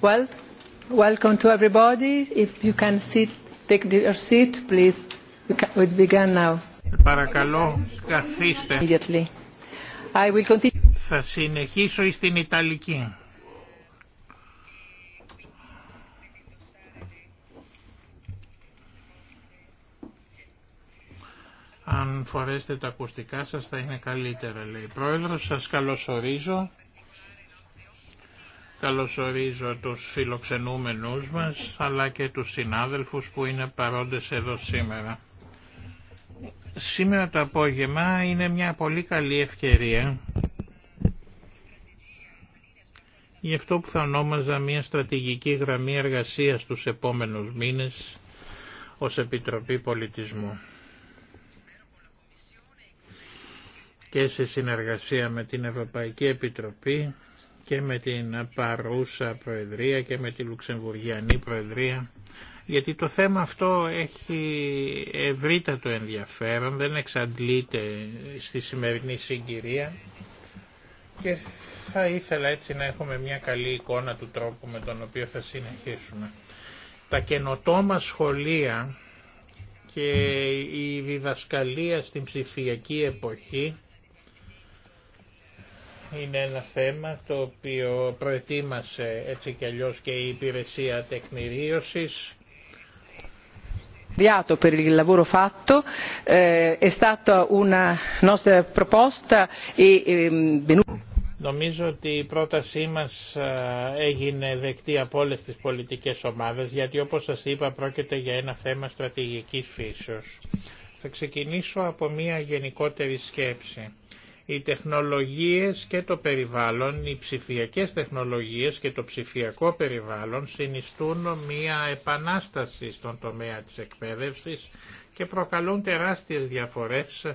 Well, welcome to everybody. If you can sit, take your seat, please. We begin now. Παρακαλώ, καθίστε. Immediately. I will continue. Θα συνεχίσω στην Ιταλική. Αν φορέσετε τα ακουστικά σας θα είναι καλύτερα λέει. Πρόεδρος, σας καλωσορίζω. Καλωσορίζω τους φιλοξενούμενους μας, αλλά και τους συνάδελφους που είναι παρόντες εδώ σήμερα. Σήμερα το απόγευμα είναι μια πολύ καλή ευκαιρία γι' αυτό που θα ονόμαζα μια στρατηγική γραμμή εργασίας τους επόμενους μήνες ως Επιτροπή Πολιτισμού. Και σε συνεργασία με την Ευρωπαϊκή Επιτροπή και με την παρούσα Προεδρία και με τη Λουξεμβουργιανή Προεδρία γιατί το θέμα αυτό έχει ευρύτατο ενδιαφέρον, δεν εξαντλείται στη σημερινή συγκυρία και θα ήθελα έτσι να έχουμε μια καλή εικόνα του τρόπου με τον οποίο θα συνεχίσουμε. Τα καινοτόμα σχολεία και η διδασκαλία στην ψηφιακή εποχή είναι ένα θέμα το οποίο προετοίμασε έτσι κι αλλιώς και η υπηρεσία τεκμηρίωσης per il lavoro fatto, eh, è stata una nostra proposta e ehm, Νομίζω ότι η πρότασή μας ε, έγινε δεκτή από όλες τις πολιτικές ομάδες, γιατί όπως σας είπα πρόκειται για ένα θέμα στρατηγικής φύσεως. Θα ξεκινήσω από μια γενικότερη σκέψη οι τεχνολογίες και το περιβάλλον, οι ψηφιακές τεχνολογίες και το ψηφιακό περιβάλλον συνιστούν μία επανάσταση στον τομέα της εκπαίδευσης και προκαλούν τεράστιες διαφορές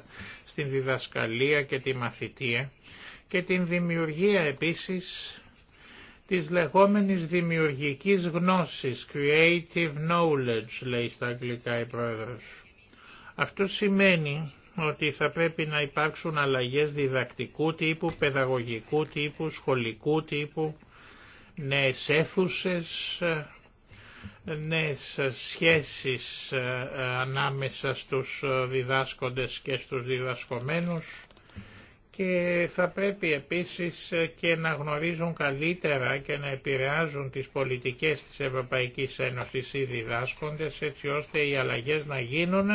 στην διδασκαλία και τη μαθητεία και την δημιουργία επίσης της λεγόμενης δημιουργικής γνώσης, creative knowledge λέει στα αγγλικά η πρόεδρος. Αυτό σημαίνει ότι θα πρέπει να υπάρξουν αλλαγές διδακτικού τύπου, παιδαγωγικού τύπου, σχολικού τύπου, νέες αίθουσες, νέες σχέσεις ε, ε, ανάμεσα στους ε, διδάσκοντες και στους διδασκομένους και θα πρέπει επίσης και να γνωρίζουν καλύτερα και να επηρεάζουν τις πολιτικές της Ευρωπαϊκής Ένωσης οι διδάσκοντες έτσι ώστε οι αλλαγές να γίνουν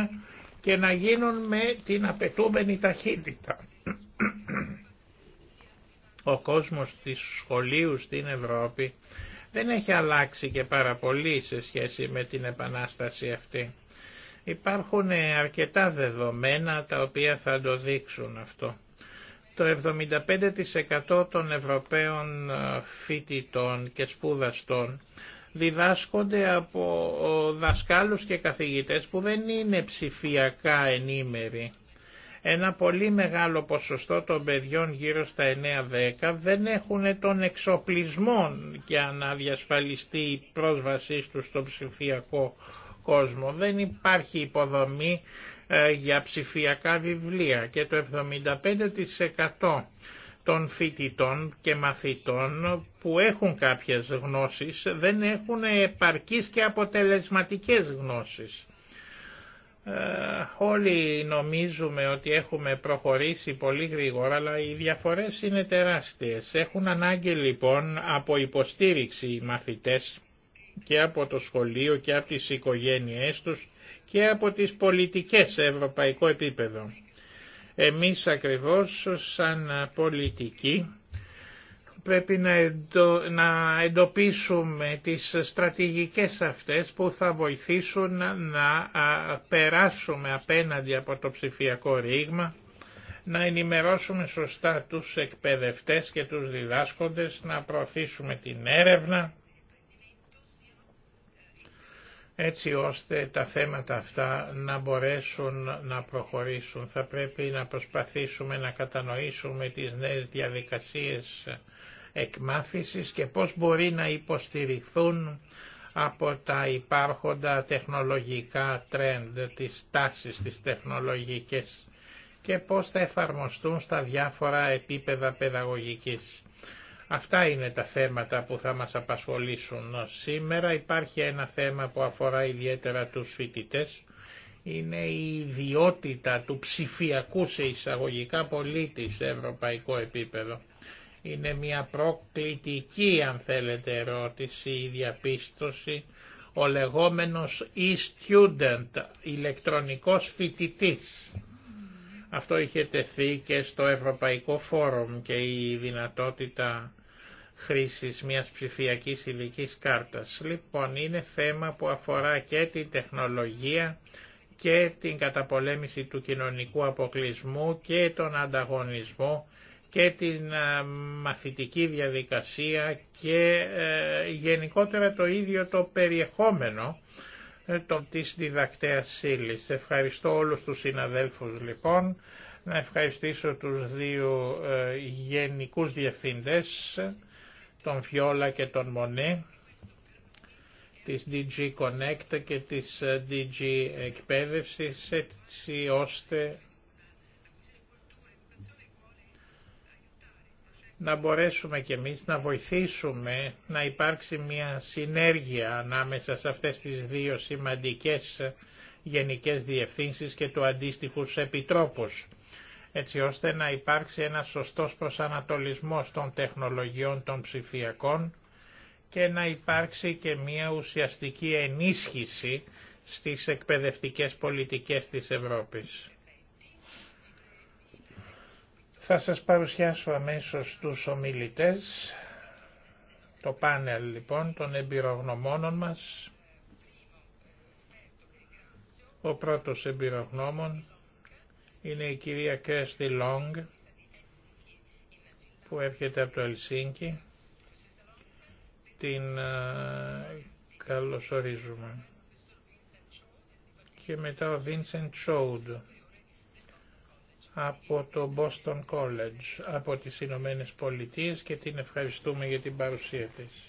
και να γίνουν με την απαιτούμενη ταχύτητα. Ο κόσμος της σχολείου στην Ευρώπη δεν έχει αλλάξει και πάρα πολύ σε σχέση με την επανάσταση αυτή. Υπάρχουν αρκετά δεδομένα τα οποία θα το δείξουν αυτό. Το 75% των Ευρωπαίων φοιτητών και σπουδαστών διδάσκονται από δασκάλους και καθηγητές που δεν είναι ψηφιακά ενήμεροι. Ένα πολύ μεγάλο ποσοστό των παιδιών γύρω στα 9-10 δεν έχουν τον εξοπλισμό για να διασφαλιστεί η πρόσβασή τους στο ψηφιακό κόσμο. Δεν υπάρχει υποδομή ε, για ψηφιακά βιβλία και το 75% των φοιτητών και μαθητών που έχουν κάποιες γνώσεις δεν έχουν επαρκείς και αποτελεσματικές γνώσεις. Ε, όλοι νομίζουμε ότι έχουμε προχωρήσει πολύ γρήγορα αλλά οι διαφορές είναι τεράστιες. Έχουν ανάγκη λοιπόν από υποστήριξη οι μαθητές και από το σχολείο και από τις οικογένειές τους και από τις πολιτικές σε ευρωπαϊκό επίπεδο. Εμείς ακριβώς σαν πολιτικοί πρέπει να, να εντοπίσουμε τις στρατηγικές αυτές που θα βοηθήσουν να περάσουμε απέναντι από το ψηφιακό ρήγμα, να ενημερώσουμε σωστά τους εκπαιδευτές και τους διδάσκοντες, να προωθήσουμε την έρευνα, έτσι ώστε τα θέματα αυτά να μπορέσουν να προχωρήσουν. Θα πρέπει να προσπαθήσουμε να κατανοήσουμε τις νέες διαδικασίες εκμάθησης και πώς μπορεί να υποστηριχθούν από τα υπάρχοντα τεχνολογικά τρέντ, της τάσεις της τεχνολογικής και πώς θα εφαρμοστούν στα διάφορα επίπεδα παιδαγωγικής. Αυτά είναι τα θέματα που θα μας απασχολήσουν σήμερα. Υπάρχει ένα θέμα που αφορά ιδιαίτερα τους φοιτητές. Είναι η ιδιότητα του ψηφιακού σε εισαγωγικά πολίτη σε ευρωπαϊκό επίπεδο. Είναι μια προκλητική αν θέλετε ερώτηση η διαπίστωση ο λεγόμενος e-student, ηλεκτρονικός φοιτητής. Αυτό είχε τεθεί και στο Ευρωπαϊκό Φόρουμ και η δυνατότητα χρήσης μιας ψηφιακής ηλικής κάρτας. Λοιπόν, είναι θέμα που αφορά και την τεχνολογία και την καταπολέμηση του κοινωνικού αποκλεισμού και τον ανταγωνισμό και την ε, μαθητική διαδικασία και ε, γενικότερα το ίδιο το περιεχόμενο ε, το, της διδακτέας ύλη. Ευχαριστώ όλους τους συναδέλφους λοιπόν, να ευχαριστήσω τους δύο γενικούς διευθυντές τον Φιόλα και τον Μονέ, της DG Connect και της ε, DG Εκπαίδευσης, έτσι ώστε να μπορέσουμε και εμείς να βοηθήσουμε να υπάρξει μια συνέργεια ανάμεσα σε αυτές τις δύο σημαντικές γενικές διευθύνσεις και του αντίστοιχους επιτρόπους έτσι ώστε να υπάρξει ένας σωστός προσανατολισμός των τεχνολογιών των ψηφιακών και να υπάρξει και μια ουσιαστική ενίσχυση στις εκπαιδευτικές πολιτικές της Ευρώπης. Θα σας παρουσιάσω αμέσως τους ομιλητές, το πάνελ λοιπόν των εμπειρογνωμόνων μας. Ο πρώτος εμπειρογνώμων είναι η κυρία Κέρστι Λόγγ που έρχεται από το Ελσίνκι. Την ε, καλωσορίζουμε. Και μετά ο Βίνσεντ Τσόουντ από το Boston College, από τις Ηνωμένε Πολιτείες και την ευχαριστούμε για την παρουσία της.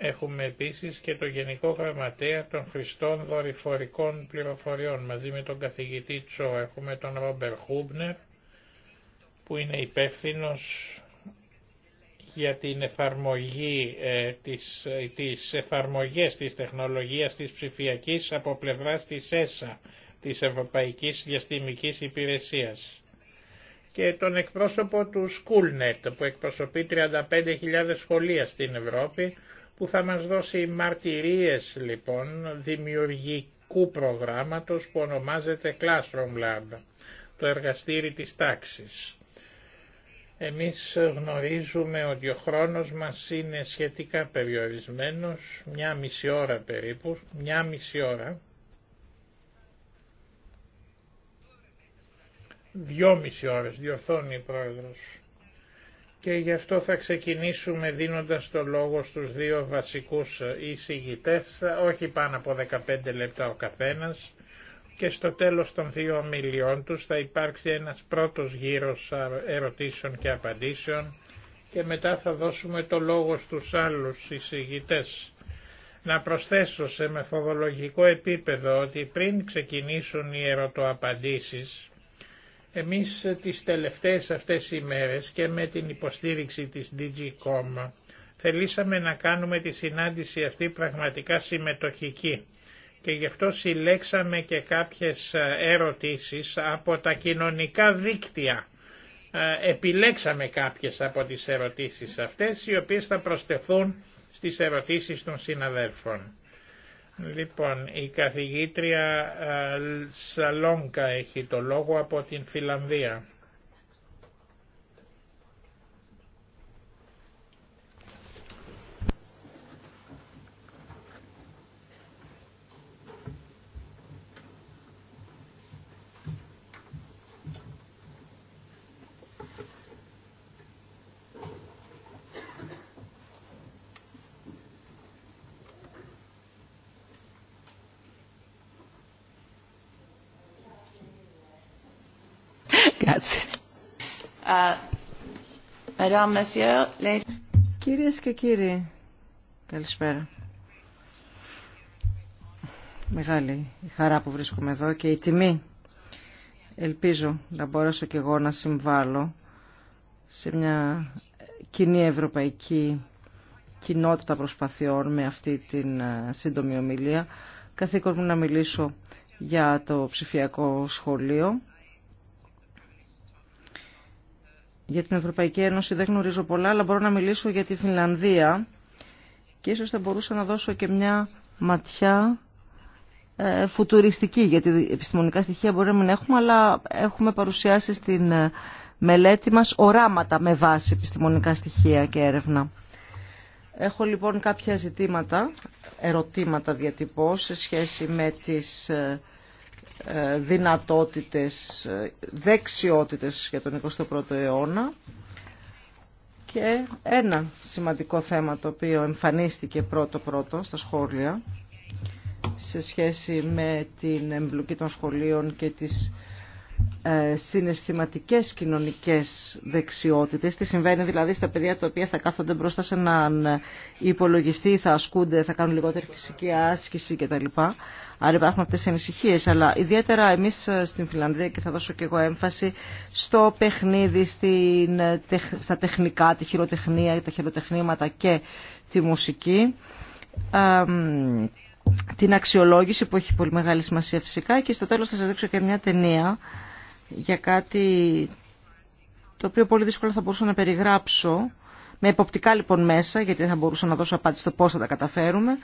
Έχουμε επίσης και το Γενικό Γραμματέα των Χριστών Δορυφορικών Πληροφοριών. Μαζί με τον καθηγητή Τσο έχουμε τον Ρόμπερ Χούμπνερ που είναι υπεύθυνο για την εφαρμογή ε, της, ε, της εφαρμογές της τεχνολογίας της ψηφιακής από πλευράς της ΕΣΑ, της Ευρωπαϊκής Διαστημικής Υπηρεσίας και τον εκπρόσωπο του Schoolnet που εκπροσωπεί 35.000 σχολεία στην Ευρώπη που θα μας δώσει μαρτυρίες λοιπόν δημιουργικού προγράμματος που ονομάζεται Classroom Lab, το εργαστήρι της τάξης. Εμείς γνωρίζουμε ότι ο χρόνος μας είναι σχετικά περιορισμένος, μια μισή ώρα περίπου, μια μισή ώρα, δυόμιση ώρες διορθώνει η πρόεδρος και γι' αυτό θα ξεκινήσουμε δίνοντας το λόγο στους δύο βασικούς εισηγητές, όχι πάνω από 15 λεπτά ο καθένας και στο τέλος των δύο ομιλιών τους θα υπάρξει ένας πρώτος γύρος ερωτήσεων και απαντήσεων και μετά θα δώσουμε το λόγο στους άλλους εισηγητές. Να προσθέσω σε μεθοδολογικό επίπεδο ότι πριν ξεκινήσουν οι ερωτοαπαντήσεις, εμείς τις τελευταίες αυτές ημέρες και με την υποστήριξη της DGCOM θελήσαμε να κάνουμε τη συνάντηση αυτή πραγματικά συμμετοχική και γι' αυτό συλλέξαμε και κάποιες ερωτήσεις από τα κοινωνικά δίκτυα. Ε, επιλέξαμε κάποιες από τις ερωτήσεις αυτές οι οποίες θα προσθεθούν στις ερωτήσεις των συναδέλφων. Λοιπόν, η καθηγήτρια ε, Σαλόνκα έχει το λόγο από την Φιλανδία. Κυρίες και κύριοι, καλησπέρα. Μεγάλη χαρά που βρίσκομαι εδώ και η τιμή. Ελπίζω να μπορέσω και εγώ να συμβάλλω σε μια κοινή ευρωπαϊκή κοινότητα προσπαθειών με αυτή την ε, σύντομη ομιλία. Καθήκον μου να μιλήσω για το ψηφιακό σχολείο για την Ευρωπαϊκή Ένωση δεν γνωρίζω πολλά, αλλά μπορώ να μιλήσω για τη Φινλανδία και ίσως θα μπορούσα να δώσω και μια ματιά ε, φουτουριστική, γιατί επιστημονικά στοιχεία μπορεί να μην έχουμε, αλλά έχουμε παρουσιάσει στην ε, μελέτη μας οράματα με βάση επιστημονικά στοιχεία και έρευνα. Έχω λοιπόν κάποια ζητήματα, ερωτήματα διατυπώ σε σχέση με τις ε, ε, δυνατότητες, ε, δεξιότητες για τον 21ο αιώνα. Και ένα σημαντικό θέμα το οποίο εμφανίστηκε πρώτο-πρώτο στα σχόλια σε σχέση με την εμπλοκή των σχολείων και τις ε, συναισθηματικές κοινωνικές δεξιότητες. Τι συμβαίνει δηλαδή στα παιδιά τα οποία θα κάθονται μπροστά σε έναν υπολογιστή, θα ασκούνται, θα κάνουν λιγότερη φυσική άσκηση κτλ. Άρα υπάρχουν αυτές οι ανησυχίες, αλλά ιδιαίτερα εμείς ε, στην Φιλανδία και θα δώσω και εγώ έμφαση στο παιχνίδι, στην, ε, στα τεχνικά, τη χειροτεχνία, τα χειροτεχνήματα και τη μουσική την αξιολόγηση που έχει πολύ μεγάλη σημασία φυσικά και στο τέλος θα σας δείξω και μια ταινία για κάτι το οποίο πολύ δύσκολα θα μπορούσα να περιγράψω με εποπτικά λοιπόν μέσα γιατί δεν θα μπορούσα να δώσω απάντηση στο πώς θα τα καταφέρουμε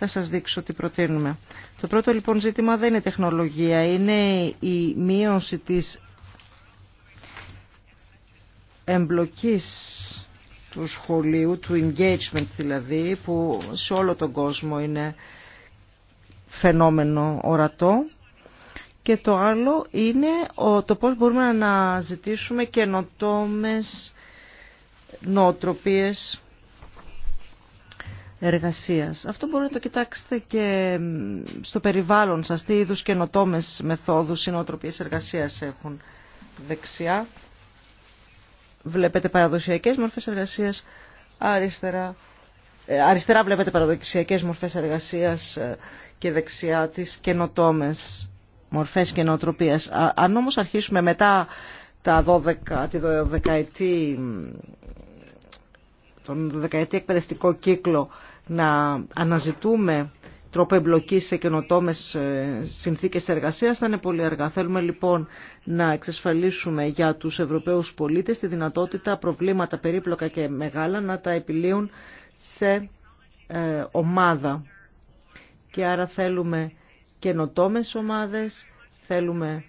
θα σας δείξω τι προτείνουμε. Το πρώτο λοιπόν ζήτημα δεν είναι τεχνολογία, είναι η μείωση της εμπλοκής του σχολείου, του engagement δηλαδή, που σε όλο τον κόσμο είναι φαινόμενο ορατό. Και το άλλο είναι το πώς μπορούμε να ζητήσουμε καινοτόμες νοοτροπίες εργασίας. Αυτό μπορείτε να το κοιτάξετε και στο περιβάλλον σας, τι είδους καινοτόμες μεθόδους ή νοοτροπίες εργασίας έχουν. Δεξιά βλέπετε παραδοσιακές μορφές εργασίας, αριστερά, ε, αριστερά βλέπετε παραδοσιακές μορφές εργασίας ε, και δεξιά τις καινοτόμες μορφές και Αν όμως αρχίσουμε μετά τα 12, τη 12 τον δεκαετή εκπαιδευτικό κύκλο να αναζητούμε τρόπο εμπλοκή σε καινοτόμε ε, συνθήκε εργασία θα είναι πολύ αργά. Θέλουμε λοιπόν να εξασφαλίσουμε για του Ευρωπαίου πολίτε τη δυνατότητα προβλήματα περίπλοκα και μεγάλα να τα επιλύουν σε ε, ομάδα. Και άρα θέλουμε καινοτόμε ομάδε, θέλουμε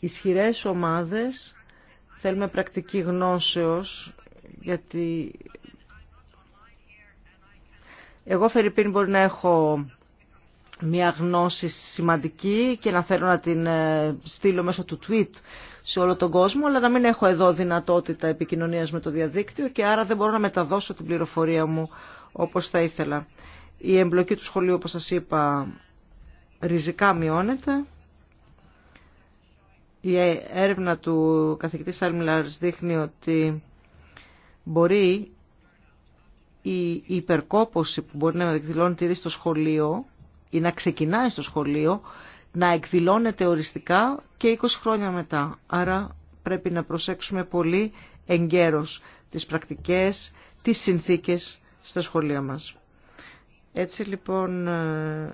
ισχυρές ομάδες, θέλουμε πρακτική γνώσεως γιατί εγώ Φερρυπίν μπορεί να έχω μια γνώση σημαντική και να θέλω να την ε, στείλω μέσω του tweet σε όλο τον κόσμο, αλλά να μην έχω εδώ δυνατότητα επικοινωνίας με το διαδίκτυο και άρα δεν μπορώ να μεταδώσω την πληροφορία μου όπως θα ήθελα. Η εμπλοκή του σχολείου, όπως σας είπα, ριζικά μειώνεται. Η έρευνα του καθηγητή Σάρμιλαρς δείχνει ότι μπορεί η υπερκόπωση που μπορεί να εκδηλώνεται ήδη στο σχολείο ή να ξεκινάει στο σχολείο να εκδηλώνεται οριστικά και 20 χρόνια μετά. Άρα πρέπει να προσέξουμε πολύ εγκαίρως τις πρακτικές, τις συνθήκες στα σχολεία μας. Έτσι λοιπόν ε,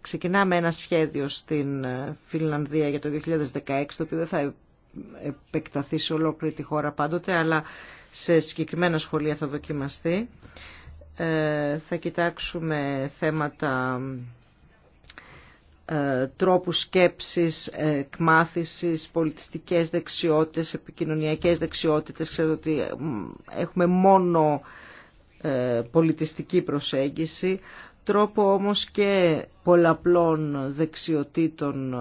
ξεκινάμε ένα σχέδιο στην ε, Φιλανδία για το 2016, το οποίο δεν θα επεκταθεί σε ολόκληρη τη χώρα πάντοτε, αλλά σε συγκεκριμένα σχολεία θα δοκιμαστεί. Ε, θα κοιτάξουμε θέματα ε, τρόπου σκέψης, εκμάθησης, πολιτιστικές δεξιότητες, επικοινωνιακές δεξιότητες. Ξέρω ότι ε, έχουμε μόνο πολιτιστική προσέγγιση, τρόπο όμως και πολλαπλών δεξιοτήτων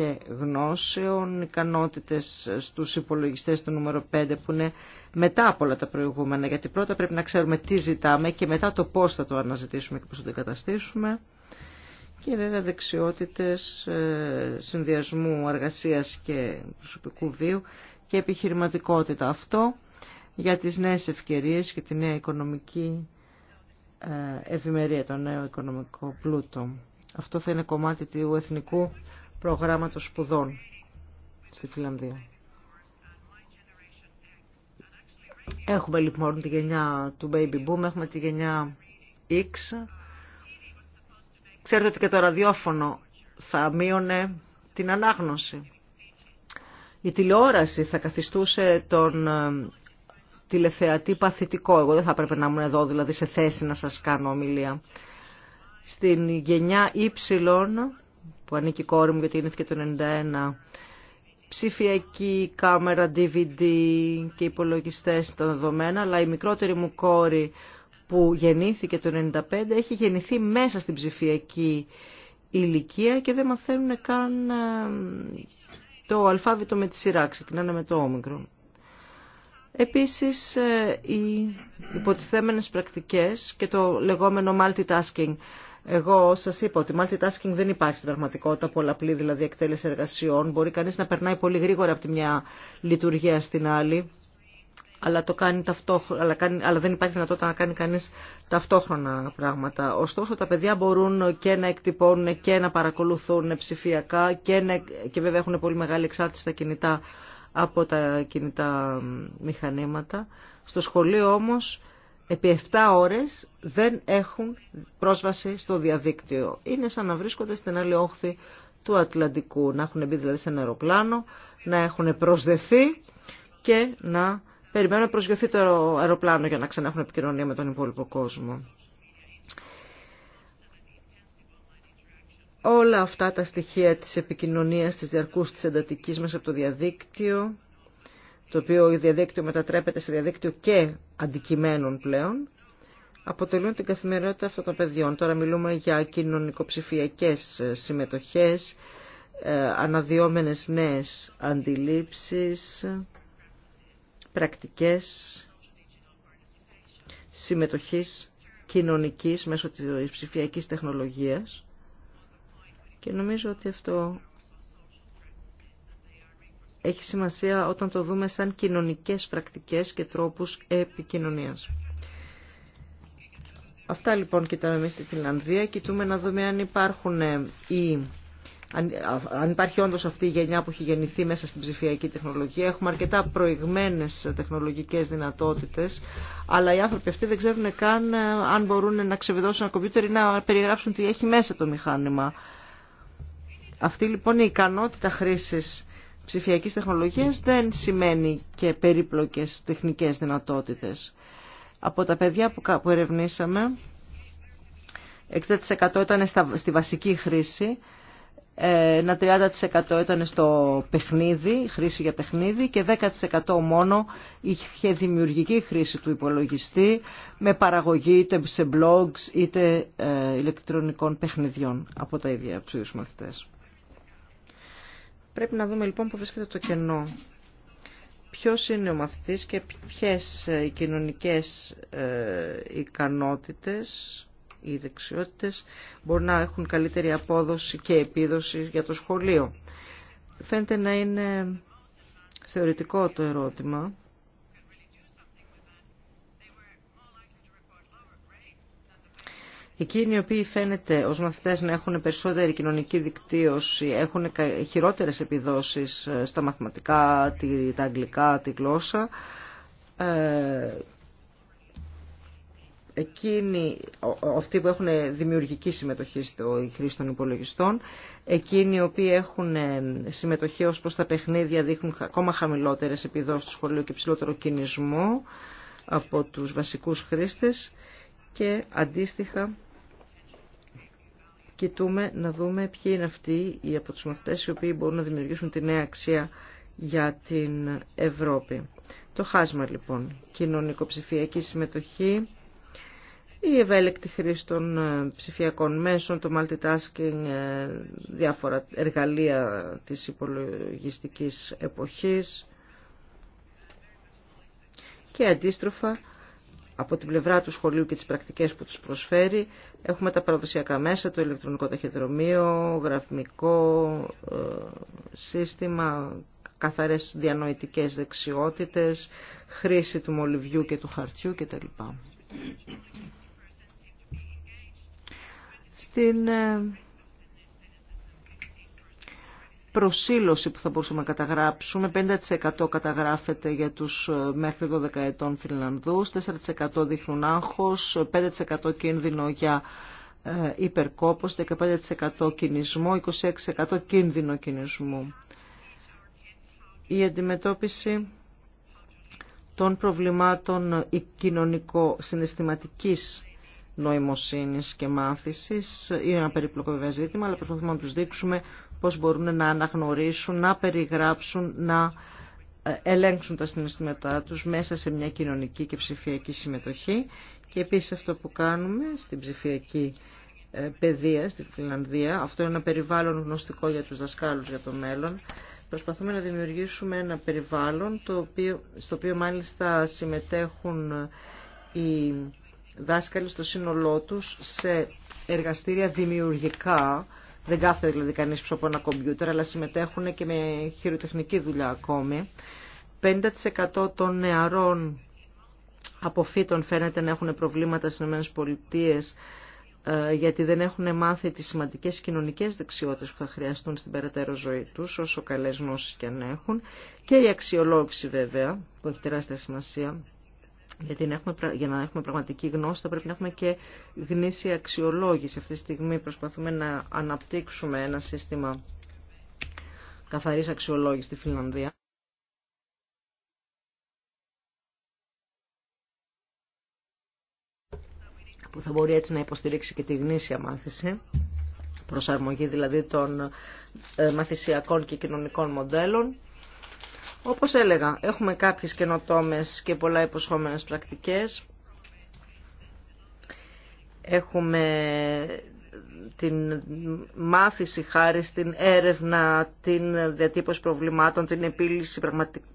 και γνώσεων, ικανότητες στους υπολογιστές του νούμερο 5 που είναι μετά από όλα τα προηγούμενα, γιατί πρώτα πρέπει να ξέρουμε τι ζητάμε και μετά το πώς θα το αναζητήσουμε και πώς θα το εγκαταστήσουμε. Και βέβαια δεξιότητες ε, συνδυασμού εργασίας και προσωπικού βίου και επιχειρηματικότητα. Αυτό για τις νέες ευκαιρίες και τη νέα οικονομική ε, ευημερία, το νέο οικονομικό πλούτο. Αυτό θα είναι κομμάτι του εθνικού προγράμματος σπουδών στη Φιλανδία. Έχουμε λοιπόν τη γενιά του Baby Boom, έχουμε τη γενιά X. Ξέρετε ότι και το ραδιόφωνο θα μείωνε την ανάγνωση. Η τηλεόραση θα καθιστούσε τον ε, τηλεθεατή παθητικό. Εγώ δεν θα έπρεπε να ήμουν εδώ δηλαδή σε θέση να σας κάνω ομιλία. Στην γενιά Y που ανήκει η κόρη μου γιατί γεννήθηκε το 1991, Ψηφιακή κάμερα, DVD και υπολογιστέ τα δεδομένα, αλλά η μικρότερη μου κόρη που γεννήθηκε το 1995 έχει γεννηθεί μέσα στην ψηφιακή ηλικία και δεν μαθαίνουν καν ε, το αλφάβητο με τη σειρά, ξεκινάνε με το όμικρο. Επίσης, ε, οι υποτιθέμενες πρακτικές και το λεγόμενο multitasking εγώ σα είπα ότι multitasking δεν υπάρχει στην πραγματικότητα, πολλαπλή δηλαδή εκτέλεση εργασιών. Μπορεί κανεί να περνάει πολύ γρήγορα από τη μια λειτουργία στην άλλη, αλλά, το κάνει αλλά, κάνει, αλλά δεν υπάρχει δυνατότητα να κάνει κανεί ταυτόχρονα πράγματα. Ωστόσο, τα παιδιά μπορούν και να εκτυπώνουν και να παρακολουθούν ψηφιακά και, να, και βέβαια έχουν πολύ μεγάλη εξάρτηση στα κινητά από τα κινητά μηχανήματα. Στο σχολείο όμως επί 7 ώρες δεν έχουν πρόσβαση στο διαδίκτυο. Είναι σαν να βρίσκονται στην άλλη όχθη του Ατλαντικού, να έχουν μπει δηλαδή σε ένα αεροπλάνο, να έχουν προσδεθεί και να περιμένουν να προσγειωθεί το αεροπλάνο για να ξανά έχουν επικοινωνία με τον υπόλοιπο κόσμο. Όλα αυτά τα στοιχεία της επικοινωνίας, της διαρκούς, της εντατικής μέσα από το διαδίκτυο το οποίο διαδίκτυο μετατρέπεται σε διαδίκτυο και αντικειμένων πλέον, αποτελούν την καθημερινότητα αυτών των παιδιών. Τώρα μιλούμε για κοινωνικοψηφιακές ε, συμμετοχές, ε, αναδιόμενες νέες αντιλήψεις, πρακτικές συμμετοχής κοινωνικής μέσω της ψηφιακής τεχνολογίας. Και νομίζω ότι αυτό έχει σημασία όταν το δούμε σαν κοινωνικές πρακτικές και τρόπους επικοινωνίας. Αυτά λοιπόν κοιτάμε εμείς στη Φιλανδία. Κοιτούμε να δούμε αν υπάρχουν ε, Αν υπάρχει όντως αυτή η γενιά που έχει γεννηθεί μέσα στην ψηφιακή τεχνολογία, έχουμε αρκετά προηγμένες τεχνολογικές δυνατότητες, αλλά οι άνθρωποι αυτοί δεν ξέρουν καν ε, αν μπορούν να ξεβιδώσουν ένα κομπιούτερ ή να περιγράψουν τι έχει μέσα το μηχάνημα. Αυτή λοιπόν η ικανότητα χρήσης ψηφιακής τεχνολογίας δεν σημαίνει και περίπλοκες τεχνικές δυνατότητες. Από τα παιδιά που ερευνήσαμε, 60% ήταν στη βασική χρήση, ε, ένα 30% ήταν στο παιχνίδι, χρήση για παιχνίδι και 10% μόνο είχε δημιουργική χρήση του υπολογιστή με παραγωγή είτε σε blogs είτε ε, ηλεκτρονικών παιχνιδιών από τα ίδια από μαθητές. Πρέπει να δούμε λοιπόν που βρίσκεται το κενό. Ποιος είναι ο μαθητής και ποιες ε, οι κοινωνικές ε, ικανότητες ή δεξιότητες μπορούν να έχουν καλύτερη απόδοση και επίδοση για το σχολείο. Φαίνεται να είναι θεωρητικό το ερώτημα Εκείνοι οι οποίοι φαίνεται ως μαθητές να έχουν περισσότερη κοινωνική δικτύωση, έχουν χειρότερες επιδόσεις ε, στα μαθηματικά, τα αγγλικά, τη γλώσσα, ε, εκείνοι, αυτοί που έχουν δημιουργική συμμετοχή στο χρήση των υπολογιστών, εκείνοι οι οποίοι έχουν ε, συμμετοχή ως προς τα παιχνίδια δείχνουν ακόμα χαμηλότερες επιδόσεις του σχολείο και ψηλότερο κινησμό από τους βασικούς χρήστες και αντίστοιχα κοιτούμε να δούμε ποιοι είναι αυτοί οι από τους μαθητές οι οποίοι μπορούν να δημιουργήσουν τη νέα αξία για την Ευρώπη. Το χάσμα λοιπόν, κοινωνικοψηφιακή συμμετοχή, η ευέλικτη χρήση των ε, ψηφιακών μέσων, το multitasking, ε, διάφορα εργαλεία της υπολογιστικής εποχής και αντίστροφα από την πλευρά του σχολείου και τις πρακτικές που τους προσφέρει. Έχουμε τα παραδοσιακά μέσα, το ηλεκτρονικό ταχυδρομείο, γραφμικό ε, σύστημα, καθαρές διανοητικές δεξιότητες, χρήση του μολυβιού και του χαρτιού κτλ. Στην ε, προσήλωση που θα μπορούσαμε να καταγράψουμε. 50% καταγράφεται για τους ε, μέχρι 12 ετών Φινλανδούς, 4% δείχνουν άγχος, 5% κίνδυνο για ε, υπερκόπος, 15% κινησμό, 26% κίνδυνο κινησμού. Η αντιμετώπιση των προβλημάτων κοινωνικο-συναισθηματικής νοημοσύνης και μάθησης είναι ένα περίπλοκο ζήτημα, αλλά προσπαθούμε να τους δείξουμε πώς μπορούν να αναγνωρίσουν, να περιγράψουν, να ε, ελέγξουν τα συναισθήματά τους μέσα σε μια κοινωνική και ψηφιακή συμμετοχή. Και επίσης αυτό που κάνουμε στην ψηφιακή ε, παιδεία στη Φιλανδία, αυτό είναι ένα περιβάλλον γνωστικό για τους δασκάλους για το μέλλον, προσπαθούμε να δημιουργήσουμε ένα περιβάλλον το οποίο, στο οποίο μάλιστα συμμετέχουν ε, οι δάσκαλοι στο σύνολό τους σε εργαστήρια δημιουργικά δεν κάθεται δηλαδή κανείς πίσω από ένα κομπιούτερ, αλλά συμμετέχουν και με χειροτεχνική δουλειά ακόμη. 50% των νεαρών αποφύτων φαίνεται να έχουν προβλήματα στις ΗΠΑ ε, γιατί δεν έχουν μάθει τις σημαντικές κοινωνικές δεξιότητες που θα χρειαστούν στην περαιτέρω ζωή τους, όσο καλές γνώσεις και αν έχουν. Και η αξιολόγηση βέβαια, που έχει τεράστια σημασία, γιατί να έχουμε, για να έχουμε πραγματική γνώση θα πρέπει να έχουμε και γνήσια αξιολόγηση. Αυτή τη στιγμή προσπαθούμε να αναπτύξουμε ένα σύστημα καθαρής αξιολόγησης στη Φιλανδία. που θα μπορεί έτσι να υποστηρίξει και τη γνήσια μάθηση, προσαρμογή δηλαδή των ε, μαθησιακών και κοινωνικών μοντέλων όπως έλεγα, έχουμε κάποιες καινοτόμες και πολλά υποσχόμενες πρακτικές. Έχουμε την μάθηση χάρη στην έρευνα, την διατύπωση προβλημάτων, την επίλυση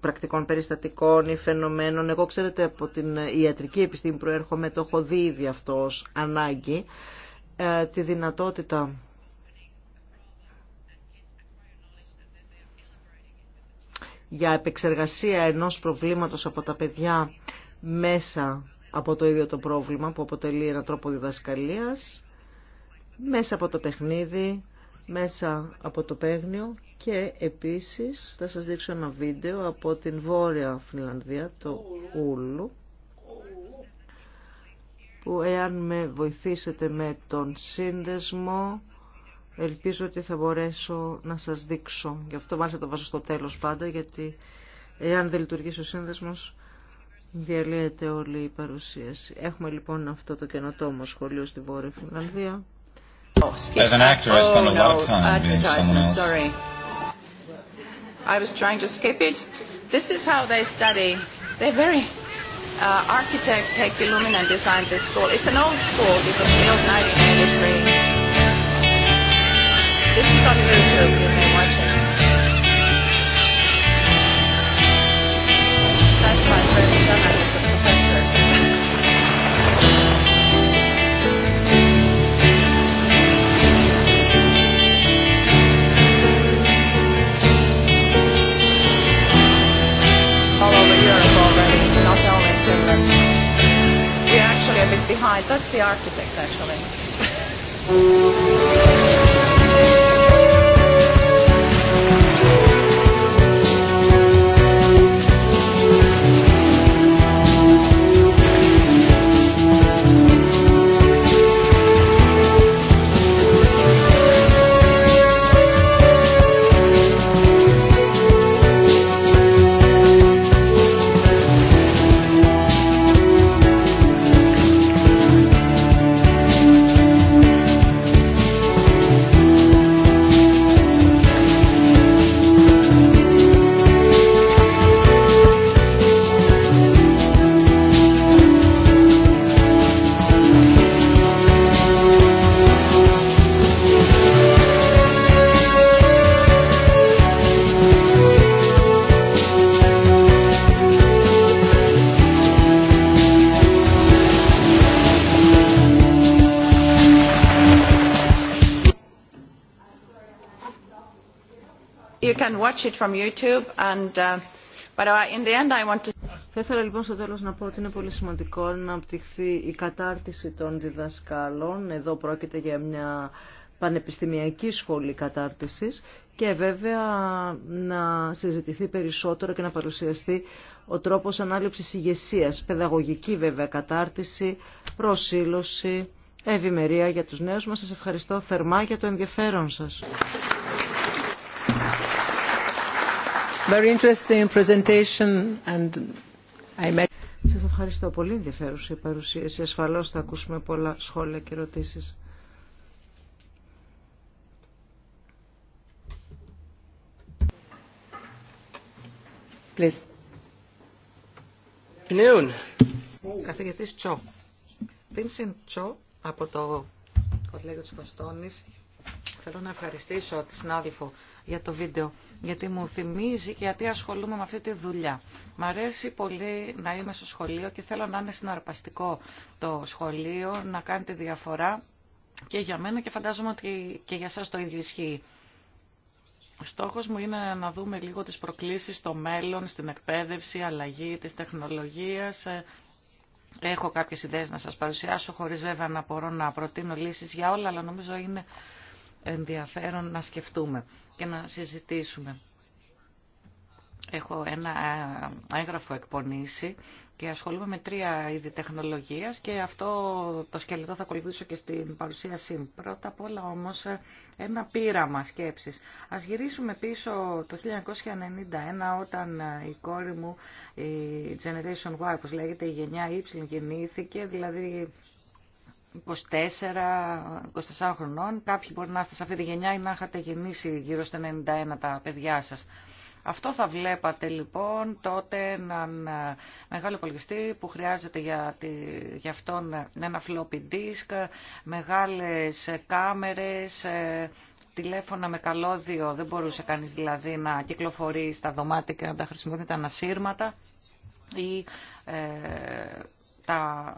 πρακτικών περιστατικών ή φαινομένων. Εγώ ξέρετε από την ιατρική επιστήμη προέρχομαι, το έχω δει ήδη αυτό ανάγκη, ε, τη δυνατότητα για επεξεργασία ενός προβλήματος από τα παιδιά μέσα από το ίδιο το πρόβλημα που αποτελεί ένα τρόπο διδασκαλίας, μέσα από το παιχνίδι, μέσα από το παίγνιο και επίσης θα σας δείξω ένα βίντεο από την Βόρεια Φινλανδία, το Ούλου, που εάν με βοηθήσετε με τον σύνδεσμο ελπίζω ότι θα μπορέσω να σας δείξω. Γι' αυτό μάλιστα το βάζω στο τέλος πάντα, γιατί εάν δεν λειτουργήσει ο σύνδεσμος, διαλύεται όλη η παρουσίαση. Έχουμε λοιπόν αυτό το καινοτόμο σχολείο στη Βόρεια Φινλανδία. As an actor, I spend a lot of time oh, being someone else. Sorry. I was trying to skip it. This is how they study. They're very uh, architect, Heikki Luminen designed this school. It's an old school. because It was built 1983. This is on YouTube. You may watch it. That's my first son. I was a professor. All over Europe already, not only in Finland. We're actually a bit behind. That's the architect, actually. θα ήθελα λοιπόν στο τέλος να πω ότι είναι πολύ σημαντικό να απτυχθεί η κατάρτιση των διδασκάλων. Εδώ πρόκειται για μια πανεπιστημιακή σχολή κατάρτισης και βέβαια να συζητηθεί περισσότερο και να παρουσιαστεί ο τρόπος ανάληψης ηγεσία, παιδαγωγική βέβαια κατάρτιση, προσήλωση, ευημερία για τους νέους μας. Σας ευχαριστώ θερμά για το ενδιαφέρον σας. Very interesting presentation and I Σας ευχαριστώ πολύ ενδιαφέρουσα η παρουσίαση. Ασφαλώς θα ακούσουμε πολλά σχόλια και ερωτήσεις. Please. Καθηγητής Τσο. Βίνσεν Τσο από το Κολέγιο της Βοστόνης Θέλω να ευχαριστήσω τη συνάδελφο για το βίντεο, γιατί μου θυμίζει και γιατί ασχολούμαι με αυτή τη δουλειά. Μ' αρέσει πολύ να είμαι στο σχολείο και θέλω να είναι συναρπαστικό το σχολείο, να κάνει τη διαφορά και για μένα και φαντάζομαι ότι και για σας το ίδιο ισχύει. Στόχος μου είναι να δούμε λίγο τις προκλήσεις στο μέλλον, στην εκπαίδευση, αλλαγή της τεχνολογίας. Έχω κάποιες ιδέες να σας παρουσιάσω, χωρίς βέβαια να μπορώ να προτείνω λύσεις για όλα, αλλά νομίζω είναι ενδιαφέρον να σκεφτούμε και να συζητήσουμε. Έχω ένα ε, έγγραφο εκπονήσει και ασχολούμαι με τρία είδη τεχνολογίας και αυτό το σκελετό θα ακολουθήσω και στην παρουσίασή μου. Πρώτα απ' όλα όμως ε, ένα πείραμα σκέψης. Ας γυρίσουμε πίσω το 1991 όταν ε, η κόρη μου, η Generation Y όπως λέγεται, η γενιά Y γεννήθηκε, δηλαδή 24, 24 χρονών. Κάποιοι μπορεί να είστε σε αυτή τη γενιά ή να είχατε γεννήσει γύρω στα 91 τα παιδιά σας. Αυτό θα βλέπατε λοιπόν τότε έναν μεγάλο υπολογιστή που χρειάζεται για, αυτόν ένα floppy disk, μεγάλες κάμερες, ε, τηλέφωνα με καλώδιο, δεν μπορούσε κανείς δηλαδή να κυκλοφορεί στα δωμάτια και να τα χρησιμοποιεί τα ανασύρματα ή τα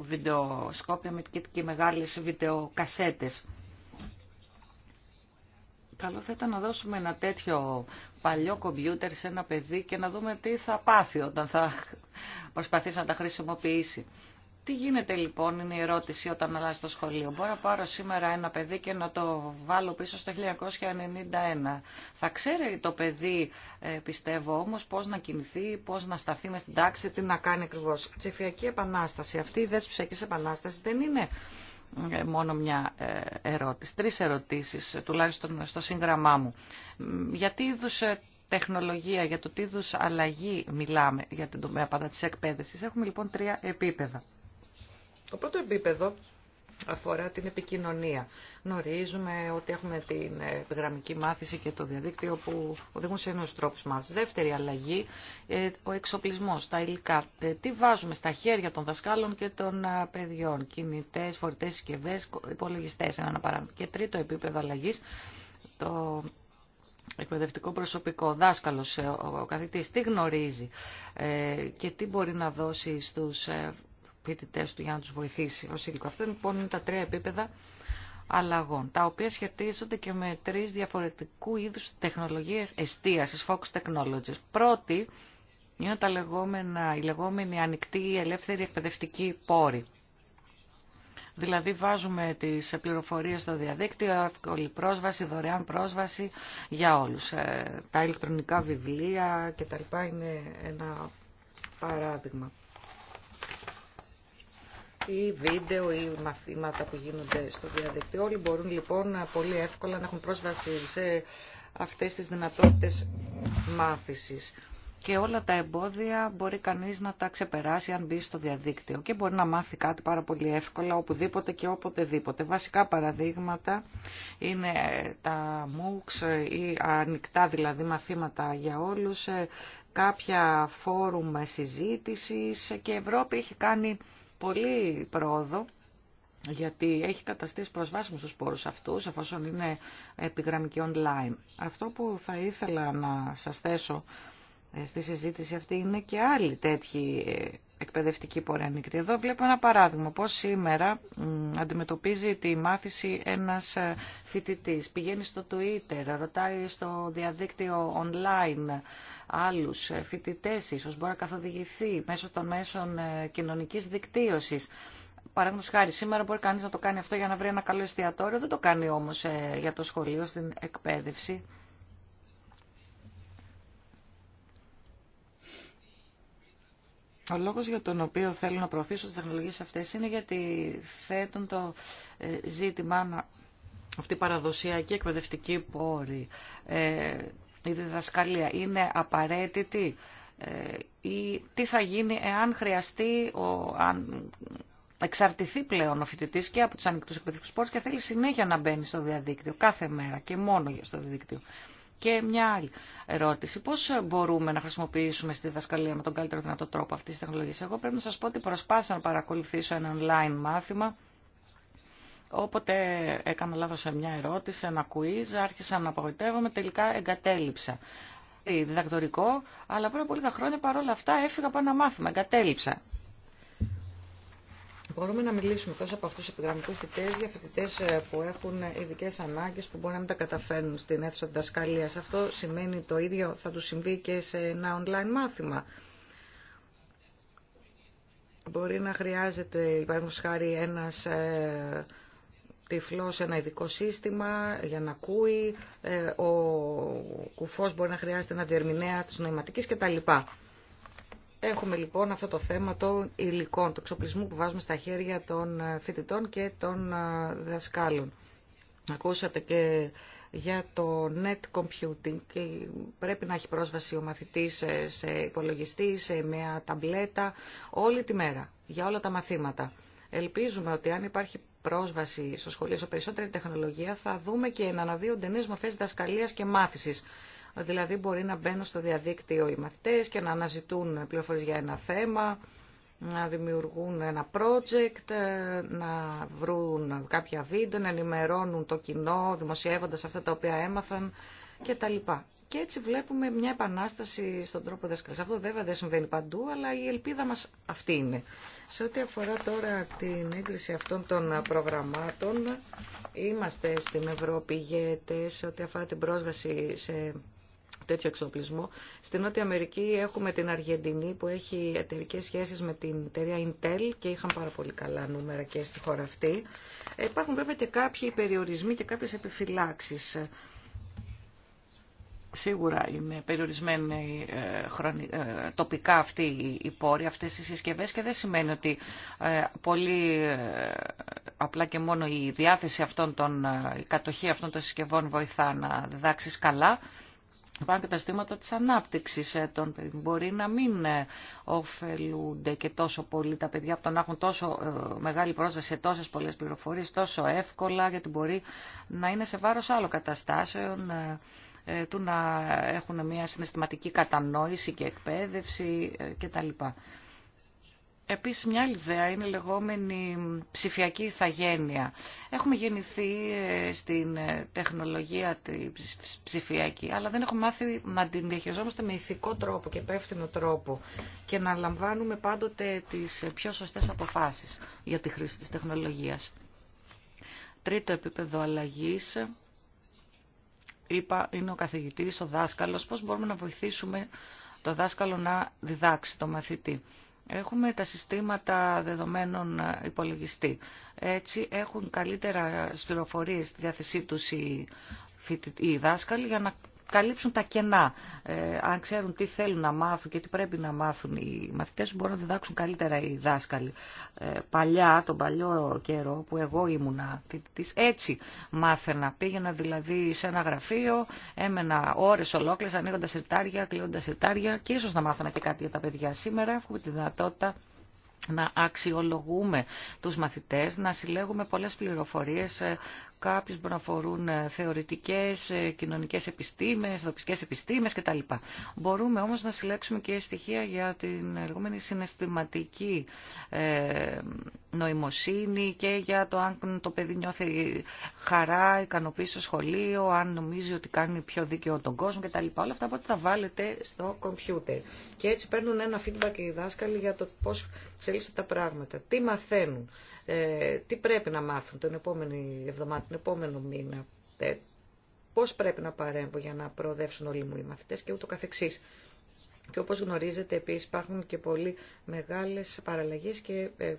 βιντεοσκόπια και μεγάλες βιντεοκασέτες. Καλό θα ήταν να δώσουμε ένα τέτοιο παλιό κομπιούτερ σε ένα παιδί και να δούμε τι θα πάθει όταν θα προσπαθήσει να τα χρησιμοποιήσει. Τι γίνεται λοιπόν είναι η ερώτηση όταν αλλάζει το σχολείο. Μπορώ να πάρω σήμερα ένα παιδί και να το βάλω πίσω στο 1991. Θα ξέρει το παιδί ε, πιστεύω όμω, πώ να κινηθεί, πώ να σταθεί με στην τάξη, τι να κάνει ακριβώ. Ψηφιακή επανάσταση. Αυτή η ιδέα ψηφιακή επανάσταση δεν είναι ε, μόνο μια ε, ερώτηση. Τρεις ερωτήσεις τουλάχιστον στο σύγγραμμά μου. Για τι είδους τεχνολογία, για το τι είδου αλλαγή μιλάμε για την τομέα πάντα τη εκπαίδευση. Έχουμε λοιπόν τρία επίπεδα. Το πρώτο επίπεδο αφορά την επικοινωνία. Γνωρίζουμε ότι έχουμε την επιγραμμική μάθηση και το διαδίκτυο που οδηγούν σε νέους τρόπους μας. Δεύτερη αλλαγή, ε, ο εξοπλισμός, τα υλικά. Ε, τι βάζουμε στα χέρια των δασκάλων και των παιδιών. Κινητές, φορητές συσκευέ, υπολογιστές, Και τρίτο επίπεδο αλλαγής, το εκπαιδευτικό προσωπικό, δάσκαλος, ε, ο καθηγητής, τι γνωρίζει και τι μπορεί να δώσει στους φοιτητέ του για να του βοηθήσει ω υλικό. Αυτά λοιπόν είναι τα τρία επίπεδα αλλαγών, τα οποία σχετίζονται και με τρει διαφορετικού είδου τεχνολογίες εστίαση, focus technologies. Πρώτη είναι τα λεγόμενα, η λεγόμενη ανοιχτή ελεύθερη εκπαιδευτική πόρη. Δηλαδή βάζουμε τις πληροφορίες στο διαδίκτυο, εύκολη πρόσβαση, δωρεάν πρόσβαση για όλους. Ε, τα ηλεκτρονικά βιβλία κτλ. είναι ένα παράδειγμα ή βίντεο ή μαθήματα που γίνονται στο διαδικτύο. Όλοι μπορούν λοιπόν πολύ εύκολα να έχουν πρόσβαση σε αυτές τις δυνατότητες μάθησης. Και όλα τα εμπόδια μπορεί κανείς να τα ξεπεράσει αν μπει στο διαδίκτυο και μπορεί να μάθει κάτι πάρα πολύ εύκολα οπουδήποτε και οποτεδήποτε. Βασικά παραδείγματα είναι τα MOOCs ή ανοιχτά δηλαδή μαθήματα για όλους, ε, κάποια φόρουμ συζήτησης και η Ευρώπη έχει κάνει πολύ πρόοδο γιατί έχει καταστήσει προσβάσιμο τους σπόρους αυτούς, εφόσον είναι επιγραμμική online. Αυτό που θα ήθελα να σας θέσω ε, στη συζήτηση αυτή είναι και άλλοι τέτοιοι ε, εκπαιδευτικοί που Εδώ βλέπω ένα παράδειγμα, πώς σήμερα αντιμετωπίζει τη μάθηση ένας ε, φοιτητής. Πηγαίνει στο Twitter, ρωτάει στο διαδίκτυο online άλλους φοιτητές, ίσως μπορεί να καθοδηγηθεί μέσω των μέσων κοινωνικής δικτύωσης. Παράδειγμα, χάρη, σήμερα μπορεί κανεί να το κάνει αυτό για να βρει ένα καλό εστιατόριο, δεν το κάνει όμω για το σχολείο, στην εκπαίδευση. Ο λόγος για τον οποίο θέλω να προωθήσω τις τεχνολογίες αυτές είναι γιατί θέτουν το ε, ζήτημα να... αυτή η παραδοσιακή εκπαιδευτική πόρη, ε, η διδασκαλία είναι απαραίτητη ε, ή τι θα γίνει εάν χρειαστεί, ο, αν εξαρτηθεί πλέον ο φοιτητής και από τους ανοιχτούς εκπαιδευτικούς πόρους και θέλει συνέχεια να μπαίνει στο διαδίκτυο, κάθε μέρα και μόνο στο διαδίκτυο. Και μια άλλη ερώτηση. Πώ μπορούμε να χρησιμοποιήσουμε στη διδασκαλία με τον καλύτερο δυνατό τρόπο αυτή τη τεχνολογία. Εγώ πρέπει να σα πω ότι προσπάθησα να παρακολουθήσω ένα online μάθημα. Όποτε έκανα λάθο σε μια ερώτηση, ένα quiz, άρχισα να απογοητεύομαι, τελικά εγκατέλειψα. Ε, διδακτορικό, αλλά πριν από λίγα χρόνια παρόλα αυτά έφυγα από ένα μάθημα, εγκατέλειψα. Μπορούμε να μιλήσουμε τόσο από αυτού του επιγραμμικού φοιτητέ για φοιτητέ ε, που έχουν ειδικέ ανάγκε που μπορεί να μην τα καταφέρνουν στην αίθουσα διδασκαλία. Αυτό σημαίνει το ίδιο θα του συμβεί και σε ένα online μάθημα. Μπορεί να χρειάζεται, παραδείγματο χάρη, ένα ε, τυφλό σε ένα ειδικό σύστημα για να ακούει. Ε, ο κουφό μπορεί να χρειάζεται ένα διερμηνέα τη νοηματική κτλ. Έχουμε λοιπόν αυτό το θέμα των υλικών, του εξοπλισμού που βάζουμε στα χέρια των ε, φοιτητών και των ε, δασκάλων. Ακούσατε και για το net computing και πρέπει να έχει πρόσβαση ο μαθητής σε υπολογιστή, σε μια ταμπλέτα, όλη τη μέρα, για όλα τα μαθήματα. Ελπίζουμε ότι αν υπάρχει πρόσβαση στο σχολείο σε περισσότερη τεχνολογία θα δούμε και να αναδύονται νέες μορφές και μάθησης δηλαδή μπορεί να μπαίνουν στο διαδίκτυο οι μαθητές και να αναζητούν πληροφορίες για ένα θέμα, να δημιουργούν ένα project, να βρουν κάποια βίντεο, να ενημερώνουν το κοινό, δημοσιεύοντας αυτά τα οποία έμαθαν κτλ. Και έτσι βλέπουμε μια επανάσταση στον τρόπο δασκαλίας. Αυτό βέβαια δεν συμβαίνει παντού, αλλά η ελπίδα μας αυτή είναι. Σε ό,τι αφορά τώρα την έγκριση αυτών των προγραμμάτων, είμαστε στην Ευρώπη ηγέτες, σε ό,τι αφορά την πρόσβαση σε τέτοιο εξοπλισμό. Στην Νότια Αμερική έχουμε την Αργεντινή που έχει εταιρικέ σχέσει με την εταιρεία Intel και είχαν πάρα πολύ καλά νούμερα και στη χώρα αυτή. Ε, υπάρχουν βέβαια και κάποιοι περιορισμοί και κάποιε επιφυλάξει. Σίγουρα είναι περιορισμένοι ε, ε, τοπικά αυτοί οι πόροι, αυτές οι συσκευές και δεν σημαίνει ότι πολύ απλά και μόνο η διάθεση αυτών των, η κατοχή αυτών των συσκευών βοηθά να διδάξεις καλά. Υπάρχουν καταστήματα της ανάπτυξης ε, των παιδιών. Μπορεί να μην ε, ωφελούνται και τόσο πολύ τα παιδιά από το να έχουν τόσο ε, μεγάλη πρόσβαση σε τόσες πολλές πληροφορίες, τόσο εύκολα, γιατί μπορεί να είναι σε βάρος άλλων καταστάσεων, του να έχουν μια συναισθηματική κατανόηση και εκπαίδευση κτλ. Επίσης μια άλλη ιδέα είναι η λεγόμενη ψηφιακή ηθαγένεια. Έχουμε γεννηθεί ε, στην ε, τεχνολογία τη ψηφιακή, αλλά δεν έχουμε μάθει να την διαχειριζόμαστε με ηθικό τρόπο και υπεύθυνο τρόπο και να λαμβάνουμε πάντοτε τις πιο σωστές αποφάσεις για τη χρήση της τεχνολογίας. Τρίτο επίπεδο αλλαγής, είπα, είναι ο καθηγητής, ο δάσκαλος, πώς μπορούμε να βοηθήσουμε το δάσκαλο να διδάξει το μαθητή. Έχουμε τα συστήματα δεδομένων υπολογιστή. Έτσι έχουν καλύτερα πληροφορίε στη διάθεσή τους οι δάσκαλοι για να καλύψουν τα κενά. Ε, αν ξέρουν τι θέλουν να μάθουν και τι πρέπει να μάθουν οι μαθητές, μπορούν να διδάξουν καλύτερα οι δάσκαλοι. Ε, παλιά, τον παλιό καιρό που εγώ ήμουνα θητητής, έτσι μάθαινα. Πήγαινα δηλαδή σε ένα γραφείο, έμενα ώρες ολόκληρες, ανοίγοντα σιρτάρια, κλείνοντα σιρτάρια και ίσως να μάθαινα και κάτι για τα παιδιά. Σήμερα έχουμε τη δυνατότητα να αξιολογούμε τους μαθητές, να συλλέγουμε πολλές πληροφορίες ε, κάποιες μπορούν να αφορούν ε, θεωρητικές, ε, κοινωνικές επιστήμες, δοπισκές επιστήμες κτλ. Μπορούμε όμως να συλλέξουμε και στοιχεία για την εργόμενη συναισθηματική ε, νοημοσύνη και για το αν το παιδί νιώθει χαρά, ικανοποίηση στο σχολείο, αν νομίζει ότι κάνει πιο δίκαιο τον κόσμο κτλ. Όλα αυτά μπορείτε τα βάλετε στο κομπιούτερ. Και έτσι παίρνουν ένα feedback οι δάσκαλοι για το πώς εξελίσσεται τα πράγματα. Τι μαθαίνουν ε, τι πρέπει να μάθουν την επόμενη εβδομάδα, τον επόμενο μήνα, πώς πρέπει να παρέμβω για να προοδεύσουν όλοι μου οι μαθητές και ούτω καθεξής. Και όπως γνωρίζετε επίσης υπάρχουν και πολύ μεγάλες παραλλαγές και ε,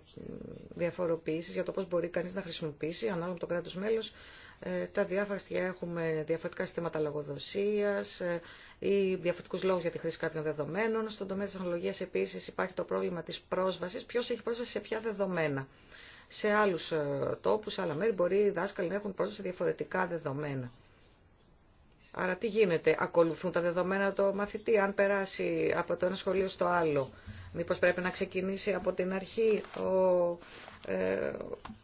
διαφοροποιήσεις για το πώς μπορεί κανείς να χρησιμοποιήσει ανάλογα με το κράτος μέλος ε, τα διάφορα στοιχεία έχουμε διαφορετικά συστήματα λογοδοσία ή διαφορετικούς λόγους για τη χρήση κάποιων δεδομένων. Στον τομέα της τεχνολογίας επίσης, υπάρχει το πρόβλημα της πρόσβαση. Ποιο έχει πρόσβαση σε ποια δεδομένα σε άλλους ε, τόπους, σε άλλα μέρη μπορεί οι δάσκαλοι να έχουν πρόσβαση διαφορετικά δεδομένα. Άρα τι γίνεται, ακολουθούν τα δεδομένα το μαθητή, αν περάσει από το ένα σχολείο στο άλλο. Μήπως πρέπει να ξεκινήσει από την αρχή ο ε,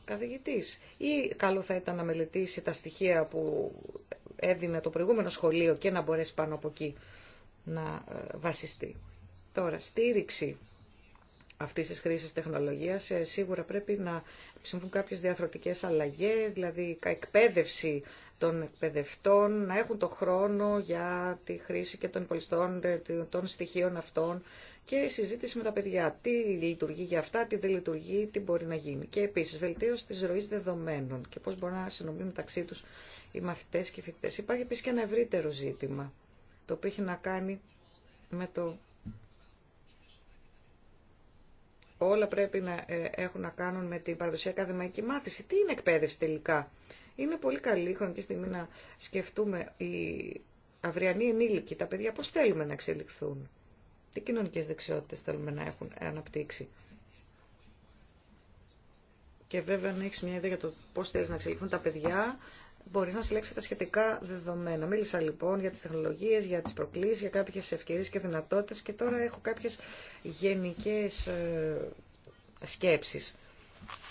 καθηγητής. Ή καλό θα ήταν να μελετήσει τα στοιχεία που έδινε το προηγούμενο σχολείο και να μπορέσει πάνω από εκεί να ε, βασιστεί. Τώρα, στήριξη αυτή τη χρήση τεχνολογία. Ε, σίγουρα πρέπει να συμβούν κάποιε διαθροτικέ αλλαγέ, δηλαδή εκπαίδευση των εκπαιδευτών, να έχουν το χρόνο για τη χρήση και των υπολιστών ε, των στοιχείων αυτών και συζήτηση με τα παιδιά. Τι λειτουργεί για αυτά, τι δεν λειτουργεί, τι μπορεί να γίνει. Και επίση βελτίωση τη ροή δεδομένων και πώ μπορούν να συνομιλούν μεταξύ του οι μαθητέ και οι φοιτητέ. Υπάρχει επίση και ένα ευρύτερο ζήτημα, το οποίο έχει να κάνει με το όλα πρέπει να ε, έχουν να κάνουν με την παραδοσιακή ακαδημαϊκή μάθηση. Τι είναι εκπαίδευση τελικά. Είναι πολύ καλή η χρονική στιγμή να σκεφτούμε οι αυριανοί ενήλικοι, τα παιδιά πώς θέλουμε να εξελιχθούν. Τι κοινωνικές δεξιότητες θέλουμε να έχουν ε, αναπτύξει. Και βέβαια να έχεις μια ιδέα για το πώς θέλει να εξελιχθούν τα παιδιά, μπορείς να συλλέξεις τα σχετικά δεδομένα. Μίλησα λοιπόν για τις τεχνολογίες, για τις προκλήσεις, για κάποιες ευκαιρίες και δυνατότητες και τώρα έχω κάποιες γενικές ε, σκέψεις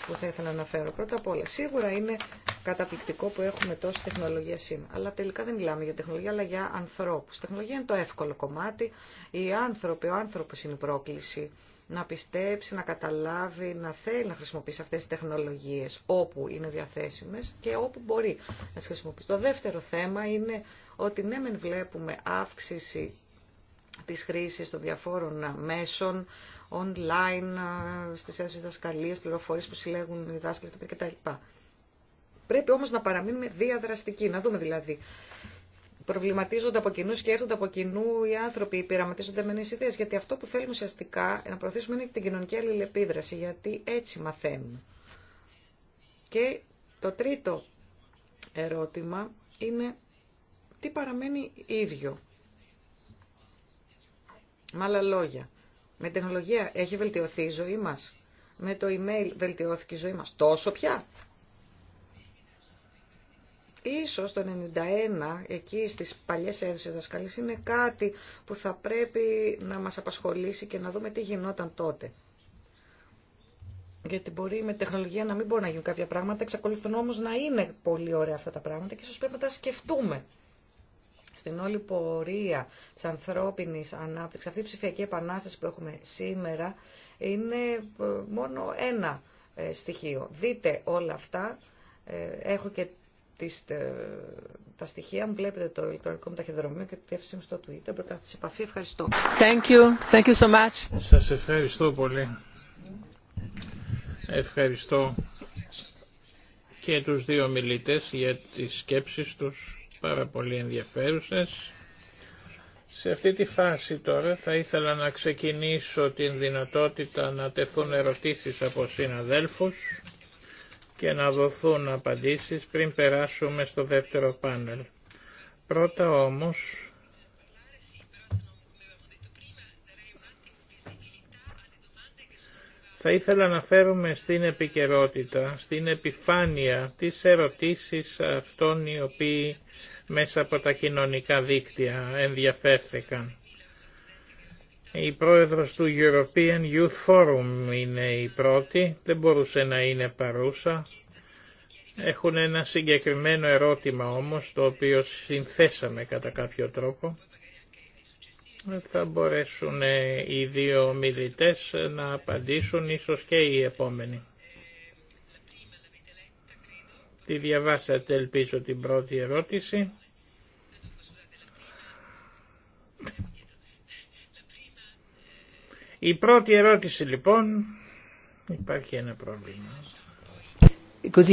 που θα ήθελα να αναφέρω. Πρώτα απ' όλα, σίγουρα είναι καταπληκτικό που έχουμε τόση τεχνολογία σήμερα. Αλλά τελικά δεν μιλάμε για τεχνολογία, αλλά για ανθρώπου. Τεχνολογία είναι το εύκολο κομμάτι. Οι άνθρωποι, ο άνθρωπο είναι η πρόκληση να πιστέψει, να καταλάβει, να θέλει να χρησιμοποιήσει αυτές τις τεχνολογίες όπου είναι διαθέσιμες και όπου μπορεί να τις χρησιμοποιήσει. Το δεύτερο θέμα είναι ότι ναι μεν βλέπουμε αύξηση της χρήσης των διαφόρων μέσων, online, στις αίθουσες δασκαλίες, πληροφορίες που συλλέγουν οι δάσκαλοι κτλ. Πρέπει όμως να παραμείνουμε διαδραστικοί, να δούμε δηλαδή προβληματίζονται από κοινού, έρχονται από κοινού οι άνθρωποι, πειραματίζονται με νέε ιδέε. Γιατί αυτό που θέλουμε ουσιαστικά να προωθήσουμε είναι την κοινωνική αλληλεπίδραση, γιατί έτσι μαθαίνουμε. Και το τρίτο ερώτημα είναι τι παραμένει ίδιο. Με άλλα λόγια, με τεχνολογία έχει βελτιωθεί η ζωή μας. Με το email βελτιώθηκε η ζωή μας. Τόσο πια. Ίσως το 91 εκεί στις παλιές αίθουσες δασκαλής είναι κάτι που θα πρέπει να μας απασχολήσει και να δούμε τι γινόταν τότε. Γιατί μπορεί με τεχνολογία να μην μπορεί να γίνουν κάποια πράγματα, εξακολουθούν όμω να είναι πολύ ωραία αυτά τα πράγματα και ίσως πρέπει να τα σκεφτούμε. Στην όλη πορεία τη ανθρώπινη ανάπτυξη, αυτή η ψηφιακή επανάσταση που έχουμε σήμερα είναι ε, μόνο ένα ε, στοιχείο. Δείτε όλα αυτά. Ε, έχω και τις, ε, τα στοιχεία μου. Βλέπετε το ηλεκτρονικό μου ταχυδρομείο και τη διεύθυνσή μου στο Twitter. Πρώτα σε επαφή. Ευχαριστώ. Thank you. Thank you so much. Σας ευχαριστώ πολύ. Ευχαριστώ και τους δύο μιλητές για τις σκέψεις τους πάρα πολύ ενδιαφέρουσες. Σε αυτή τη φάση τώρα θα ήθελα να ξεκινήσω την δυνατότητα να τεθούν ερωτήσεις από συναδέλφους και να δοθούν απαντήσεις πριν περάσουμε στο δεύτερο πάνελ. Πρώτα όμως θα ήθελα να φέρουμε στην επικαιρότητα, στην επιφάνεια τις ερωτήσεις αυτών οι οποίοι μέσα από τα κοινωνικά δίκτυα ενδιαφέρθηκαν. Η πρόεδρος του European Youth Forum είναι η πρώτη, δεν μπορούσε να είναι παρούσα. Έχουν ένα συγκεκριμένο ερώτημα όμως, το οποίο συνθέσαμε κατά κάποιο τρόπο. Θα μπορέσουν οι δύο μιλητές να απαντήσουν, ίσως και οι επόμενοι. Τη διαβάσατε ελπίζω την πρώτη ερώτηση. Η πρώτη ερώτηση λοιπόν, υπάρχει ένα πρόβλημα. η πρώτη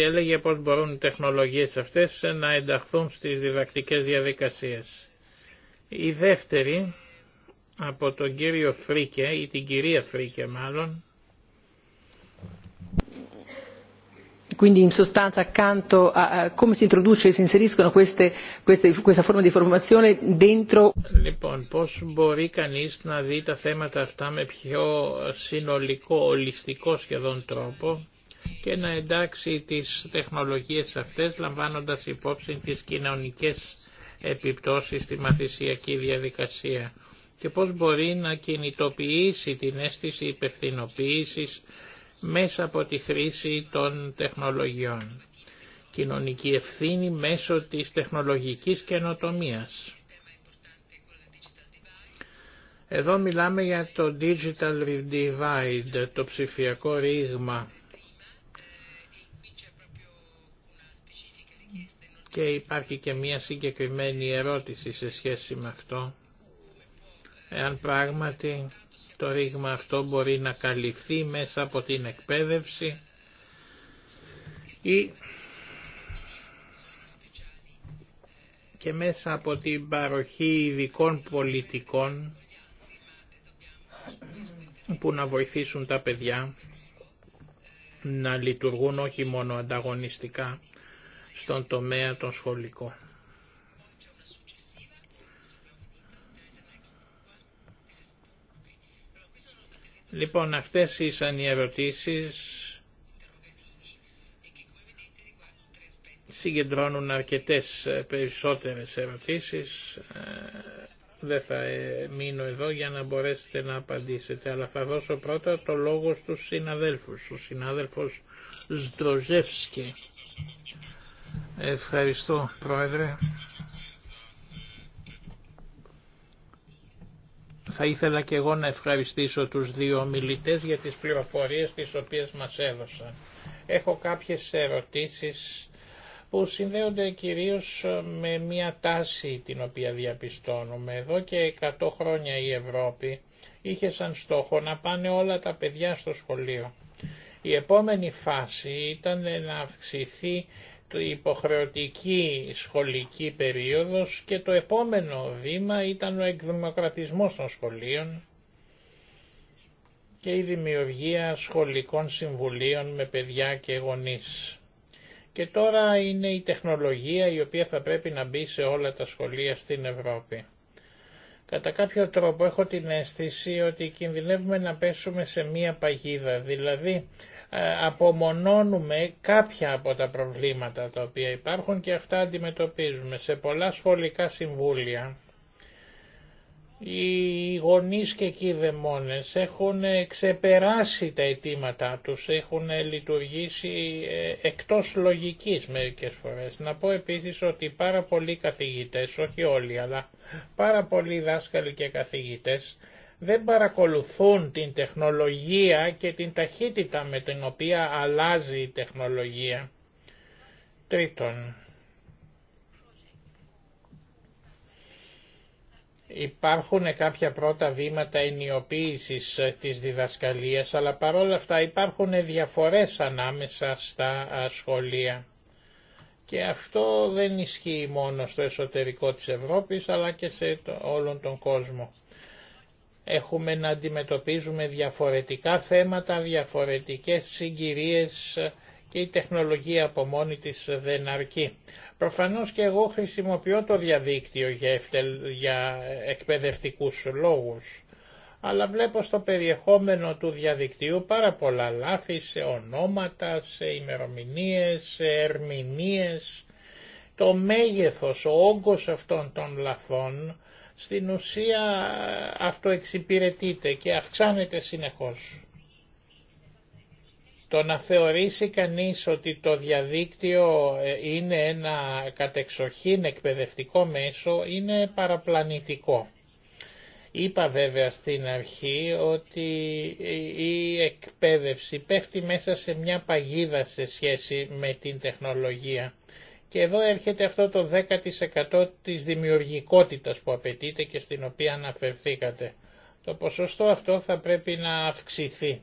έλεγε μπορούν οι να ενταχθούν στις διδακτικές διαδικασίες. Η δεύτερη από τον κύριο Φρίκε ή την κυρία Φρίκε μάλλον Λοιπόν, πώς μπορεί κανείς να δει τα θέματα αυτά με πιο συνολικό, ολιστικό σχεδόν τρόπο και να εντάξει τις τεχνολογίες αυτές λαμβάνοντας υπόψη τις κοινωνικές επιπτώσεις στη μαθησιακή διαδικασία και πώς μπορεί να κινητοποιήσει την αίσθηση υπευθυνοποίησης μέσα από τη χρήση των τεχνολογιών. Κοινωνική ευθύνη μέσω της τεχνολογικής καινοτομίας. Εδώ μιλάμε για το digital divide, το ψηφιακό ρήγμα. Και υπάρχει και μία συγκεκριμένη ερώτηση σε σχέση με αυτό. Εάν πράγματι το ρήγμα αυτό μπορεί να καλυφθεί μέσα από την εκπαίδευση ή και μέσα από την παροχή ειδικών πολιτικών που να βοηθήσουν τα παιδιά να λειτουργούν όχι μόνο ανταγωνιστικά στον τομέα των σχολικών. Λοιπόν, αυτές ήσαν οι ερωτήσεις. Συγκεντρώνουν αρκετές ε, περισσότερες ερωτήσεις. Ε, δεν θα ε, μείνω εδώ για να μπορέσετε να απαντήσετε, αλλά θα δώσω πρώτα το λόγο στους συναδέλφους. Ο συνάδελφος Σδροζεύσκη. Ευχαριστώ, Πρόεδρε. Θα ήθελα και εγώ να ευχαριστήσω τους δύο ομιλητές για τις πληροφορίες τις οποίες μας έδωσαν. Έχω κάποιες ερωτήσεις που συνδέονται κυρίως με μια τάση την οποία διαπιστώνουμε. Εδώ και 100 χρόνια η Ευρώπη είχε σαν στόχο να πάνε όλα τα παιδιά στο σχολείο. Η επόμενη φάση ήταν να αυξηθεί η υποχρεωτική σχολική περίοδος και το επόμενο βήμα ήταν ο εκδημοκρατισμός των σχολείων και η δημιουργία σχολικών συμβουλίων με παιδιά και γονείς. Και τώρα είναι η τεχνολογία η οποία θα πρέπει να μπει σε όλα τα σχολεία στην Ευρώπη. Κατά κάποιο τρόπο έχω την αίσθηση ότι κινδυνεύουμε να πέσουμε σε μία παγίδα, δηλαδή ε, απομονώνουμε κάποια από τα προβλήματα τα οποία υπάρχουν και αυτά αντιμετωπίζουμε. Σε πολλά σχολικά συμβούλια οι γονείς και οι δαιμόνες έχουν ξεπεράσει τα αιτήματά τους, έχουν λειτουργήσει ε, εκτός λογικής μερικές φορές. Να πω επίσης ότι πάρα πολλοί καθηγητές, όχι όλοι αλλά πάρα πολλοί δάσκαλοι και καθηγητές δεν παρακολουθούν την τεχνολογία και την ταχύτητα με την οποία αλλάζει η τεχνολογία. Τρίτον, υπάρχουν κάποια πρώτα βήματα ενιοποίησης ε, της διδασκαλίας, αλλά παρόλα αυτά υπάρχουν διαφορές ανάμεσα στα σχολεία. Και αυτό δεν ισχύει μόνο στο εσωτερικό της Ευρώπης, αλλά και σε όλον τον κόσμο έχουμε να αντιμετωπίζουμε διαφορετικά θέματα, διαφορετικές συγκυρίες και η τεχνολογία από μόνη της δεν αρκεί. Προφανώς και εγώ χρησιμοποιώ το διαδίκτυο για εκπαιδευτικούς λόγους, αλλά βλέπω στο περιεχόμενο του διαδικτύου πάρα πολλά λάθη σε ονόματα, σε ημερομηνίες, σε ερμηνείες. Το μέγεθος, ο όγκος αυτών των λαθών στην ουσία αυτοεξυπηρετείται και αυξάνεται συνεχώς. Το να θεωρήσει κανείς ότι το διαδίκτυο ε, είναι ένα κατεξοχήν εκπαιδευτικό μέσο είναι παραπλανητικό. Είπα βέβαια στην αρχή ότι η εκπαίδευση πέφτει μέσα σε μια παγίδα σε σχέση με την τεχνολογία και εδώ έρχεται αυτό το 10% της δημιουργικότητας που απαιτείται και στην οποία αναφερθήκατε. Το ποσοστό αυτό θα πρέπει να αυξηθεί.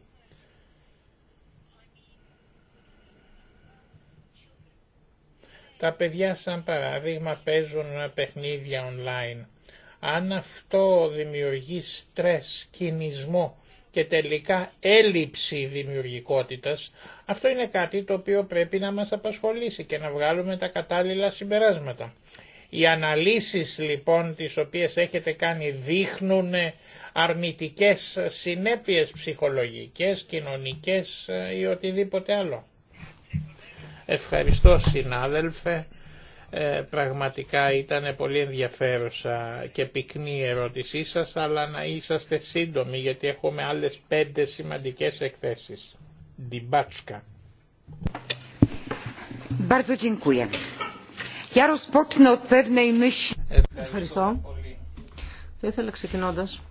Τα παιδιά σαν παράδειγμα παίζουν παιχνίδια online. Αν αυτό δημιουργεί στρες, κινησμό και τελικά έλλειψη δημιουργικότητας, αυτό είναι κάτι το οποίο πρέπει να μας απασχολήσει και να βγάλουμε τα κατάλληλα συμπεράσματα. Οι αναλύσεις λοιπόν τις οποίες έχετε κάνει δείχνουν αρνητικές συνέπειες ψυχολογικές, κοινωνικές ή οτιδήποτε άλλο. Ευχαριστώ συνάδελφε. Ε, πραγματικά ήταν πολύ ενδιαφέρουσα και πυκνή η ερώτησή σας, αλλά να είσαστε σύντομοι γιατί έχουμε άλλες πέντε σημαντικές εκθέσεις. Ντιμπάτσκα. Ευχαριστώ. Θα ήθελα ξεκινώντας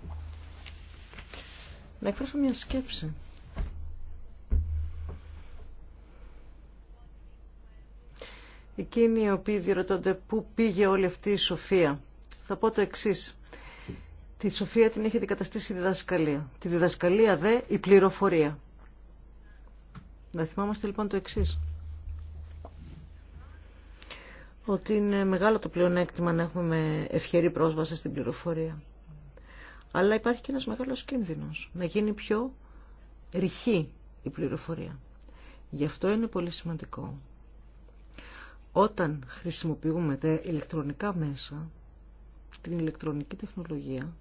να εκφράσω μια σκέψη. εκείνοι οι οποίοι διερωτώνται πού πήγε όλη αυτή η σοφία. Θα πω το εξή. Τη σοφία την έχει δικαταστήσει η διδασκαλία. Τη διδασκαλία δε η πληροφορία. Να θυμάμαστε λοιπόν το εξή. Ότι είναι μεγάλο το πλεονέκτημα να έχουμε ευχερή πρόσβαση στην πληροφορία. Αλλά υπάρχει και ένας μεγάλος κίνδυνος να γίνει πιο ρηχή η πληροφορία. Γι' αυτό είναι πολύ σημαντικό όταν χρησιμοποιούμε τα ηλεκτρονικά μέσα, την ηλεκτρονική τεχνολογία,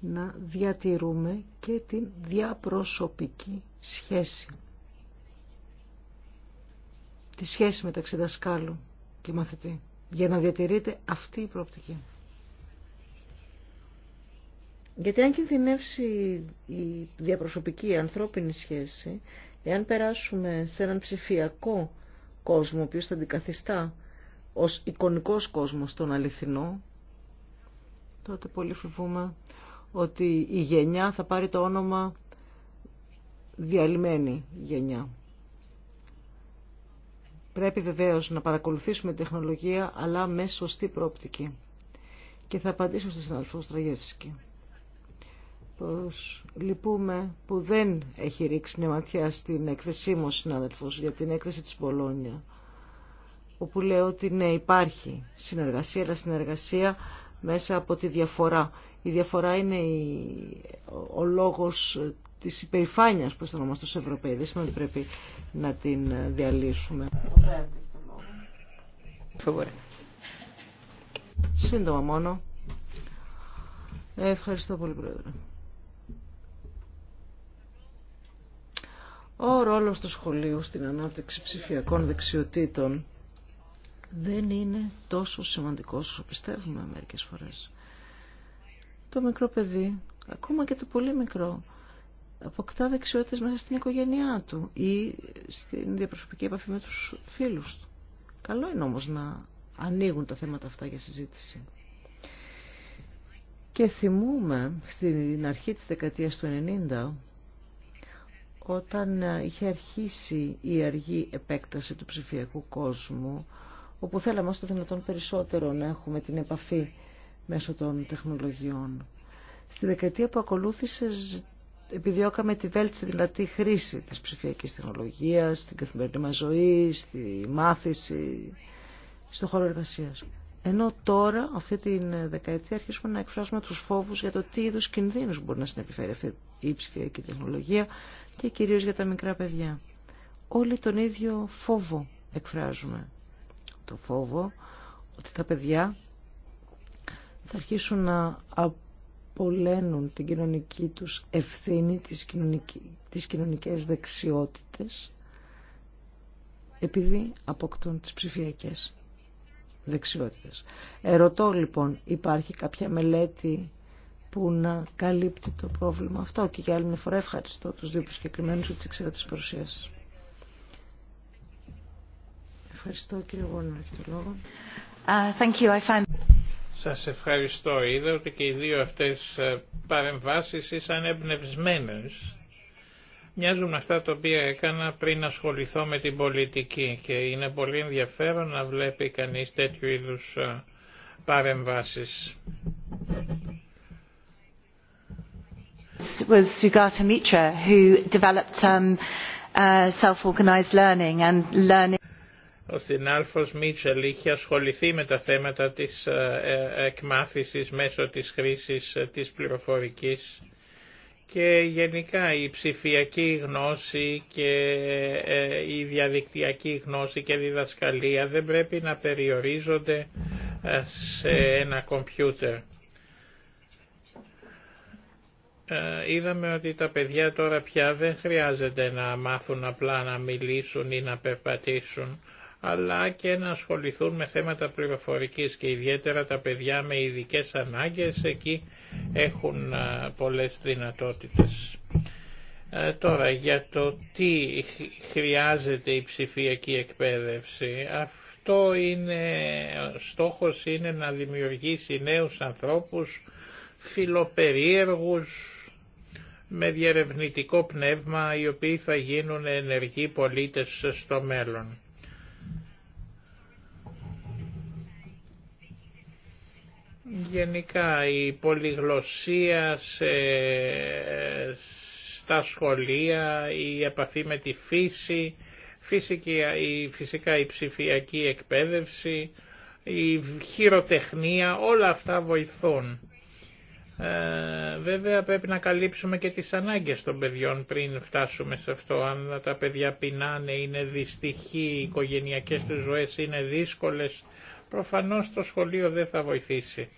να διατηρούμε και την διαπροσωπική σχέση. Τη σχέση μεταξύ δασκάλου και μαθητή, για να διατηρείται αυτή η προοπτική. Γιατί αν κινδυνεύσει η διαπροσωπική, ανθρώπινη σχέση, εάν περάσουμε σε έναν ψηφιακό κόσμο, ο οποίος θα αντικαθιστά ως εικονικός κόσμος τον αληθινό, τότε πολύ φοβούμαι ότι η γενιά θα πάρει το όνομα διαλυμένη γενιά. Πρέπει βεβαίως να παρακολουθήσουμε τη τεχνολογία, αλλά με σωστή πρόπτικη. Και θα απαντήσω στον συναδελφό Στραγεύσκη πως λυπούμε που δεν έχει ρίξει μια ματιά στην έκθεσή μου συνάδελφος για την έκθεση της Πολόνια όπου λέω ότι ναι υπάρχει συνεργασία αλλά συνεργασία μέσα από τη διαφορά. Η διαφορά είναι ο λόγος της υπερηφάνειας που αισθανόμαστε ως Ευρωπαίοι. Δεν σημαίνει πρέπει να την διαλύσουμε. Σύντομα μόνο. Ευχαριστώ πολύ, Πρόεδρε. Ο ρόλος του σχολείου στην ανάπτυξη ψηφιακών δεξιοτήτων δεν είναι τόσο σημαντικός όσο πιστεύουμε μερικές φορές. Το μικρό παιδί, ακόμα και το πολύ μικρό, αποκτά δεξιότητες μέσα στην οικογένειά του ή στην διαπροσωπική επαφή με τους φίλους του. Καλό είναι όμως να ανοίγουν τα θέματα αυτά για συζήτηση. Και θυμούμε στην αρχή της δεκαετίας του 90 όταν είχε αρχίσει η αργή επέκταση του ψηφιακού κόσμου, όπου θέλαμε όσο δυνατόν περισσότερο να έχουμε την επαφή μέσω των τεχνολογιών. Στη δεκαετία που ακολούθησε επιδιώκαμε τη βέλτιστη δυνατή χρήση της ψηφιακής τεχνολογίας, στην καθημερινή μας ζωή, στη μάθηση, στο χώρο εργασίας. Ενώ τώρα, αυτή τη δεκαετία, αρχίσουμε να εκφράσουμε τους φόβους για το τι είδους κινδύνους μπορεί να συνεπιφέρει αυτή η ψηφιακή τεχνολογία και κυρίως για τα μικρά παιδιά. Όλοι τον ίδιο φόβο εκφράζουμε. Το φόβο ότι τα παιδιά θα αρχίσουν να απολένουν την κοινωνική τους ευθύνη, τις, κοινωνικές δεξιότητες, επειδή αποκτούν τις ψηφιακές δεξιότητες. Ερωτώ λοιπόν, υπάρχει κάποια μελέτη που να καλύπτει το πρόβλημα αυτό και για άλλη μια φορά ευχαριστώ τους δύο προσκεκριμένους για τις εξαιρετικές παρουσίες. Ευχαριστώ κύριε Γόρνου. το λόγο. Uh, thank you. I find... Σας ευχαριστώ. Είδα ότι και οι δύο αυτές ε, παρεμβάσεις ήσαν εμπνευσμένες. Μοιάζουν αυτά τα οποία έκανα πριν ασχοληθώ με την πολιτική και είναι πολύ ενδιαφέρον να βλέπει κανείς τέτοιου είδους ε, παρεμβάσεις was Sugata Mitra who developed um, uh, Ο συνάλφος Μίτσελ είχε ασχοληθεί με τα θέματα της ε, ε, εκμάθησης μέσω της χρήσης ε, της πληροφορικής και γενικά η ψηφιακή γνώση και η διαδικτυακή γνώση και διδασκαλία δεν πρέπει να περιορίζονται σε ένα κομπιούτερ. Ε, είδαμε ότι τα παιδιά τώρα πια δεν χρειάζεται να μάθουν απλά να μιλήσουν ή να περπατήσουν, αλλά και να ασχοληθούν με θέματα πληροφορικής και ιδιαίτερα τα παιδιά με ειδικέ ανάγκες, εκεί έχουν ε, πολλές δυνατότητες. Ε, τώρα, για το τι χρειάζεται η ψηφιακή εκπαίδευση, αυτό είναι, στόχος είναι να δημιουργήσει νέους ανθρώπους φιλοπερίεργους, με διερευνητικό πνεύμα οι οποίοι θα γίνουν ενεργοί πολίτες στο μέλλον. Γενικά η πολυγλωσία σε, στα σχολεία, η επαφή με τη φύση, η, φυσικά η ψηφιακή εκπαίδευση, η χειροτεχνία, όλα αυτά βοηθούν. Ε, βέβαια πρέπει να καλύψουμε και τις ανάγκες των παιδιών πριν φτάσουμε σε αυτό. Αν τα παιδιά πεινάνε, είναι δυστυχή, οι οικογενειακές τους ζωές είναι δύσκολες, προφανώς το σχολείο δεν θα βοηθήσει.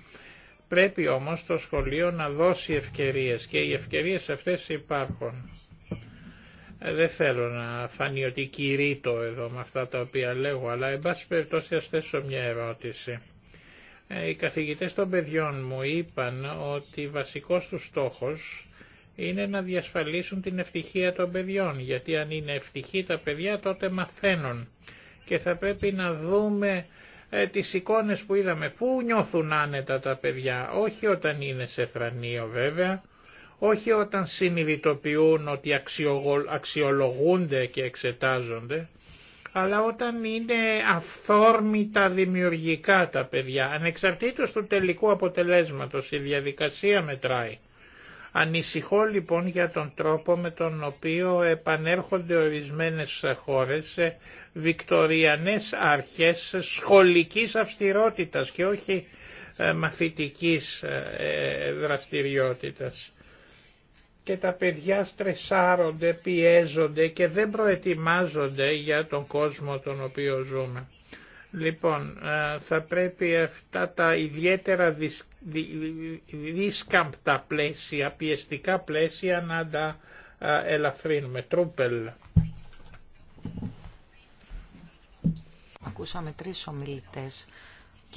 Πρέπει όμως το σχολείο να δώσει ευκαιρίες και οι ευκαιρίες αυτές υπάρχουν. Ε, δεν θέλω να φανεί ότι κηρύττω εδώ με αυτά τα οποία λέγω, αλλά εν πάση περιπτώσει θέσω μια ερώτηση. Ε, οι καθηγητές των παιδιών μου είπαν ότι βασικός τους στόχος είναι να διασφαλίσουν την ευτυχία των παιδιών, γιατί αν είναι ευτυχή τα παιδιά τότε μαθαίνουν και θα πρέπει να δούμε ε, τις εικόνες που είδαμε, πού νιώθουν άνετα τα παιδιά, όχι όταν είναι σε θρανείο βέβαια, όχι όταν συνειδητοποιούν ότι αξιολογούνται και εξετάζονται, αλλά όταν είναι αυθόρμητα δημιουργικά τα παιδιά, ανεξαρτήτως του τελικού αποτελέσματος, η διαδικασία μετράει. Ανησυχώ λοιπόν για τον τρόπο με τον οποίο επανέρχονται ορισμένες χώρες σε βικτοριανές αρχές σχολικής αυστηρότητας και όχι ε, μαθητικής ε, ε, δραστηριότητας και τα παιδιά στρεσάρονται, πιέζονται και δεν προετοιμάζονται για τον κόσμο τον οποίο ζούμε. Λοιπόν, ε, θα πρέπει αυτά τα ιδιαίτερα δίσκαμπτα πλαίσια, πιεστικά πλαίσια να τα ε, ελαφρύνουμε. Τρούπελ. Ακούσαμε τρεις ομιλητές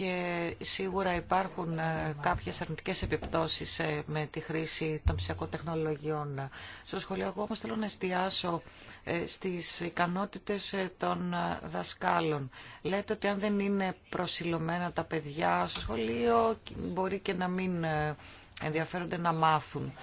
και σίγουρα υπάρχουν ε, κάποιες αρνητικές επιπτώσεις ε, με τη χρήση των ψηφιακών τεχνολογιών. Στο σχολείο εγώ όμως θέλω να εστιάσω ε, στις ικανότητες των δασκάλων. Λέτε ότι αν δεν είναι προσιλωμένα τα παιδιά στο σχολείο μπορεί και να μην ενδιαφέρονται να μάθουν.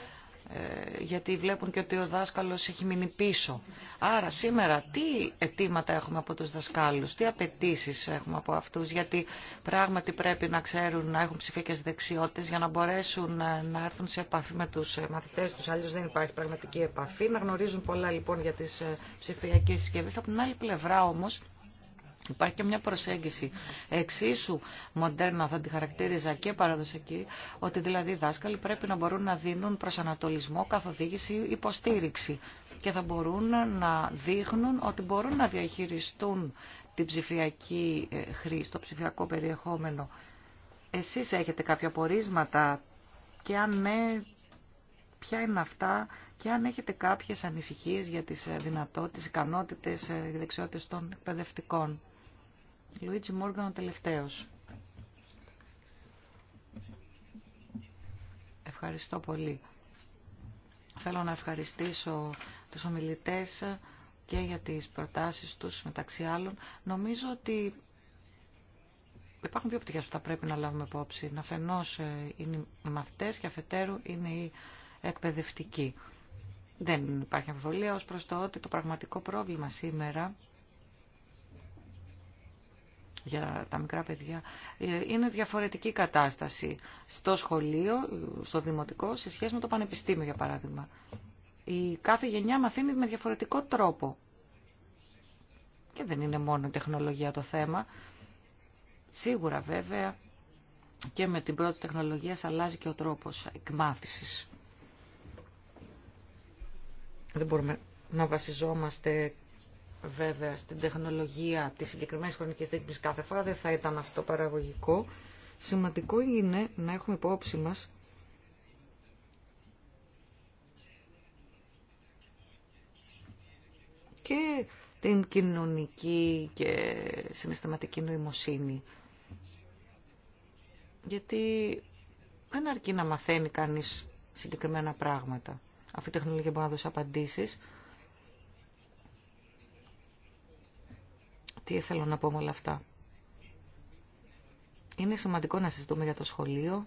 Ε, γιατί βλέπουν και ότι ο δάσκαλος έχει μείνει πίσω. Άρα σήμερα τι αιτήματα έχουμε από τους δασκάλους, τι απαιτήσει έχουμε από αυτούς, γιατί πράγματι πρέπει να ξέρουν να έχουν ψηφιακές δεξιότητες για να μπορέσουν ε, να έρθουν σε επαφή με τους ε, μαθητές τους, αλλιώς δεν υπάρχει πραγματική επαφή, να γνωρίζουν πολλά λοιπόν για τις ψηφιακές συσκευές. Από την άλλη πλευρά όμως, Υπάρχει και μια προσέγγιση εξίσου μοντέρνα, θα τη χαρακτήριζα και παραδοσιακή, ότι δηλαδή οι δάσκαλοι πρέπει να μπορούν να δίνουν προσανατολισμό, καθοδήγηση, υποστήριξη και θα μπορούν να δείχνουν ότι μπορούν να διαχειριστούν την ψηφιακή ε, χρήση, το ψηφιακό περιεχόμενο. Εσείς έχετε κάποια πορίσματα και αν ναι, ποια είναι αυτά και αν έχετε κάποιες ανησυχίες για τις ε, δυνατότητες, ικανότητες, ε, δεξιότητες των εκπαιδευτικών. Λουίτζι Μόργαν ο τελευταίος. Ευχαριστώ πολύ. Θέλω να ευχαριστήσω τους ομιλητές και για τις προτάσεις τους μεταξύ άλλων. Νομίζω ότι υπάρχουν δύο πτυχές που θα πρέπει να λάβουμε υπόψη. Να ε, είναι οι μαθητές και αφετέρου είναι οι εκπαιδευτικοί. Δεν υπάρχει αμφιβολία ως προς το ότι το πραγματικό πρόβλημα σήμερα για τα μικρά παιδιά. Ε, είναι διαφορετική κατάσταση στο σχολείο, στο δημοτικό, σε σχέση με το πανεπιστήμιο, για παράδειγμα. Η κάθε γενιά μαθαίνει με διαφορετικό τρόπο. Και δεν είναι μόνο η τεχνολογία το θέμα. Σίγουρα βέβαια και με την πρώτη τεχνολογία αλλάζει και ο τρόπος εκμάθησης. Δεν μπορούμε να βασιζόμαστε βέβαια στην τεχνολογία της συγκεκριμένη χρονική τύπης κάθε φορά δεν θα ήταν αυτό παραγωγικό. Σημαντικό είναι να έχουμε υπόψη μας και την κοινωνική και συναισθηματική νοημοσύνη. Γιατί δεν αρκεί να μαθαίνει κανείς συγκεκριμένα πράγματα. Αυτή η τεχνολογία μπορεί να δώσει απαντήσεις, Τι θέλω να πω με όλα αυτά. Είναι σημαντικό να συζητούμε για το σχολείο.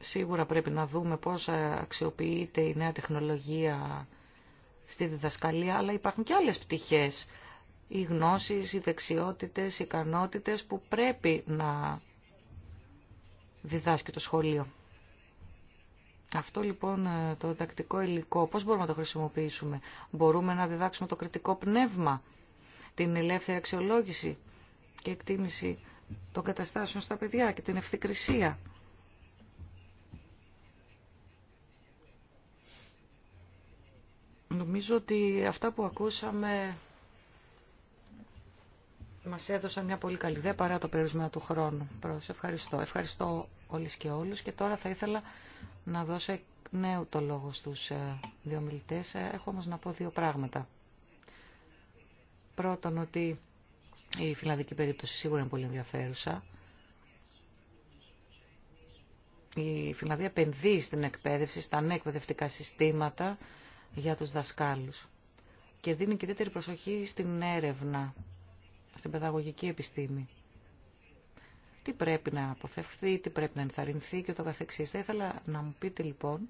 Σίγουρα πρέπει να δούμε πώς αξιοποιείται η νέα τεχνολογία στη διδασκαλία, αλλά υπάρχουν και άλλες πτυχές. Οι γνώσεις, οι δεξιότητες, οι ικανότητες που πρέπει να διδάσκει το σχολείο. Αυτό λοιπόν ε, το διδακτικό υλικό, πώς μπορούμε να το χρησιμοποιήσουμε. Μπορούμε να διδάξουμε το κριτικό πνεύμα, την ελεύθερη αξιολόγηση και εκτίμηση των καταστάσεων στα παιδιά και την ευθυκρισία. Νομίζω ότι αυτά που ακούσαμε μας έδωσαν μια πολύ καλή ιδέα παρά το περιορισμένο του χρόνου. Σε ευχαριστώ. Ευχαριστώ όλες και όλους και τώρα θα ήθελα να δώσω νέο νέου το λόγο στους ε, δύο μιλητές. Ε, έχω όμως να πω δύο πράγματα. Πρώτον ότι η φιλανδική περίπτωση σίγουρα είναι πολύ ενδιαφέρουσα. Η Φιλανδία επενδύει στην εκπαίδευση, στα ανέκπαιδευτικά συστήματα για τους δασκάλους και δίνει και ιδιαίτερη προσοχή στην έρευνα, στην παιδαγωγική επιστήμη τι πρέπει να αποφευχθεί, τι πρέπει να ενθαρρυνθεί και το καθεξής. Θα ήθελα να μου πείτε λοιπόν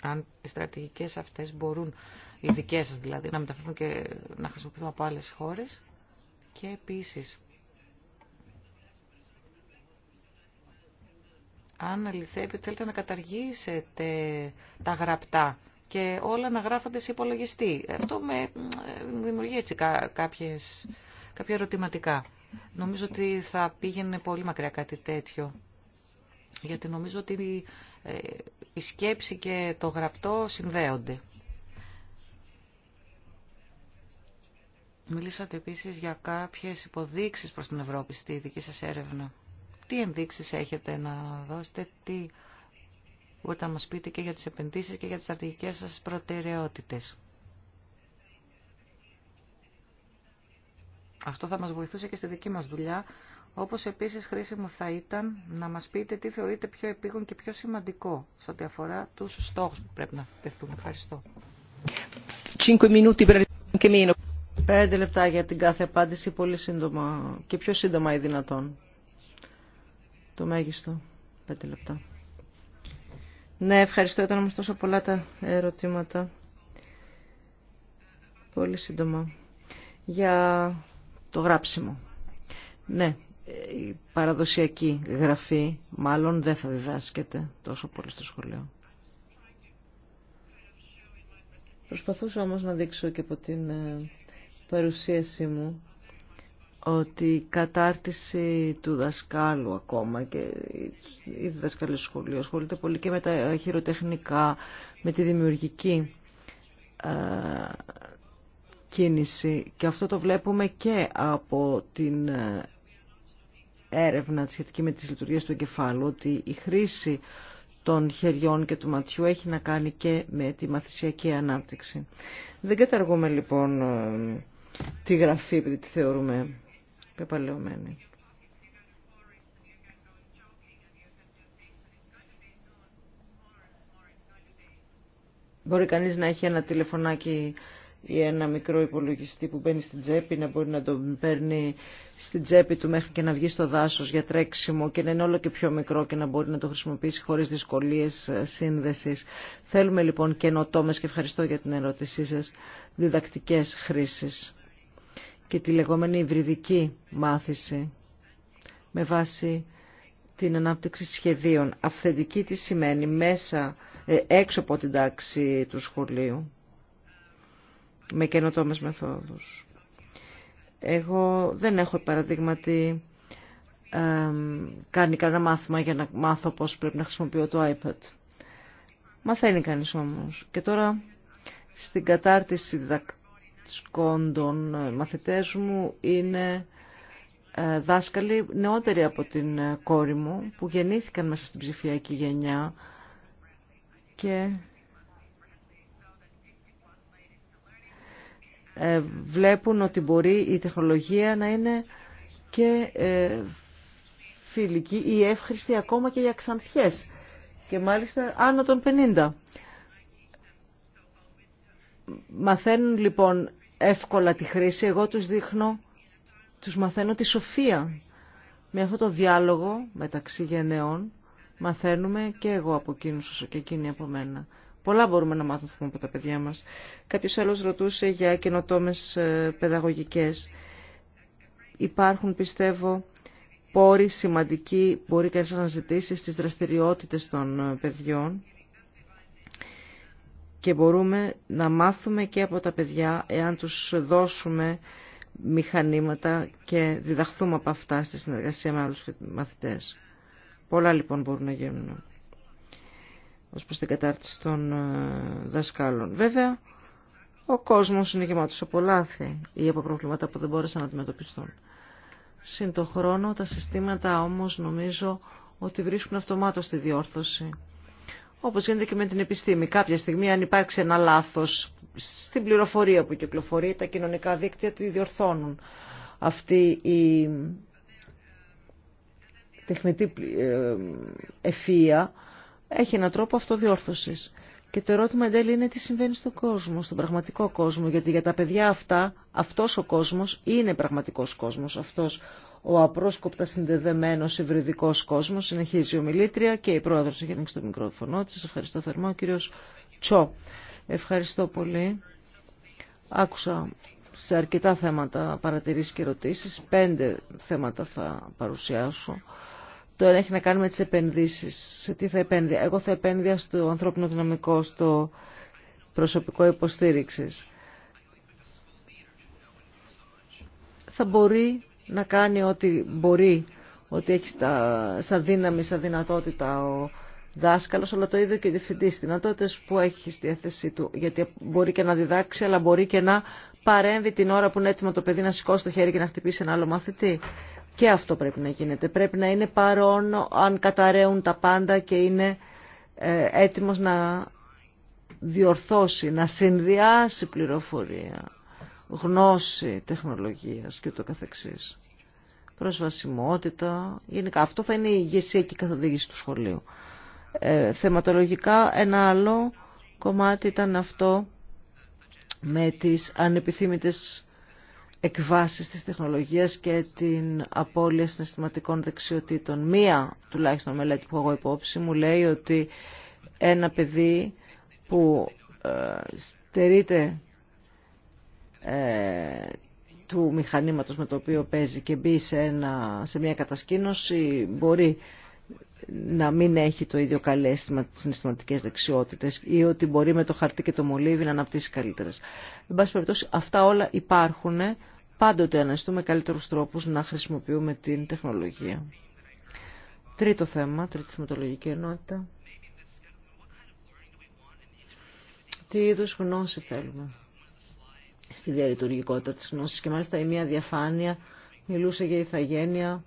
αν οι στρατηγικές αυτές μπορούν, οι δικές σας δηλαδή, να μεταφερθούν και να χρησιμοποιηθούν από άλλες χώρες και επίσης αν αληθεύει θέλετε να καταργήσετε τα γραπτά και όλα να γράφονται σε υπολογιστή. Αυτό με ε, δημιουργεί έτσι κάποιες, κάποια ερωτηματικά. Νομίζω ότι θα πήγαινε πολύ μακριά κάτι τέτοιο. Γιατί νομίζω ότι ε, η σκέψη και το γραπτό συνδέονται. Μιλήσατε επίσης για κάποιες υποδείξεις προς την Ευρώπη στη δική σας έρευνα. Τι ενδείξεις έχετε να δώσετε, τι μπορείτε να μας πείτε και για τις επενδύσεις και για τις στρατηγικές σας προτεραιότητες. Αυτό θα μας βοηθούσε και στη δική μας δουλειά, όπως επίσης χρήσιμο θα ήταν να μας πείτε τι θεωρείτε πιο επίγον και πιο σημαντικό σε ό,τι αφορά τους στόχους που πρέπει να τεθούν. Ευχαριστώ. 5 Πέντε λεπτά για την κάθε απάντηση, πολύ σύντομα και πιο σύντομα ή δυνατόν. Το μέγιστο, πέντε λεπτά. Ναι, ευχαριστώ, ήταν όμως τόσο πολλά τα ερωτήματα. Πολύ σύντομα. Για το γράψιμο. Ναι, η παραδοσιακή γραφή μάλλον δεν θα διδάσκεται τόσο πολύ στο σχολείο. Προσπαθούσα όμως να δείξω και από την ε, παρουσίασή μου ότι η κατάρτιση του δασκάλου ακόμα και η διδασκαλή σχολείο ασχολείται πολύ και με τα χειροτεχνικά, με τη δημιουργική ε, κίνηση και αυτό το βλέπουμε και από την ε, έρευνα σχετική με τις λειτουργίες του εγκεφάλου ότι η χρήση των χεριών και του ματιού έχει να κάνει και με τη μαθησιακή ανάπτυξη. Δεν καταργούμε λοιπόν ε, τη γραφή επειδή τη θεωρούμε πεπαλαιωμένη. Μπορεί κανείς να έχει ένα τηλεφωνάκι ή ένα μικρό υπολογιστή που μπαίνει στην τσέπη να μπορεί να τον παίρνει στην τσέπη του μέχρι και να βγει στο δάσος για τρέξιμο και να είναι όλο και πιο μικρό και να μπορεί να το χρησιμοποιήσει χωρίς δυσκολίες ε, σύνδεσης. Θέλουμε λοιπόν καινοτόμες και ευχαριστώ για την ερώτησή σας διδακτικές χρήσεις και τη λεγόμενη υβριδική μάθηση με βάση την ανάπτυξη σχεδίων. Αυθεντική τι σημαίνει μέσα, ε, έξω από την τάξη του σχολείου με καινοτόμες μεθόδους. Εγώ δεν έχω παραδείγματι κάνει κανένα μάθημα για να μάθω πώς πρέπει να χρησιμοποιώ το iPad. Μαθαίνει κανείς όμως. Και τώρα στην κατάρτιση διδακτικών των ε, μαθητές μου είναι ε, δάσκαλοι νεότεροι από την ε, κόρη μου που γεννήθηκαν μέσα στην ψηφιακή γενιά και Ε, βλέπουν ότι μπορεί η τεχνολογία να είναι και ε, φιλική ή εύχριστη ακόμα και για ξανθιές και μάλιστα άνω των 50. Μαθαίνουν λοιπόν εύκολα τη χρήση, εγώ τους δείχνω, τους μαθαίνω τη σοφία. Με αυτό το διάλογο μεταξύ γενεών μαθαίνουμε και εγώ από εκείνους όσο και εκείνοι από μένα. Πολλά μπορούμε να μάθουμε από τα παιδιά μας. Κάποιος άλλος ρωτούσε για καινοτόμες ε, παιδαγωγικές. Υπάρχουν, πιστεύω, πόροι σημαντικοί μπορεί κανείς να ζητήσει στις δραστηριότητες των ε, παιδιών και μπορούμε να μάθουμε και από τα παιδιά εάν τους δώσουμε μηχανήματα και διδαχθούμε από αυτά στη συνεργασία με άλλους μαθητές. Πολλά λοιπόν μπορούν να γίνουν ως προς την κατάρτιση των ε, δασκάλων. Βέβαια, ο κόσμος είναι γεμάτος από λάθη ή από προβλήματα που δεν μπόρεσαν να αντιμετωπιστούν. Συν το χρόνο, τα συστήματα όμως νομίζω ότι βρίσκουν αυτομάτως τη διόρθωση. Όπως γίνεται και με την επιστήμη. Κάποια στιγμή αν υπάρξει ένα λάθος στην πληροφορία που κυκλοφορεί, τα κοινωνικά δίκτυα τη διορθώνουν. Αυτή η τεχνητή ε, ευφία έχει έναν τρόπο αυτοδιόρθωσης. Και το ερώτημα εν τέλει είναι τι συμβαίνει στον κόσμο, στον πραγματικό κόσμο, γιατί για τα παιδιά αυτά, αυτός ο κόσμος είναι πραγματικός κόσμος, αυτός ο απρόσκοπτα συνδεδεμένος ευρυδικός κόσμος, συνεχίζει η ομιλήτρια και η πρόεδρος έχει ανοίξει το μικρόφωνο της. Ευχαριστώ θερμά, ο κύριος Τσό. Ευχαριστώ πολύ. Άκουσα σε αρκετά θέματα παρατηρήσεις και ερωτήσεις. Πέντε θέματα θα παρουσιάσω. Τώρα έχει να κάνει με τις επενδύσεις. Σε τι θα επένδυα. Εγώ θα επένδυα στο ανθρώπινο δυναμικό, στο προσωπικό υποστήριξης. Θα μπορεί να κάνει ό,τι μπορεί, ό,τι έχει στα, σαν δύναμη, σαν δυνατότητα ο δάσκαλος, αλλά το ίδιο και διευθυντή στις δυνατότητες που έχει στη θέση του. Γιατί μπορεί και να διδάξει, αλλά μπορεί και να παρέμβει την ώρα που είναι έτοιμο το παιδί να σηκώσει το χέρι και να χτυπήσει ένα άλλο μαθητή. Και αυτό πρέπει να γίνεται. Πρέπει να είναι παρόν αν καταραίουν τα πάντα και είναι ε, έτοιμος να διορθώσει, να συνδυάσει πληροφορία, γνώση τεχνολογίας και το καθεξής. Προσβασιμότητα, γενικά αυτό θα είναι η ηγεσία και η καθοδήγηση του σχολείου. Ε, θεματολογικά ένα άλλο κομμάτι ήταν αυτό με τις ανεπιθύμητες εκβάσεις της τεχνολογίας και την απώλεια συναισθηματικών δεξιοτήτων. Μία τουλάχιστον μελέτη που έχω υπόψη μου λέει ότι ένα παιδί που ε, στερείται ε, του μηχανήματος με το οποίο παίζει και μπει σε, σε μια κατασκήνωση μπορεί να μην έχει το ίδιο καλέ συναισθηματικέ δεξιότητες ή ότι μπορεί με το χαρτί και το μολύβι να αναπτύσσει καλύτερε. Εν πάση περιπτώσει αυτά όλα υπάρχουν πάντοτε αναστούμε καλύτερου τρόπου να χρησιμοποιούμε την τεχνολογία. Τρίτο θέμα, τρίτη θεματολογική ενότητα. Τι είδου γνώση θέλουμε στη διαλειτουργικότητα τη γνώση και μάλιστα η μία διαφάνεια μιλούσε για ηθαγένεια,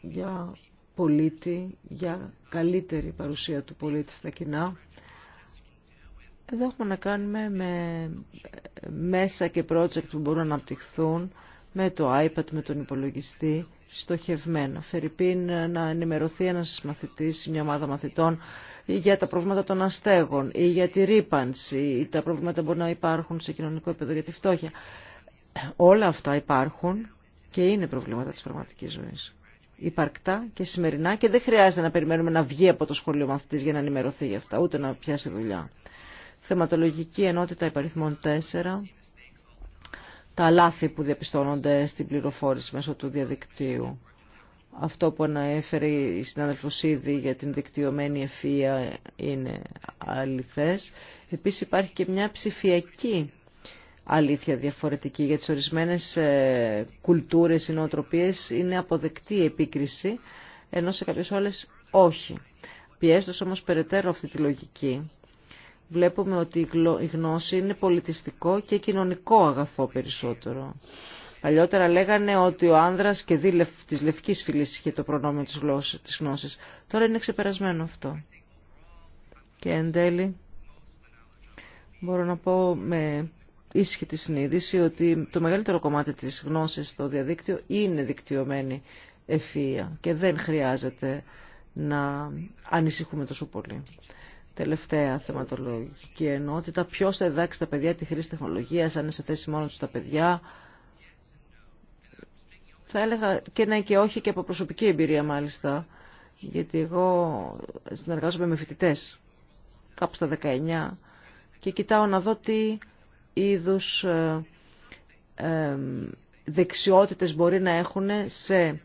για πολίτη, για καλύτερη παρουσία του πολίτη στα κοινά. Εδώ έχουμε να κάνουμε με μέσα και project που μπορούν να αναπτυχθούν με το iPad, με τον υπολογιστή, στοχευμένα. Φερρυπίν να ενημερωθεί ένας μαθητής, μια ομάδα μαθητών για τα προβλήματα των αστέγων ή για τη ρήπανση ή τα προβλήματα που μπορεί να υπάρχουν σε κοινωνικό επίπεδο για τη φτώχεια. Όλα αυτά υπάρχουν και είναι προβλήματα της πραγματικής ζωής υπαρκτά και σημερινά και δεν χρειάζεται να περιμένουμε να βγει από το σχολείο μαθητής για να ενημερωθεί για αυτά, ούτε να πιάσει δουλειά. Θεματολογική ενότητα υπαριθμών 4. Τα λάθη που διαπιστώνονται στην πληροφόρηση μέσω του διαδικτύου. Αυτό που αναέφερε η συνάδελφος ήδη για την δικτυωμένη ευφυΐα είναι αληθές. Επίσης υπάρχει και μια ψηφιακή αλήθεια διαφορετική. Για τις ορισμένες ε, κουλτούρες ή νοοτροπίες είναι αποδεκτή η όλες όχι. Πιέζοντας όμως περαιτέρω αυτή τη λογική, βλέπουμε ότι η γνώση πιεστος ομως περαιτερω αυτη τη λογικη πολιτιστικό και κοινωνικό αγαθό περισσότερο. Παλιότερα λέγανε ότι ο άνδρας και δίλευ, της λευκής φυλής είχε το προνόμιο της, γλώσσης, της γνώσης. Τώρα είναι ξεπερασμένο αυτό. Και εν τέλει μπορώ να πω με τη συνείδηση ότι το μεγαλύτερο κομμάτι της γνώσης στο διαδίκτυο είναι δικτυωμένη ευφυΐα και δεν χρειάζεται να ανησυχούμε τόσο πολύ. Τελευταία θεματολογική ενότητα. Ποιος θα διδάξει τα παιδιά τη χρήση τεχνολογία αν είναι σε θέση μόνο τους τα παιδιά. Θα έλεγα και ναι και όχι και από προσωπική εμπειρία μάλιστα. Γιατί εγώ συνεργάζομαι με φοιτητέ κάπου στα 19 και κοιτάω να δω τι είδους ε, ε, δεξιότητες μπορεί να έχουν σε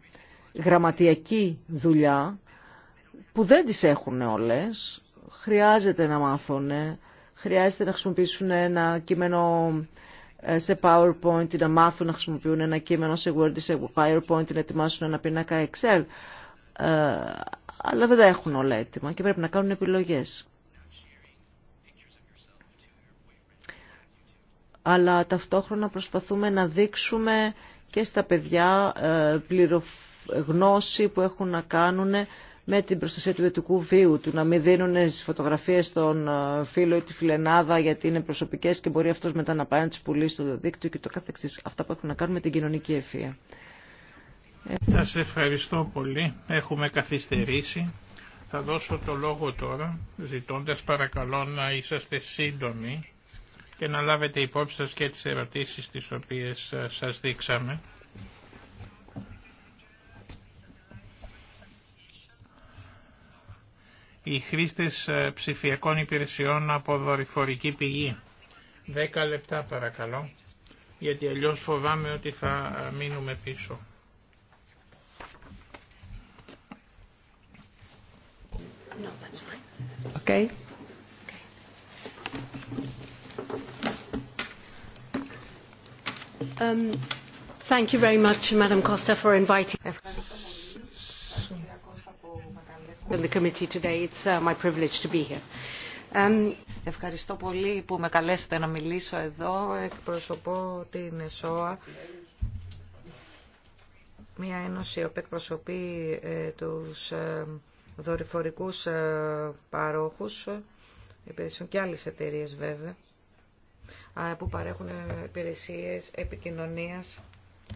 γραμματιακή δουλειά που δεν τις έχουν όλες. Χρειάζεται να μάθουν, χρειάζεται να χρησιμοποιήσουν ένα κείμενο ε, σε PowerPoint, να μάθουν να χρησιμοποιούν ένα κείμενο σε Word, σε PowerPoint, να ετοιμάσουν ένα πίνακα Excel. αλλά δεν τα έχουν όλα έτοιμα και πρέπει να κάνουν επιλογές. αλλά ταυτόχρονα προσπαθούμε να δείξουμε και στα παιδιά ε, γνώση που έχουν να κάνουν με την προστασία του ιδιωτικού βίου, του να μην δίνουν τι φωτογραφίε στον ε, φίλο ή τη φιλενάδα γιατί είναι προσωπικέ και μπορεί αυτό μετά να πάει να τι πουλήσει στο δίκτυο και το καθεξή. Αυτά που έχουν να κάνουν με την κοινωνική ευφία. Σα ευχαριστώ πολύ. Έχουμε καθυστερήσει. Θα δώσω το λόγο τώρα, ζητώντας παρακαλώ να είσαστε σύντομοι και να λάβετε υπόψη σας και τις ερωτήσεις τις οποίες ε, σας δείξαμε. Οι χρήστες ε, ψηφιακών υπηρεσιών από δορυφορική πηγή. Δέκα λεπτά παρακαλώ, γιατί αλλιώς φοβάμαι ότι θα ε, μείνουμε πίσω. Okay. Um, thank you very much, Madam Costa, for inviting me the committee today. It's uh, my privilege to be here. Um, Ευχαριστώ πολύ που με καλέσατε να μιλήσω εδώ. Εκπροσωπώ την ΕΣΟΑ, μια ένωση που εκπροσωπεί ε, τους ε, δορυφορικούς ε, παρόχους υπηρεσιών και άλλες εταιρείες βέβαια που παρέχουν ε, υπηρεσίες επικοινωνίας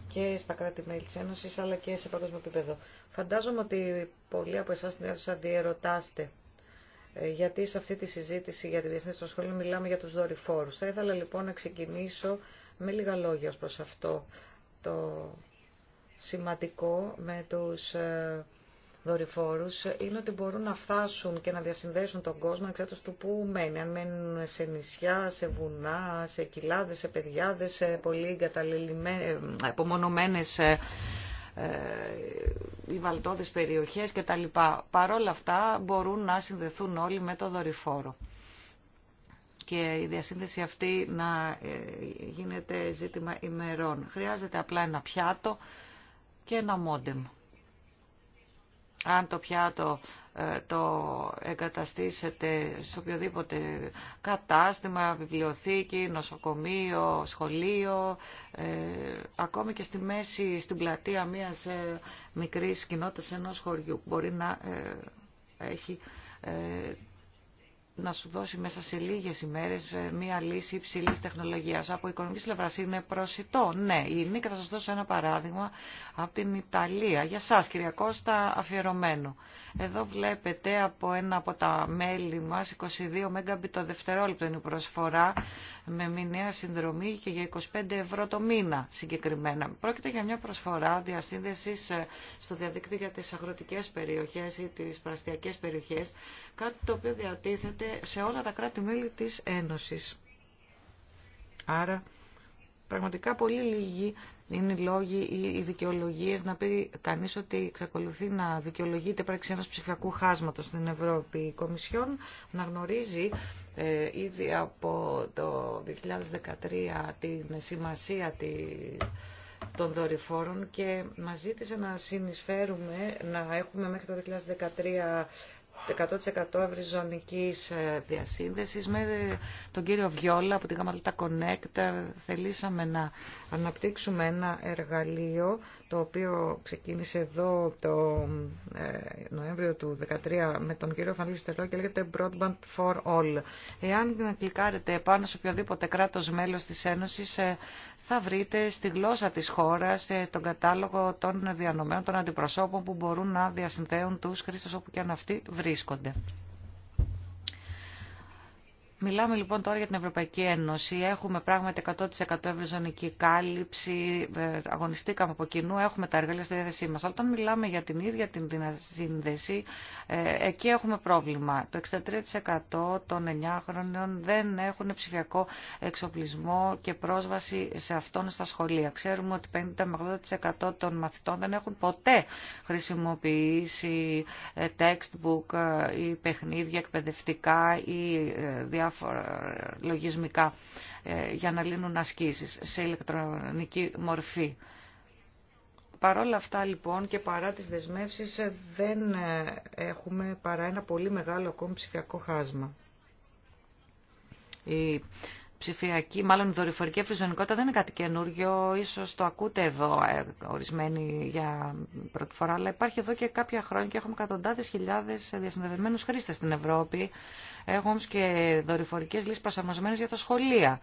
και στα κράτη-μέλη της Ένωσης, αλλά και σε παγκόσμιο επίπεδο. Φαντάζομαι ότι πολλοί από εσάς στην αίθουσα διερωτάστε ε, γιατί σε αυτή τη συζήτηση για τη διεθνή στο σχολείο μιλάμε για τους δορυφόρους. Θα ήθελα λοιπόν να ξεκινήσω με λίγα λόγια ως προς αυτό το σημαντικό με τους ε, είναι ότι μπορούν να φτάσουν και να διασυνδέσουν τον κόσμο εξάτω του που μένει. Αν μένουν σε νησιά, σε βουνά, σε κοιλάδε, σε παιδιάδε, σε πολύ ε, απομονωμένες ε, ε, υβαλτόδε περιοχέ κτλ. Παρόλα αυτά μπορούν να συνδεθούν όλοι με το δορυφόρο και η διασύνδεση αυτή να γίνεται ζήτημα ημερών. Χρειάζεται απλά ένα πιάτο και ένα μόντεμ αν το πιάτο ε, το εγκαταστήσετε σε οποιοδήποτε κατάστημα, βιβλιοθήκη, νοσοκομείο, σχολείο, ε, ακόμη και στη μέση, στην πλατεία μιας ε, μικρής κοινότητας ενός χωριού που μπορεί να ε, έχει ε, να σου δώσει μέσα σε λίγε ημέρε ε, μία λύση υψηλή τεχνολογία Από οικονομική πλευρά είναι προσιτό. Ναι, είναι και θα σα δώσω ένα παράδειγμα από την Ιταλία. Για εσά, κυρία Κώστα, αφιερωμένο. Εδώ βλέπετε από ένα από τα μέλη μα, 22 Mbit το δευτερόλεπτο είναι η προσφορά, με μηνιαία συνδρομή και για 25 ευρώ το μήνα συγκεκριμένα. Πρόκειται για μια προσφορά διασύνδεσης ε, στο διαδίκτυο για τι αγροτικέ περιοχέ ή τι πραστιακέ περιοχέ, κάτι το οποίο διατίθεται σε όλα τα κράτη-μέλη της Ένωσης. Άρα, πραγματικά πολύ λίγοι είναι οι λόγοι ή οι δικαιολογίε να πει κανείς ότι εξακολουθεί να δικαιολογείται πράξη ένας ψηφιακού χάσματο στην Ευρώπη. Η Κομισιόν να γνωρίζει ε, ήδη από το 2013 την σημασία τη, των δορυφόρων και μας ζήτησε να συνεισφέρουμε, να έχουμε μέχρι το 2013 100% ευρυζωνικής ε, διασύνδεσης. Με ε, τον κύριο Βιόλα από την Γαμαλίτα Connect ε, θελήσαμε να αναπτύξουμε ένα εργαλείο το οποίο ξεκίνησε εδώ το Νοέμβριο του 2013 με τον κύριο Φανίλη Στερό και λέγεται Broadband for All. Εάν κλικάρετε πάνω σε οποιοδήποτε κράτος μέλος της Ένωσης θα βρείτε στη γλώσσα της χώρας ε, τον κατάλογο των διανομέων των αντιπροσώπων που μπορούν να διασυνθέουν τους χρήστες όπου και αν αυτοί βρίσκονται. Μιλάμε λοιπόν τώρα για την Ευρωπαϊκή Ένωση. Έχουμε πράγματι 100% ευρυζωνική κάλυψη, ε, αγωνιστήκαμε από κοινού, έχουμε τα εργαλεία στη διάθεσή μα. Όταν μιλάμε για την ίδια την σύνδεση, ε, εκεί έχουμε πρόβλημα. Το 63% των 9χρονων δεν έχουν ψηφιακό εξοπλισμό και πρόσβαση σε αυτόν στα σχολεία. Ξέρουμε ότι 50 με 80% των μαθητών δεν έχουν ποτέ χρησιμοποιήσει ε, textbook ή παιχνίδια εκπαιδευτικά ή διάφορα λογισμικά ε, για να λύνουν ασκήσεις σε ηλεκτρονική μορφή. Παρ' όλα αυτά λοιπόν και παρά τις δεσμεύσεις ε, δεν ε, έχουμε παρά ένα πολύ μεγάλο ακόμη ψηφιακό χάσμα ψηφιακή, μάλλον δορυφορική ευρυζωνικότητα δεν είναι κάτι καινούργιο. Ίσως το ακούτε εδώ ε, ορισμένοι για πρώτη φορά, αλλά υπάρχει εδώ και κάποια χρόνια και έχουμε εκατοντάδε. χιλιάδες διασυνδεδεμένου χρήστες στην Ευρώπη. Έχουμε όμω και δορυφορικέ λύσεις για τα σχολεία.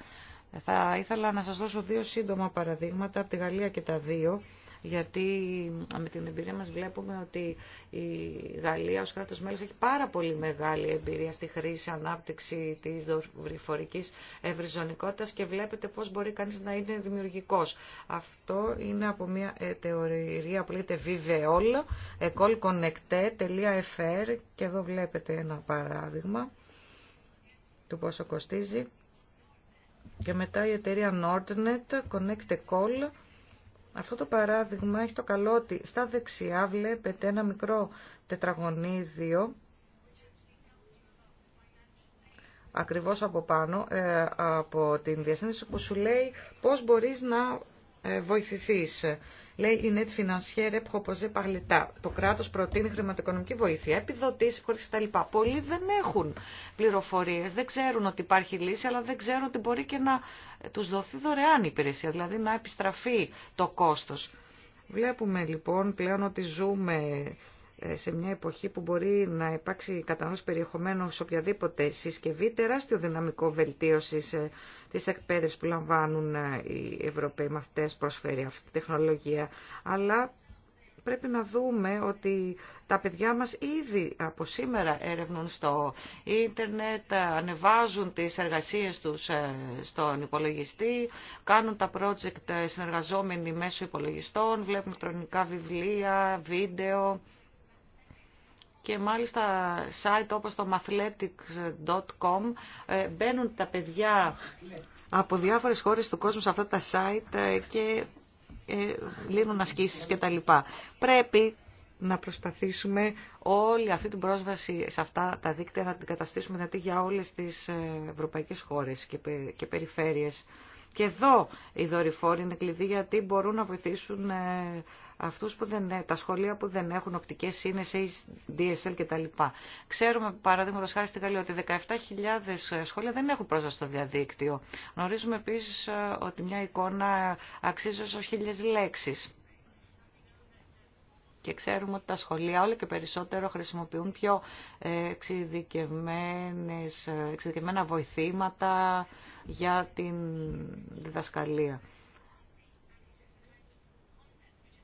Θα ήθελα να σας δώσω δύο σύντομα παραδείγματα από τη Γαλλία και τα δύο γιατί με την εμπειρία μας βλέπουμε ότι η Γαλλία ως κράτος μέλος έχει πάρα πολύ μεγάλη εμπειρία στη χρήση ανάπτυξη της δορυφορικής ευρυζωνικότητας και βλέπετε πώς μπορεί κανείς να είναι δημιουργικός. Αυτό είναι από μια ε, θεωρία που λέγεται VVOL, ecolconnecte.fr και εδώ βλέπετε ένα παράδειγμα του πόσο κοστίζει. Και μετά η εταιρεία Nordnet, Connect Call, αυτό το παράδειγμα έχει το καλό ότι στα δεξιά βλέπετε ένα μικρό τετραγωνίδιο ακριβώς από πάνω, ε, από την διασύνδεση που σου λέει πώς μπορείς να ε, βοηθηθείς. Λέει η Net Financière proposée par l'État. Το κράτο προτείνει χρηματοοικονομική βοήθεια, επιδοτήσει, χωρί τα λοιπά. Πολλοί δεν έχουν πληροφορίε, δεν ξέρουν ότι υπάρχει λύση, αλλά δεν ξέρουν ότι μπορεί και να του δοθεί δωρεάν η υπηρεσία, δηλαδή να επιστραφεί το κόστο. Βλέπουμε λοιπόν πλέον ότι ζούμε ε, σε μια εποχή που μπορεί να υπάρξει κατανόηση περιεχομένου σε οποιαδήποτε συσκευή, τεράστιο δυναμικό βελτίωση ε, τη εκπαίδευση που λαμβάνουν ε, οι Ευρωπαίοι μαθητέ, προσφέρει αυτή η τεχνολογία. Αλλά πρέπει να δούμε ότι τα παιδιά μας ήδη από σήμερα έρευνουν στο ίντερνετ, ανεβάζουν τις εργασίες τους στον υπολογιστή, κάνουν τα project συνεργαζόμενοι μέσω υπολογιστών, βλέπουν ηλεκτρονικά βιβλία, βίντεο και μάλιστα site όπως το mathletics.com ε, μπαίνουν τα παιδιά από διάφορες χώρες του κόσμου σε αυτά τα site ε, και ε, λύνουν ασκήσεις κτλ. Πρέπει να προσπαθήσουμε όλη αυτή την πρόσβαση σε αυτά τα δίκτυα να την καταστήσουμε δυνατή για όλες τις ευρωπαϊκές χώρες και περιφέρειες. Και εδώ οι δορυφόροι είναι κλειδί γιατί μπορούν να βοηθήσουν ε, αυτούς που δεν, ε, τα σχολεία που δεν έχουν οπτικές σύνες, DSL κτλ. Ξέρουμε παραδείγματος χάρη στην Γαλλία ότι 17.000 σχολεία δεν έχουν πρόσβαση στο διαδίκτυο. Γνωρίζουμε επίσης ε, ότι μια εικόνα αξίζει ως χίλιες λέξεις. Και ξέρουμε ότι τα σχολεία όλο και περισσότερο χρησιμοποιούν πιο εξειδικευμένα βοηθήματα για την διδασκαλία.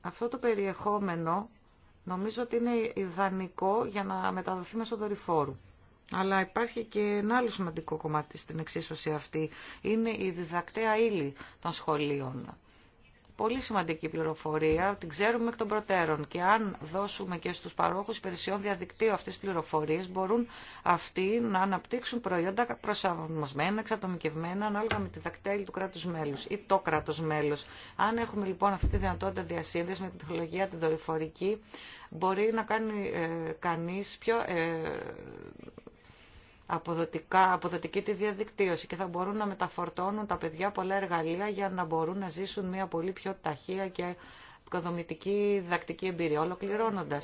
Αυτό το περιεχόμενο νομίζω ότι είναι ιδανικό για να μεταδοθεί μέσω δορυφόρου. Αλλά υπάρχει και ένα άλλο σημαντικό κομμάτι στην εξίσωση αυτή. Είναι η διδακτέα ύλη των σχολείων πολύ σημαντική πληροφορία, την ξέρουμε εκ των προτέρων και αν δώσουμε και στους παρόχους υπηρεσιών διαδικτύου αυτές τις πληροφορίες μπορούν αυτοί να αναπτύξουν προϊόντα προσαρμοσμένα, εξατομικευμένα ανάλογα με τη δακτέλη του κράτους μέλους ή το κράτος μέλος. Αν έχουμε λοιπόν αυτή τη δυνατότητα διασύνδεση με την τεχνολογία τη δορυφορική μπορεί να κάνει ε, κανείς πιο ε, αποδοτικά, αποδοτική τη διαδικτύωση και θα μπορούν να μεταφορτώνουν τα παιδιά πολλά εργαλεία για να μπορούν να ζήσουν μια πολύ πιο ταχεία και οικοδομητική διδακτική εμπειρία. Ολοκληρώνοντα,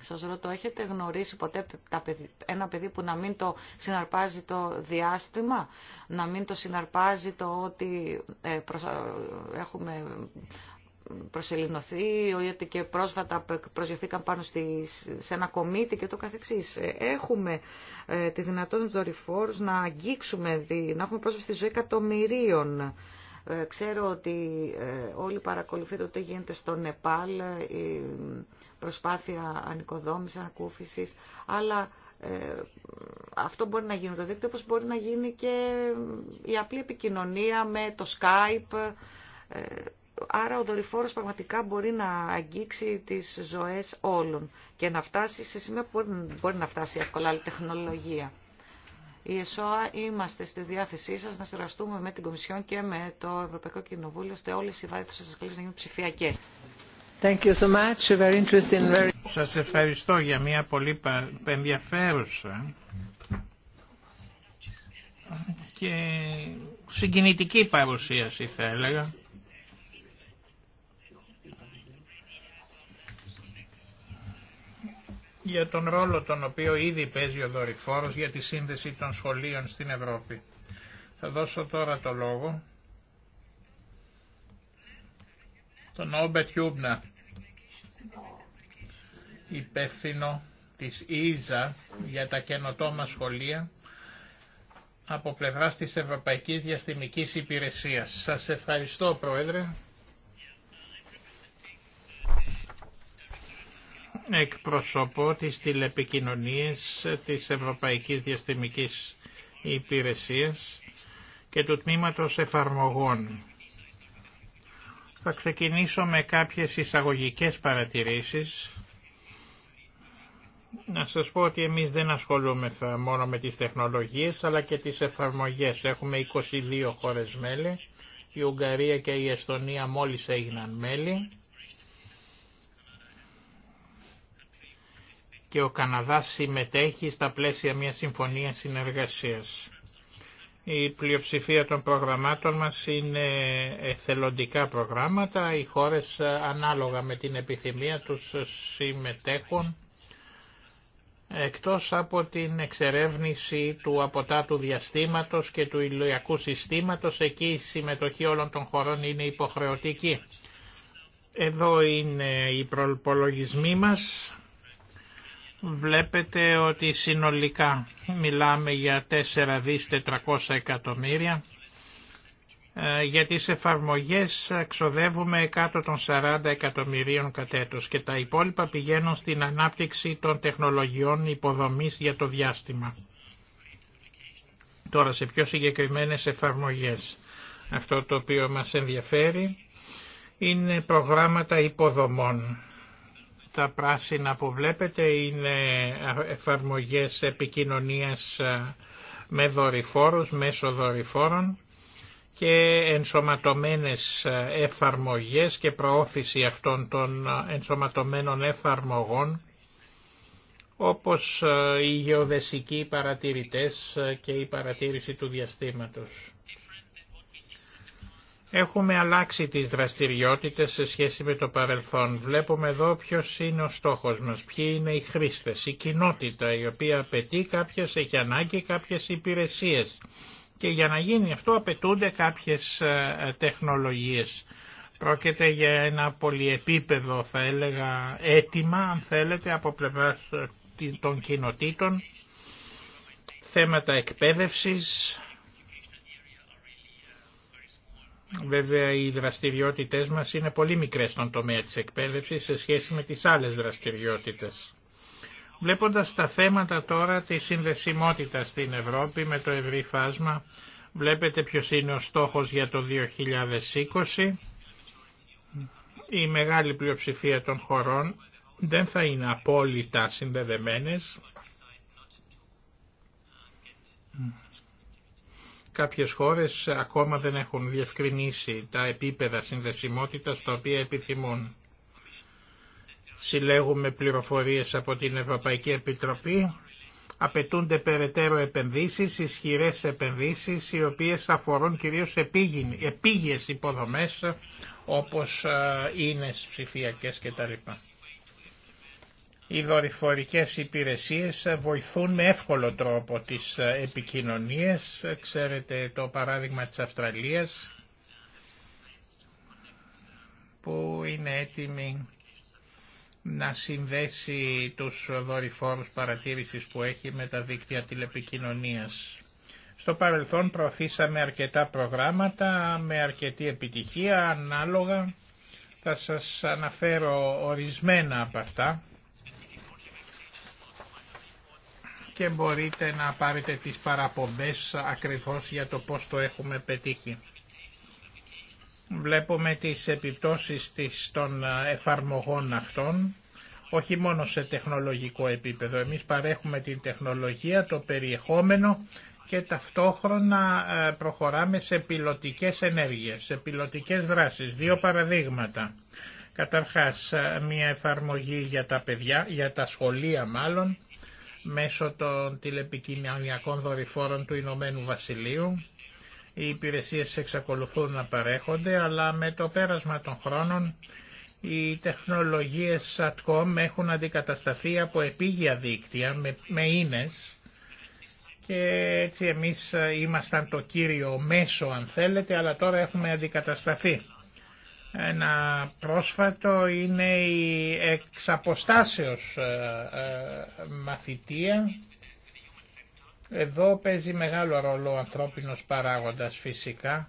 σας ρωτώ, έχετε γνωρίσει ποτέ ένα παιδί που να μην το συναρπάζει το διάστημα, να μην το συναρπάζει το ότι ε, ε, έχουμε προσελεινωθεί, ότι και πρόσφατα προσγειωθήκαν πάνω στη, σε ένα κομίτι και το καθεξής. Ε, έχουμε ε, τη δυνατότητα των δορυφόρους να αγγίξουμε, να έχουμε πρόσβαση στη ζωή εκατομμυρίων. Ε, ξέρω ότι όλοι παρακολουθείτε ότι γίνεται στο Νεπάλ η προσπάθεια ανοικοδόμησης, ανακούφισης, αλλά αυτό μπορεί να γίνει το δίκτυο, όπως μπορεί να γίνει και η απλή επικοινωνία με το Skype, Άρα ο δορυφόρος πραγματικά μπορεί να αγγίξει τις ζωές όλων και να φτάσει σε σημεία που μπορεί να φτάσει εύκολα άλλη τεχνολογία. Η ΕΣΟΑ είμαστε στη διάθεσή σας να συνεργαστούμε με την Κομισιόν και με το Ευρωπαϊκό Κοινοβούλιο ώστε όλες οι βάδιθες σας να γίνουν ψηφιακές. Thank you so much. Very interesting, very... Σας ευχαριστώ για μια πολύ ενδιαφέρουσα και συγκινητική παρουσίαση θα έλεγα. για τον ρόλο τον οποίο ήδη παίζει ο δορυφόρος για τη σύνδεση των σχολείων στην Ευρώπη. Θα δώσω τώρα το λόγο τον Όμπετ Τιούμπνα, υπεύθυνο της ΙΖΑ για τα καινοτόμα σχολεία από πλευράς της Ευρωπαϊκής Διαστημικής Υπηρεσίας. Σας ευχαριστώ Πρόεδρε. εκπροσωπώ τις τηλεπικοινωνίες της Ευρωπαϊκής Διαστημικής Υπηρεσίας και του Τμήματος Εφαρμογών. Θα ξεκινήσω με κάποιες εισαγωγικές παρατηρήσεις. Να σας πω ότι εμείς δεν ασχολούμεθα μόνο με τις τεχνολογίες αλλά και τις εφαρμογές. Έχουμε 22 χώρες μέλη, η Ουγγαρία και η Εστονία μόλις έγιναν μέλη και ο Καναδάς συμμετέχει στα πλαίσια μια συμφωνίας συνεργασίας. Η πλειοψηφία των προγραμμάτων μας είναι εθελοντικά προγράμματα. Οι χώρες ανάλογα με την επιθυμία τους συμμετέχουν εκτός από την εξερεύνηση του αποτάτου διαστήματος και του ηλιακού συστήματος, εκεί η συμμετοχή όλων των χωρών είναι υποχρεωτική. Εδώ είναι οι προπολογισμοί μας, Βλέπετε ότι συνολικά μιλάμε για 4 δις 400 εκατομμύρια. Ε, για τις εφαρμογές ξοδεύουμε κάτω των 40 εκατομμυρίων κατέτος και τα υπόλοιπα πηγαίνουν στην ανάπτυξη των τεχνολογιών υποδομής για το διάστημα. Τώρα σε πιο συγκεκριμένες εφαρμογές. Αυτό το οποίο μας ενδιαφέρει είναι προγράμματα υποδομών τα πράσινα που βλέπετε είναι εφαρμογές επικοινωνίας ε, με δορυφόρους, μέσω δορυφόρων και ενσωματωμένες ε, εφαρμογές και προώθηση αυτών των ε, ενσωματωμένων εφαρμογών όπως οι γεωδεσικοί παρατηρητές και η παρατήρηση του διαστήματος. Έχουμε αλλάξει τις δραστηριότητες σε σχέση με το παρελθόν. Βλέπουμε εδώ ποιος είναι ο στόχος μας, ποιοι είναι οι χρήστες, η κοινότητα η οποία απαιτεί κάποιες, έχει ανάγκη κάποιες υπηρεσίες. Και για να γίνει αυτό απαιτούνται κάποιες ε, τεχνολογίες. Πρόκειται για ένα πολυεπίπεδο θα έλεγα έτοιμα αν θέλετε από πλευρά ε, των κοινοτήτων, θέματα εκπαίδευσης, Βέβαια οι δραστηριότητες μας είναι πολύ μικρές στον τομέα της εκπαίδευσης σε σχέση με τις άλλες δραστηριότητες. Βλέποντας τα θέματα τώρα της συνδεσιμότητας στην Ευρώπη με το ευρύ φάσμα, βλέπετε ποιος είναι ο στόχος για το 2020. Η μεγάλη πλειοψηφία των χωρών δεν θα είναι απόλυτα συνδεδεμένες. Κάποιες χώρες ακόμα δεν έχουν διευκρινίσει τα επίπεδα συνδεσιμότητας τα οποία επιθυμούν. Συλλέγουμε πληροφορίες από την Ευρωπαϊκή Επιτροπή. Απαιτούνται περαιτέρω επενδύσεις, ισχυρές επενδύσεις, οι οποίες αφορούν κυρίως επίγειες υποδομές, όπως είναι ψηφιακές κτλ οι δορυφορικές υπηρεσίες βοηθούν με εύκολο τρόπο τις επικοινωνίες. Ξέρετε το παράδειγμα της Αυστραλίας που είναι έτοιμη να συνδέσει τους δορυφόρους παρατήρησης που έχει με τα δίκτυα τηλεπικοινωνίας. Στο παρελθόν προωθήσαμε αρκετά προγράμματα με αρκετή επιτυχία ανάλογα. Θα σας αναφέρω ορισμένα από αυτά. και μπορείτε να πάρετε τις παραπομπές ακριβώς για το πώς το έχουμε πετύχει. Βλέπουμε τις επιπτώσεις της των εφαρμογών αυτών, όχι μόνο σε τεχνολογικό επίπεδο. Εμείς παρέχουμε την τεχνολογία, το περιεχόμενο και ταυτόχρονα ε, προχωράμε σε πιλωτικές ενέργειες, σε πιλωτικές δράσεις. Δύο παραδείγματα. Καταρχάς, ε, μια εφαρμογή για τα παιδιά, για τα σχολεία μάλλον, μέσω των τηλεπικοινωνιακών δορυφόρων του Ηνωμένου Βασιλείου. Οι υπηρεσίες εξακολουθούν να παρέχονται, αλλά με το πέρασμα των χρόνων οι τεχνολογίες SATCOM έχουν αντικατασταθεί από επίγεια δίκτυα με, με ίνες και έτσι εμείς ήμασταν το κύριο μέσο αν θέλετε, αλλά τώρα έχουμε αντικατασταθεί. Ένα πρόσφατο είναι η εξαποστάσεως ε, ε, μαθητεία. Εδώ παίζει μεγάλο ρόλο ο ανθρώπινος παράγοντας φυσικά.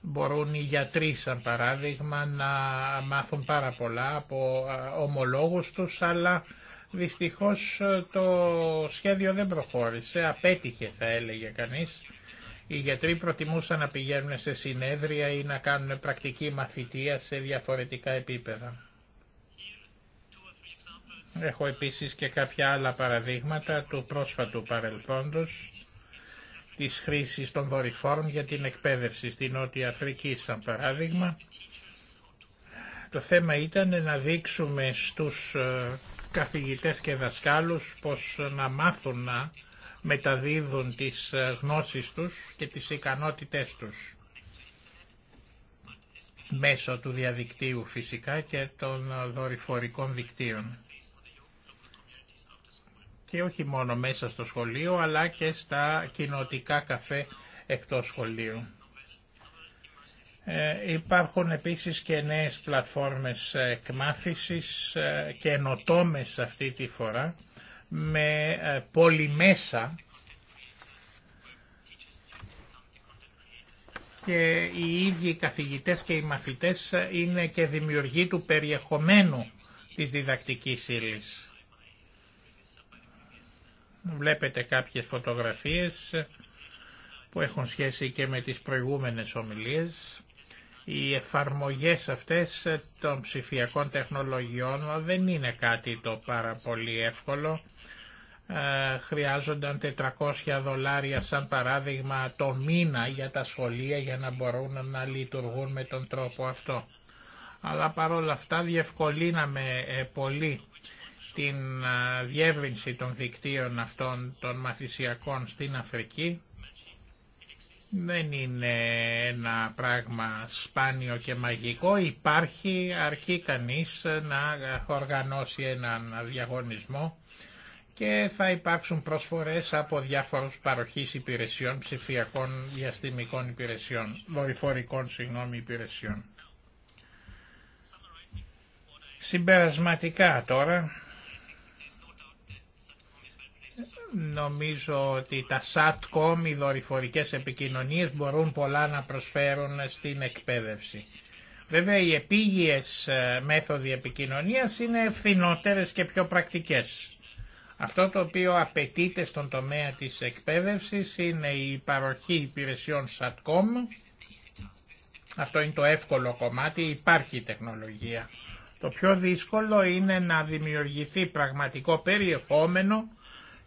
Μπορούν οι γιατροί σαν παράδειγμα να μάθουν πάρα πολλά από ε, ομολόγους τους, αλλά δυστυχώς το σχέδιο δεν προχώρησε, απέτυχε θα έλεγε κανείς οι γιατροί προτιμούσαν να πηγαίνουν σε συνέδρια ή να κάνουν πρακτική μαθητεία σε διαφορετικά επίπεδα. Έχω επίσης και κάποια άλλα παραδείγματα του πρόσφατου παρελθόντος της χρήσης των δορυφόρων για την εκπαίδευση στην Νότια Αφρική σαν παράδειγμα. Το θέμα ήταν να δείξουμε στους ε, καθηγητές και δασκάλους πως να μάθουν να μεταδίδουν τις ε, γνώσεις τους και τις ικανότητές τους μέσω του διαδικτύου φυσικά και των ε, δορυφορικών δικτύων. Και όχι μόνο μέσα στο σχολείο, αλλά και στα κοινοτικά καφέ εκτός σχολείου. Ε, υπάρχουν επίσης και νέες πλατφόρμες εκμάθησης και ενωτόμες αυτή τη φορά, με ε, μέσα και οι ίδιοι οι καθηγητές και οι μαθητές είναι και δημιουργοί του περιεχομένου της διδακτικής ύλη. Βλέπετε κάποιες φωτογραφίες που έχουν σχέση και με τις προηγούμενες ομιλίες οι εφαρμογές αυτές των ψηφιακών τεχνολογιών δεν είναι κάτι το πάρα πολύ εύκολο. Ε, χρειάζονταν 400 δολάρια σαν παράδειγμα το μήνα για τα σχολεία για να μπορούν να λειτουργούν με τον τρόπο αυτό. Αλλά παρόλα αυτά διευκολύναμε ε, πολύ την ε, διεύρυνση των δικτύων αυτών των μαθησιακών στην Αφρική δεν είναι ένα πράγμα σπάνιο και μαγικό. Υπάρχει, αρκεί κανείς να οργανώσει έναν διαγωνισμό και θα υπάρξουν προσφορές από διάφορους παροχής υπηρεσιών, ψηφιακών διαστημικών υπηρεσιών, δορυφορικών συγγνώμη υπηρεσιών. Συμπερασματικά τώρα, Νομίζω ότι τα SATCOM, οι δορυφορικές επικοινωνίες, μπορούν πολλά να προσφέρουν στην εκπαίδευση. Βέβαια οι επίγειες ε, μέθοδοι επικοινωνίας είναι ευθυνότερες και πιο πρακτικές. Αυτό το οποίο απαιτείται στον τομέα της εκπαίδευσης είναι η παροχή υπηρεσιών SATCOM. Αυτό είναι το εύκολο κομμάτι, υπάρχει τεχνολογία. Το πιο δύσκολο είναι να δημιουργηθεί πραγματικό περιεχόμενο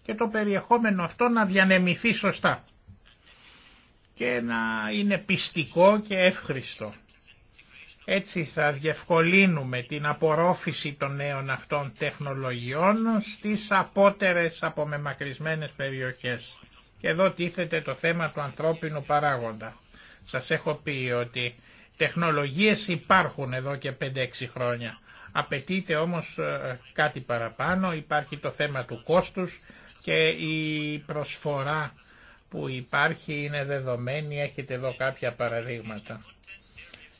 και το περιεχόμενο αυτό να διανεμηθεί σωστά και να είναι πιστικό και εύχριστο. Έτσι θα διευκολύνουμε την απορρόφηση των νέων αυτών τεχνολογιών στις απότερες απομεμακρυσμένες περιοχές. Και εδώ τίθεται το θέμα του ανθρώπινου παράγοντα. Σας έχω πει ότι τεχνολογίες υπάρχουν εδώ και 5-6 χρόνια. Απαιτείται όμως ε, κάτι παραπάνω, υπάρχει το θέμα του κόστους, και η προσφορά που υπάρχει είναι δεδομένη, έχετε εδώ κάποια παραδείγματα.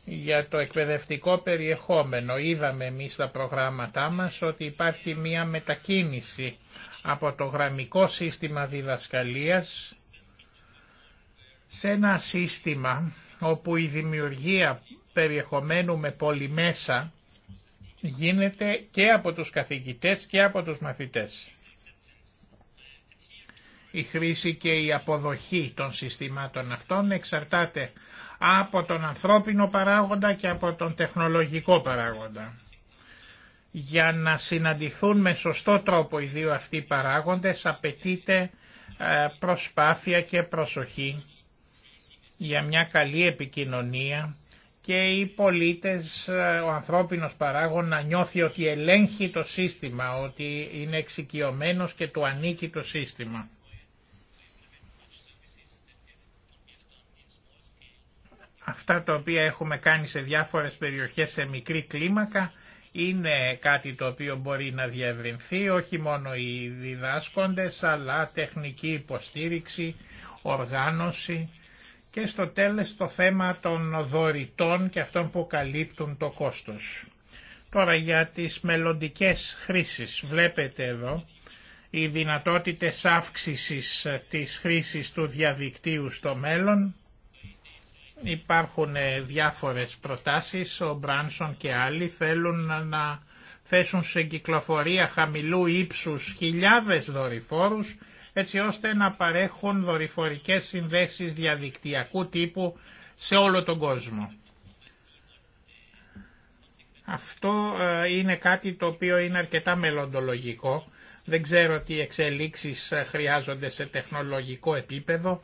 Για το εκπαιδευτικό περιεχόμενο είδαμε εμείς στα προγράμματά μας ότι υπάρχει μία μετακίνηση από το γραμμικό σύστημα διδασκαλίας σε ένα σύστημα όπου η δημιουργία περιεχομένου με πολυμέσα γίνεται και από τους καθηγητές και από τους μαθητές η χρήση και η αποδοχή των συστημάτων αυτών εξαρτάται από τον ανθρώπινο παράγοντα και από τον τεχνολογικό παράγοντα. Για να συναντηθούν με σωστό τρόπο οι δύο αυτοί παράγοντες απαιτείται ε, προσπάθεια και προσοχή για μια καλή επικοινωνία και οι πολίτες, ε, ο ανθρώπινος παράγων να νιώθει ότι ελέγχει το σύστημα, ότι είναι εξοικειωμένος και του ανήκει το σύστημα. Αυτά τα οποία έχουμε κάνει σε διάφορες περιοχές σε μικρή κλίμακα είναι κάτι το οποίο μπορεί να διευρυνθεί όχι μόνο οι διδάσκοντες αλλά τεχνική υποστήριξη, οργάνωση και στο τέλος το θέμα των δωρητών και αυτών που καλύπτουν το κόστος. Τώρα για τις μελλοντικές χρήσεις βλέπετε εδώ οι δυνατότητες αύξησης της χρήσης του διαδικτύου στο μέλλον Υπάρχουν ε, διάφορες προτάσεις, ο Μπράνσον και άλλοι θέλουν να θέσουν σε κυκλοφορία χαμηλού ύψους χιλιάδες δορυφόρους έτσι ώστε να παρέχουν δορυφορικές συνδέσεις διαδικτυακού τύπου σε όλο τον κόσμο. Αυτό ε, είναι κάτι το οποίο είναι αρκετά μελλοντολογικό. Δεν ξέρω τι εξελίξεις ε, χρειάζονται σε τεχνολογικό επίπεδο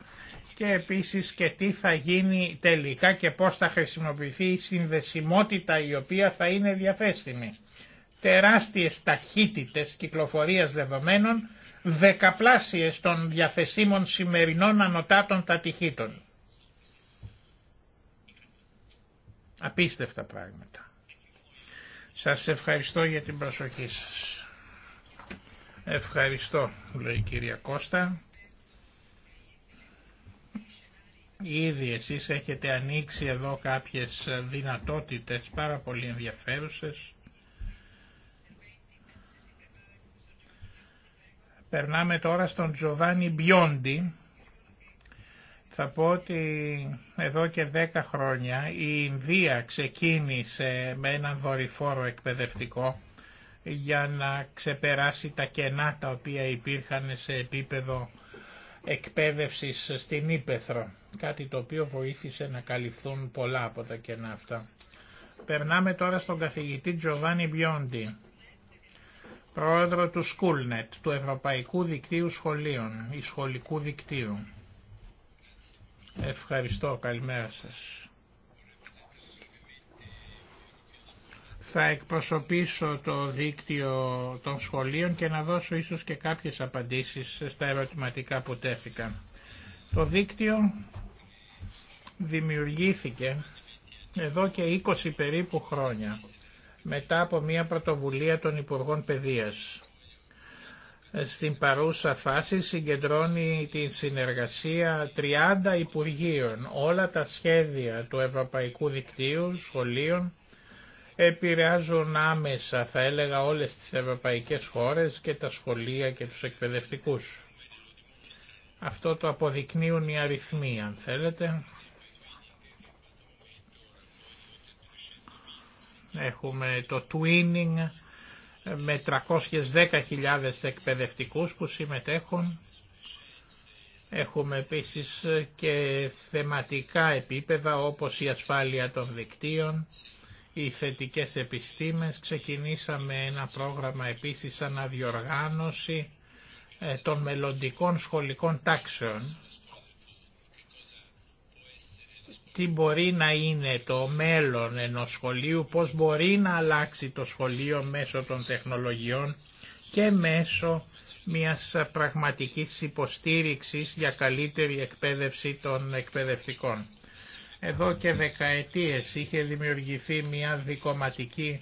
και επίσης και τι θα γίνει τελικά και πώς θα χρησιμοποιηθεί η συνδεσιμότητα η οποία θα είναι διαθέσιμη. Τεράστιες ταχύτητες κυκλοφορίας δεδομένων, δεκαπλάσιες των διαθεσίμων σημερινών ανωτάτων ταχυτήτων. Απίστευτα πράγματα. Σας ευχαριστώ για την προσοχή σας. Ευχαριστώ, λέει η κυρία Κώστα. Ήδη εσείς έχετε ανοίξει εδώ κάποιες δυνατότητες πάρα πολύ ενδιαφέρουσες. Περνάμε τώρα στον Τζοβάνι Μπιόντι. Θα πω ότι εδώ και δέκα χρόνια η Ινδία ξεκίνησε με έναν δορυφόρο εκπαιδευτικό για να ξεπεράσει τα κενά τα οποία υπήρχαν σε επίπεδο εκπαίδευσης στην Ήπεθρο, κάτι το οποίο βοήθησε να καλυφθούν πολλά από τα κενά αυτά. Περνάμε τώρα στον καθηγητή Τζοβάνι Μπιόντι, πρόεδρο του Schoolnet, του Ευρωπαϊκού Δικτύου Σχολείων, ή Σχολικού Δικτύου. Ευχαριστώ, καλημέρα σας. θα εκπροσωπήσω το δίκτυο των σχολείων και να δώσω ίσως και κάποιες απαντήσεις στα ερωτηματικά που τέθηκαν. Το δίκτυο δημιουργήθηκε εδώ και 20 περίπου χρόνια μετά από μια πρωτοβουλία των Υπουργών Παιδείας. Στην παρούσα φάση συγκεντρώνει την συνεργασία 30 Υπουργείων. Όλα τα σχέδια του Ευρωπαϊκού Δικτύου Σχολείων επηρεάζουν άμεσα θα έλεγα όλες τις ευρωπαϊκές χώρες και τα σχολεία και τους εκπαιδευτικούς. Αυτό το αποδεικνύουν οι αριθμοί αν θέλετε. Έχουμε το twinning με 310.000 εκπαιδευτικούς που συμμετέχουν. Έχουμε επίσης και θεματικά επίπεδα όπως η ασφάλεια των δικτύων, οι θετικές επιστήμες. Ξεκινήσαμε ένα πρόγραμμα επίσης αναδιοργάνωση ε, των μελλοντικών σχολικών τάξεων. Τι μπορεί να είναι το μέλλον ενός σχολείου, πώς μπορεί να αλλάξει το σχολείο μέσω των τεχνολογιών και μέσω μιας πραγματικής υποστήριξης για καλύτερη εκπαίδευση των εκπαιδευτικών. Εδώ και δεκαετίες είχε δημιουργηθεί μια δικοματική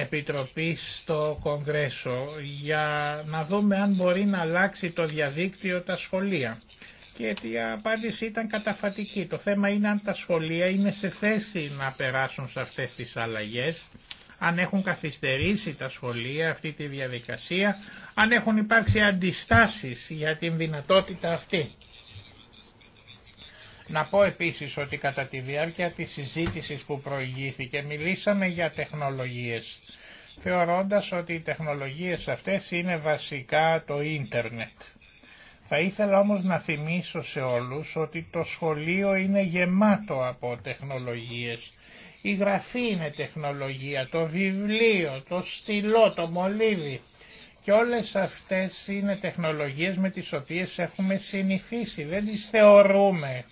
επιτροπή στο Κογκρέσο για να δούμε αν μπορεί να αλλάξει το διαδίκτυο τα σχολεία. Και η απάντηση ήταν καταφατική. Το θέμα είναι αν τα σχολεία είναι σε θέση να περάσουν σε αυτές τις αλλαγές, αν έχουν καθυστερήσει τα σχολεία αυτή τη διαδικασία, αν έχουν υπάρξει αντιστάσεις για την δυνατότητα αυτή. Να πω επίσης ότι κατά τη διάρκεια της συζήτησης που προηγήθηκε μιλήσαμε για τεχνολογίες, θεωρώντας ότι οι τεχνολογίες αυτές είναι βασικά το ίντερνετ. Θα ήθελα όμως να θυμίσω σε όλους ότι το σχολείο είναι γεμάτο από τεχνολογίες. Η γραφή είναι τεχνολογία, το βιβλίο, το στυλό, το μολύβι. Και όλες αυτές είναι τεχνολογίες με τις οποίες έχουμε συνηθίσει, δεν τις θεωρούμε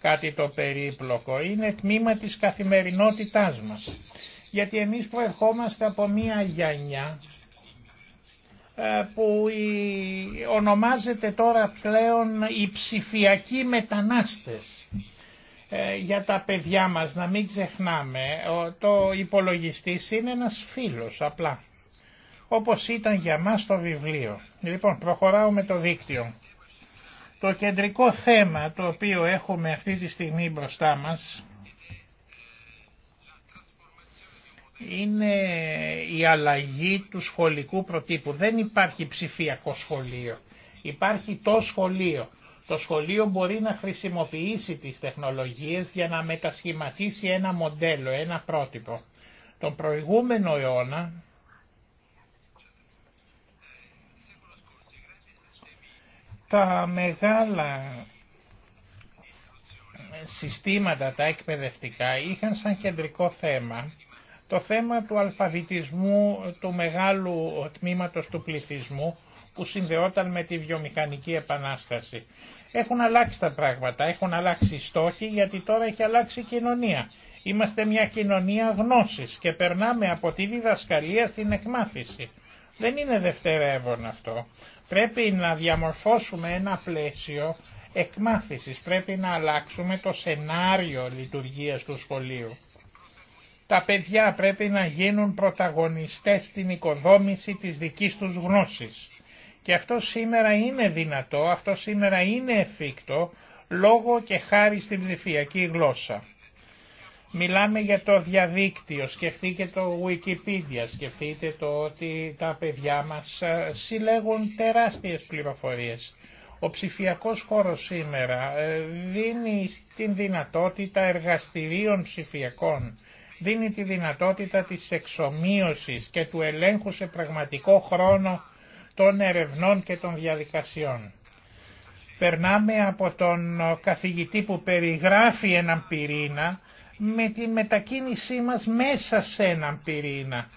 κάτι το περίπλοκο, είναι τμήμα της καθημερινότητάς μας. Γιατί εμείς που ερχόμαστε από μία γιανιά ε, που ονομάζεται τώρα πλέον οι ψηφιακοί μετανάστες ε, για τα παιδιά μας, να μην ξεχνάμε, το υπολογιστής είναι ένας φίλος απλά, όπως ήταν για μας το βιβλίο. Λοιπόν, προχωράω με το δίκτυο. Το κεντρικό θέμα το οποίο έχουμε αυτή τη στιγμή μπροστά μας είναι η αλλαγή του σχολικού προτύπου. Δεν υπάρχει ψηφιακό σχολείο. Υπάρχει το σχολείο. Το σχολείο μπορεί να χρησιμοποιήσει τις τεχνολογίες για να μετασχηματίσει ένα μοντέλο, ένα πρότυπο. Τον προηγούμενο αιώνα Τα μεγάλα συστήματα τα εκπαιδευτικά είχαν σαν κεντρικό θέμα το θέμα του αλφαβητισμού του μεγάλου τμήματος του πληθυσμού που συνδεόταν με τη βιομηχανική επανάσταση. Έχουν αλλάξει τα πράγματα, έχουν αλλάξει οι στόχοι γιατί τώρα έχει αλλάξει η κοινωνία. Είμαστε μια κοινωνία γνώσης και περνάμε από τη διδασκαλία στην εκμάθηση. Δεν είναι δευτερεύον αυτό. Πρέπει να διαμορφώσουμε ένα πλαίσιο εκμάθησης, πρέπει να αλλάξουμε το σενάριο λειτουργίας του σχολείου. Τα παιδιά πρέπει να γίνουν πρωταγωνιστές στην οικοδόμηση της δικής τους γνώσης. Και αυτό σήμερα είναι δυνατό, αυτό σήμερα είναι εφικτό, λόγω και χάρη στην ψηφιακή γλώσσα. Μιλάμε για το διαδίκτυο, σκεφτείτε το Wikipedia, σκεφτείτε το ότι τα παιδιά μας ε, συλλέγουν τεράστιες πληροφορίες. Ο ψηφιακός χώρος σήμερα ε, δίνει την δυνατότητα εργαστηρίων ψηφιακών, δίνει τη δυνατότητα της εξομοίωσης και του ελέγχου σε πραγματικό χρόνο των ερευνών και των διαδικασιών. Περνάμε από τον ε, καθηγητή που περιγράφει έναν πυρήνα με τη μετακίνησή μας μέσα σε έναν πυρήνα.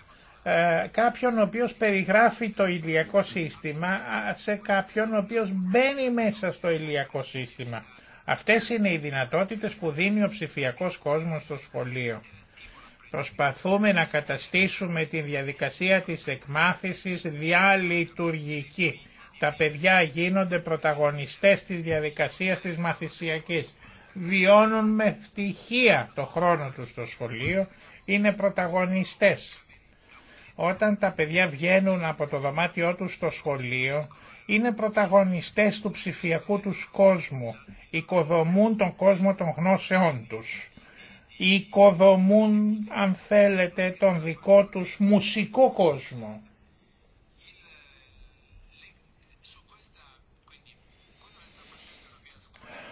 Ε, κάποιον ο οποίος περιγράφει το ηλιακό σύστημα σε κάποιον ο οποίος μπαίνει μέσα στο ηλιακό σύστημα. Αυτές είναι οι δυνατότητες που δίνει ο ψηφιακός κόσμος στο σχολείο. Προσπαθούμε να καταστήσουμε τη διαδικασία της εκμάθησης διαλειτουργική. Τα παιδιά γίνονται πρωταγωνιστές της διαδικασίας της μαθησιακής βιώνουν με ευτυχία το χρόνο τους στο σχολείο, είναι πρωταγωνιστές. Όταν τα παιδιά βγαίνουν από το δωμάτιό τους στο σχολείο, είναι πρωταγωνιστές του ψηφιακού τους κόσμου, οικοδομούν τον κόσμο των γνώσεών τους, οικοδομούν αν θέλετε τον δικό τους μουσικό κόσμο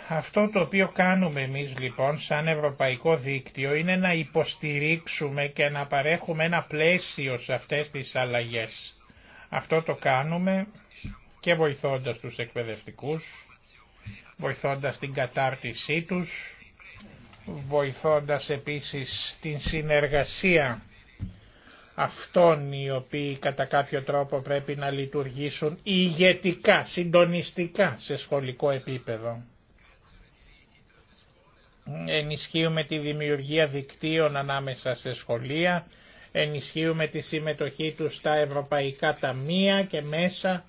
Αυτό το οποίο κάνουμε εμείς λοιπόν σαν Ευρωπαϊκό Δίκτυο είναι να υποστηρίξουμε και να παρέχουμε ένα πλαίσιο σε αυτές τις αλλαγές. Αυτό το κάνουμε και βοηθώντας τους εκπαιδευτικούς, βοηθώντας την κατάρτισή τους, βοηθώντας επίσης την συνεργασία αυτών οι οποίοι κατά κάποιο τρόπο πρέπει να λειτουργήσουν ηγετικά, συντονιστικά σε σχολικό επίπεδο ενισχύουμε τη δημιουργία δικτύων ανάμεσα σε σχολεία, ενισχύουμε τη συμμετοχή τους στα ευρωπαϊκά ταμεία και μέσα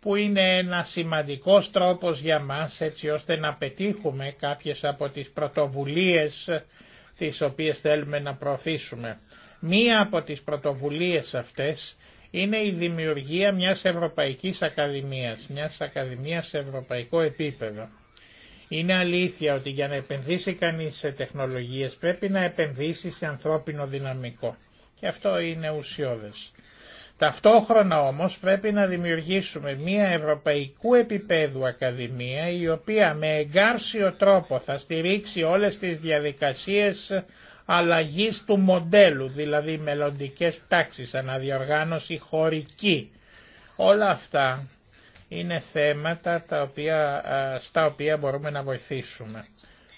που είναι ένα σημαντικός τρόπος για μας έτσι ώστε να πετύχουμε κάποιες από τις πρωτοβουλίες τις οποίες θέλουμε να προωθήσουμε. Μία από τις πρωτοβουλίες αυτές είναι η δημιουργία μιας Ευρωπαϊκής Ακαδημίας, μιας Ακαδημίας σε ευρωπαϊκό επίπεδο. Είναι αλήθεια ότι για να επενδύσει κανείς σε τεχνολογίες πρέπει να επενδύσει σε ανθρώπινο δυναμικό. Και αυτό είναι ουσιώδες. Ταυτόχρονα όμως πρέπει να δημιουργήσουμε μια ευρωπαϊκού επίπεδου ακαδημία η οποία με εγκάρσιο τρόπο θα στηρίξει όλες τις διαδικασίες αλλαγής του μοντέλου, δηλαδή μελλοντικέ τάξεις, αναδιοργάνωση χωρική. Όλα αυτά είναι θέματα τα οποία, στα οποία μπορούμε να βοηθήσουμε.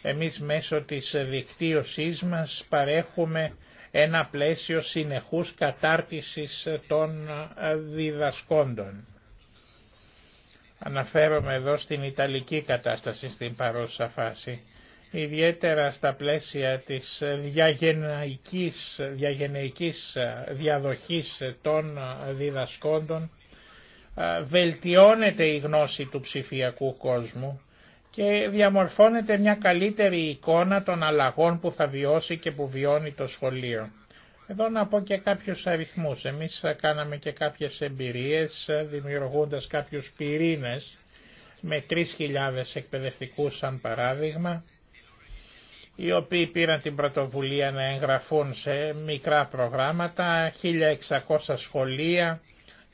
Εμείς μέσω της δικτύωσής μας παρέχουμε ένα πλαίσιο συνεχούς κατάρτισης των διδασκόντων. Αναφέρομαι εδώ στην Ιταλική κατάσταση στην παρούσα φάση. Ιδιαίτερα στα πλαίσια της διαγενεϊκής διαδοχής των διδασκόντων βελτιώνεται η γνώση του ψηφιακού κόσμου και διαμορφώνεται μια καλύτερη εικόνα των αλλαγών που θα βιώσει και που βιώνει το σχολείο. Εδώ να πω και κάποιους αριθμούς. Εμείς κάναμε και κάποιες εμπειρίες δημιουργώντας κάποιους πυρήνες με 3.000 εκπαιδευτικούς σαν παράδειγμα οι οποίοι πήραν την πρωτοβουλία να εγγραφούν σε μικρά προγράμματα, 1.600 σχολεία,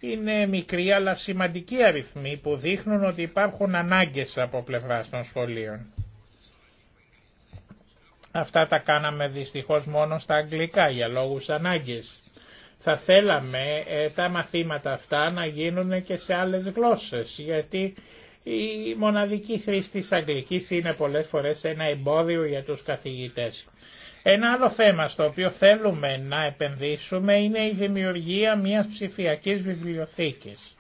είναι μικροί αλλά σημαντικοί αριθμοί που δείχνουν ότι υπάρχουν ανάγκες από πλευρά των σχολείων. Αυτά τα κάναμε δυστυχώς μόνο στα αγγλικά για λόγους ανάγκες. Θα θέλαμε ε, τα μαθήματα αυτά να γίνουν και σε άλλες γλώσσες, γιατί η μοναδική χρήση της αγγλικής είναι πολλές φορές ένα εμπόδιο για τους καθηγητές. Ένα άλλο θέμα στο οποίο θέλουμε να επενδύσουμε είναι η δημιουργία μιας ψηφιακής βιβλιοθήκης.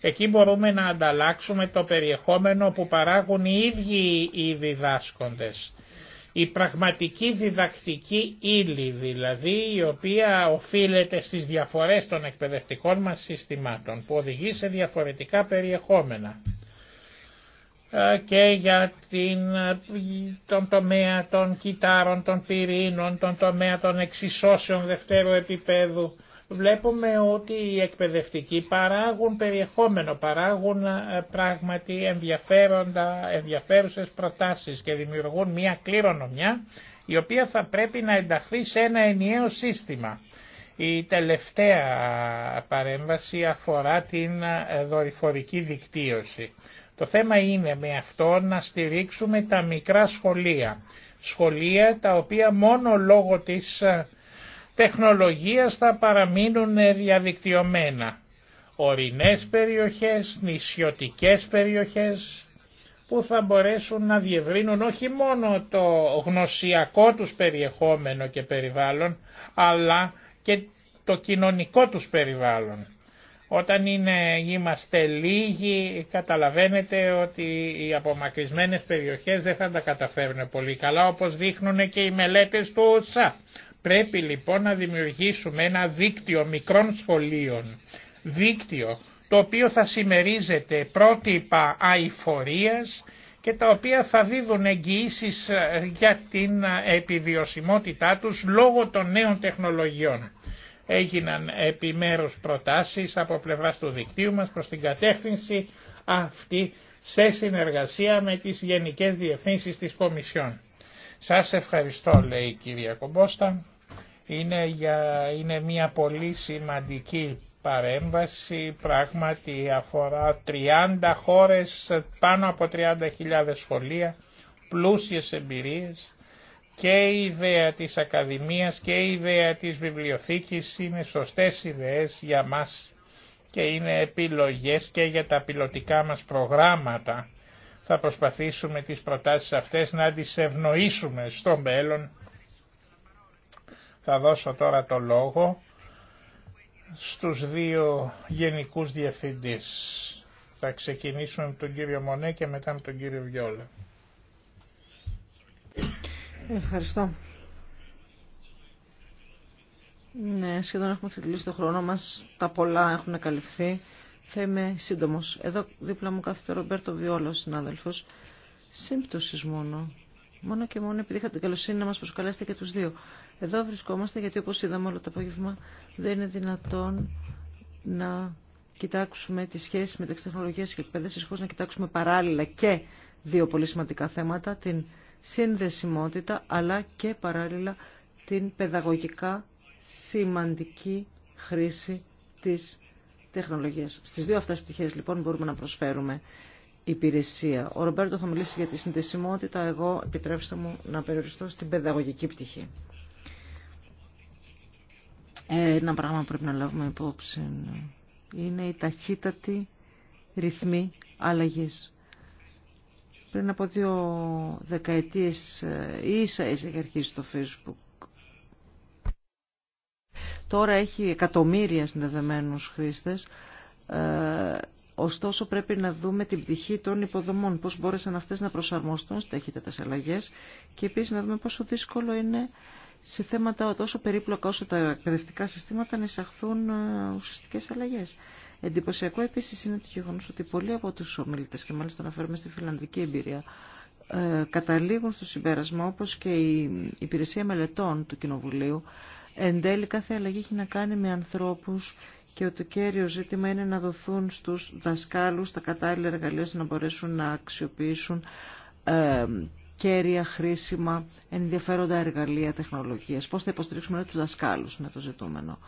Εκεί μπορούμε να ανταλλάξουμε το περιεχόμενο που παράγουν οι ίδιοι οι διδάσκοντες. Η πραγματική διδακτική ύλη δηλαδή η οποία οφείλεται στις διαφορές των εκπαιδευτικών μας συστημάτων που οδηγεί σε διαφορετικά περιεχόμενα. Ε, και για την, ε, τον τομέα των κυτάρων, των πυρήνων, τον τομέα των εξισώσεων δευτέρου επίπεδου. Βλέπουμε ότι οι εκπαιδευτικοί παράγουν περιεχόμενο, παράγουν ε, πράγματι ενδιαφέροντα, ενδιαφέρουσες προτάσεις και δημιουργούν μια κληρονομιά η οποία θα πρέπει να ενταχθεί σε ένα ενιαίο σύστημα. Η τελευταία παρέμβαση αφορά την δορυφορική δικτύωση. Το θέμα είναι με αυτό να στηρίξουμε τα μικρά σχολεία. Σχολεία τα οποία μόνο λόγω της ε, τεχνολογίας θα παραμείνουν ε, διαδικτυωμένα. Ορεινές περιοχές, νησιωτικές περιοχές που θα μπορέσουν να διευρύνουν όχι μόνο το γνωσιακό τους περιεχόμενο και περιβάλλον αλλά και το κοινωνικό τους περιβάλλον. Όταν είναι, είμαστε λίγοι καταλαβαίνετε ότι οι απομακρυσμένες περιοχές δεν θα τα καταφέρουν πολύ καλά όπως δείχνουν και οι μελέτες του ΟΣΑ. Πρέπει λοιπόν να δημιουργήσουμε ένα δίκτυο μικρών σχολείων, δίκτυο το οποίο θα συμμερίζεται πρότυπα αηφορίας και τα οποία θα δίδουν εγγυήσει ε, για την ε, επιβιωσιμότητά τους λόγω των νέων τεχνολογιών έγιναν επιμέρους προτάσεις από πλευράς του δικτύου μας προς την κατεύθυνση αυτή σε συνεργασία με τις Γενικές Διευθύνσεις της Κομισιόν. Σας ευχαριστώ λέει η κυρία Κομπόστα. Είναι, για, είναι μια πολύ σημαντική παρέμβαση, πράγματι αφορά 30 χώρες, πάνω από 30.000 σχολεία, πλούσιες εμπειρίες και η ιδέα της Ακαδημίας και η ιδέα της βιβλιοθήκης είναι σωστές ιδέες για μας και είναι επιλογές και για τα πιλωτικά μας προγράμματα. Θα προσπαθήσουμε τις προτάσεις αυτές να τις ευνοήσουμε στο μέλλον. Θα δώσω τώρα το λόγο στους δύο γενικούς διευθυντές Θα ξεκινήσουμε με τον κύριο Μονέ και μετά με τον κύριο Βιόλα. Ευχαριστώ. Ναι, σχεδόν έχουμε ξεκινήσει το χρόνο μας. Τα πολλά έχουν καλυφθεί. Θα είμαι σύντομος. Εδώ δίπλα μου κάθεται ο Ρομπέρτο Βιόλο, συνάδελφος. Σύμπτωση μόνο. Μόνο και μόνο επειδή είχατε την καλοσύνη να μας προσκαλέσετε και τους δύο. Εδώ βρισκόμαστε γιατί όπως είδαμε όλο το απόγευμα δεν είναι δυνατόν να κοιτάξουμε τη σχέση μεταξύ τεχνολογίας και εκπαίδευσης χωρίς να κοιτάξουμε παράλληλα και δύο πολύ σημαντικά θέματα, την συνδεσιμότητα αλλά και παράλληλα την παιδαγωγικά σημαντική χρήση της τεχνολογίας. Στις δύο αυτές πτυχές λοιπόν μπορούμε να προσφέρουμε υπηρεσία. Ο Ρομπέρτο θα μιλήσει για τη συνδεσιμότητα, εγώ επιτρέψτε μου να περιοριστώ στην παιδαγωγική πτυχή. Ένα πράγμα που πρέπει να λάβουμε υπόψη είναι η ταχύτατη ρυθμή αλλαγής πριν από δύο δεκαετίες ίσα ίσα είχε αρχίσει το Facebook. Τώρα έχει εκατομμύρια συνδεδεμένους χρήστες. Ε, ωστόσο πρέπει να δούμε την πτυχή των υποδομών, πώς μπόρεσαν αυτές να προσαρμοστούν έχετε τις αλλαγές και επίσης να δούμε πόσο δύσκολο είναι σε θέματα τόσο περίπλοκα όσο τα εκπαιδευτικά συστήματα να εισαχθούν ε, ουσιαστικές αλλαγές. Εντυπωσιακό επίση είναι το γεγονό ότι πολλοί από του ομιλητέ και μάλιστα αναφέρουμε στη φιλανδική εμπειρία ε, καταλήγουν στο συμπέρασμα όπω και η υπηρεσία μελετών του Κοινοβουλίου εν τέλει κάθε αλλαγή έχει να κάνει με ανθρώπου και το κέριο ζήτημα είναι να δοθούν στου δασκάλου τα κατάλληλα εργαλεία να μπορέσουν να αξιοποιήσουν ε, κέρια, χρήσιμα, ενδιαφέροντα εργαλεία τεχνολογίες. Πώς θα υποστηρίξουμε τους δασκάλους με το ζητούμενο.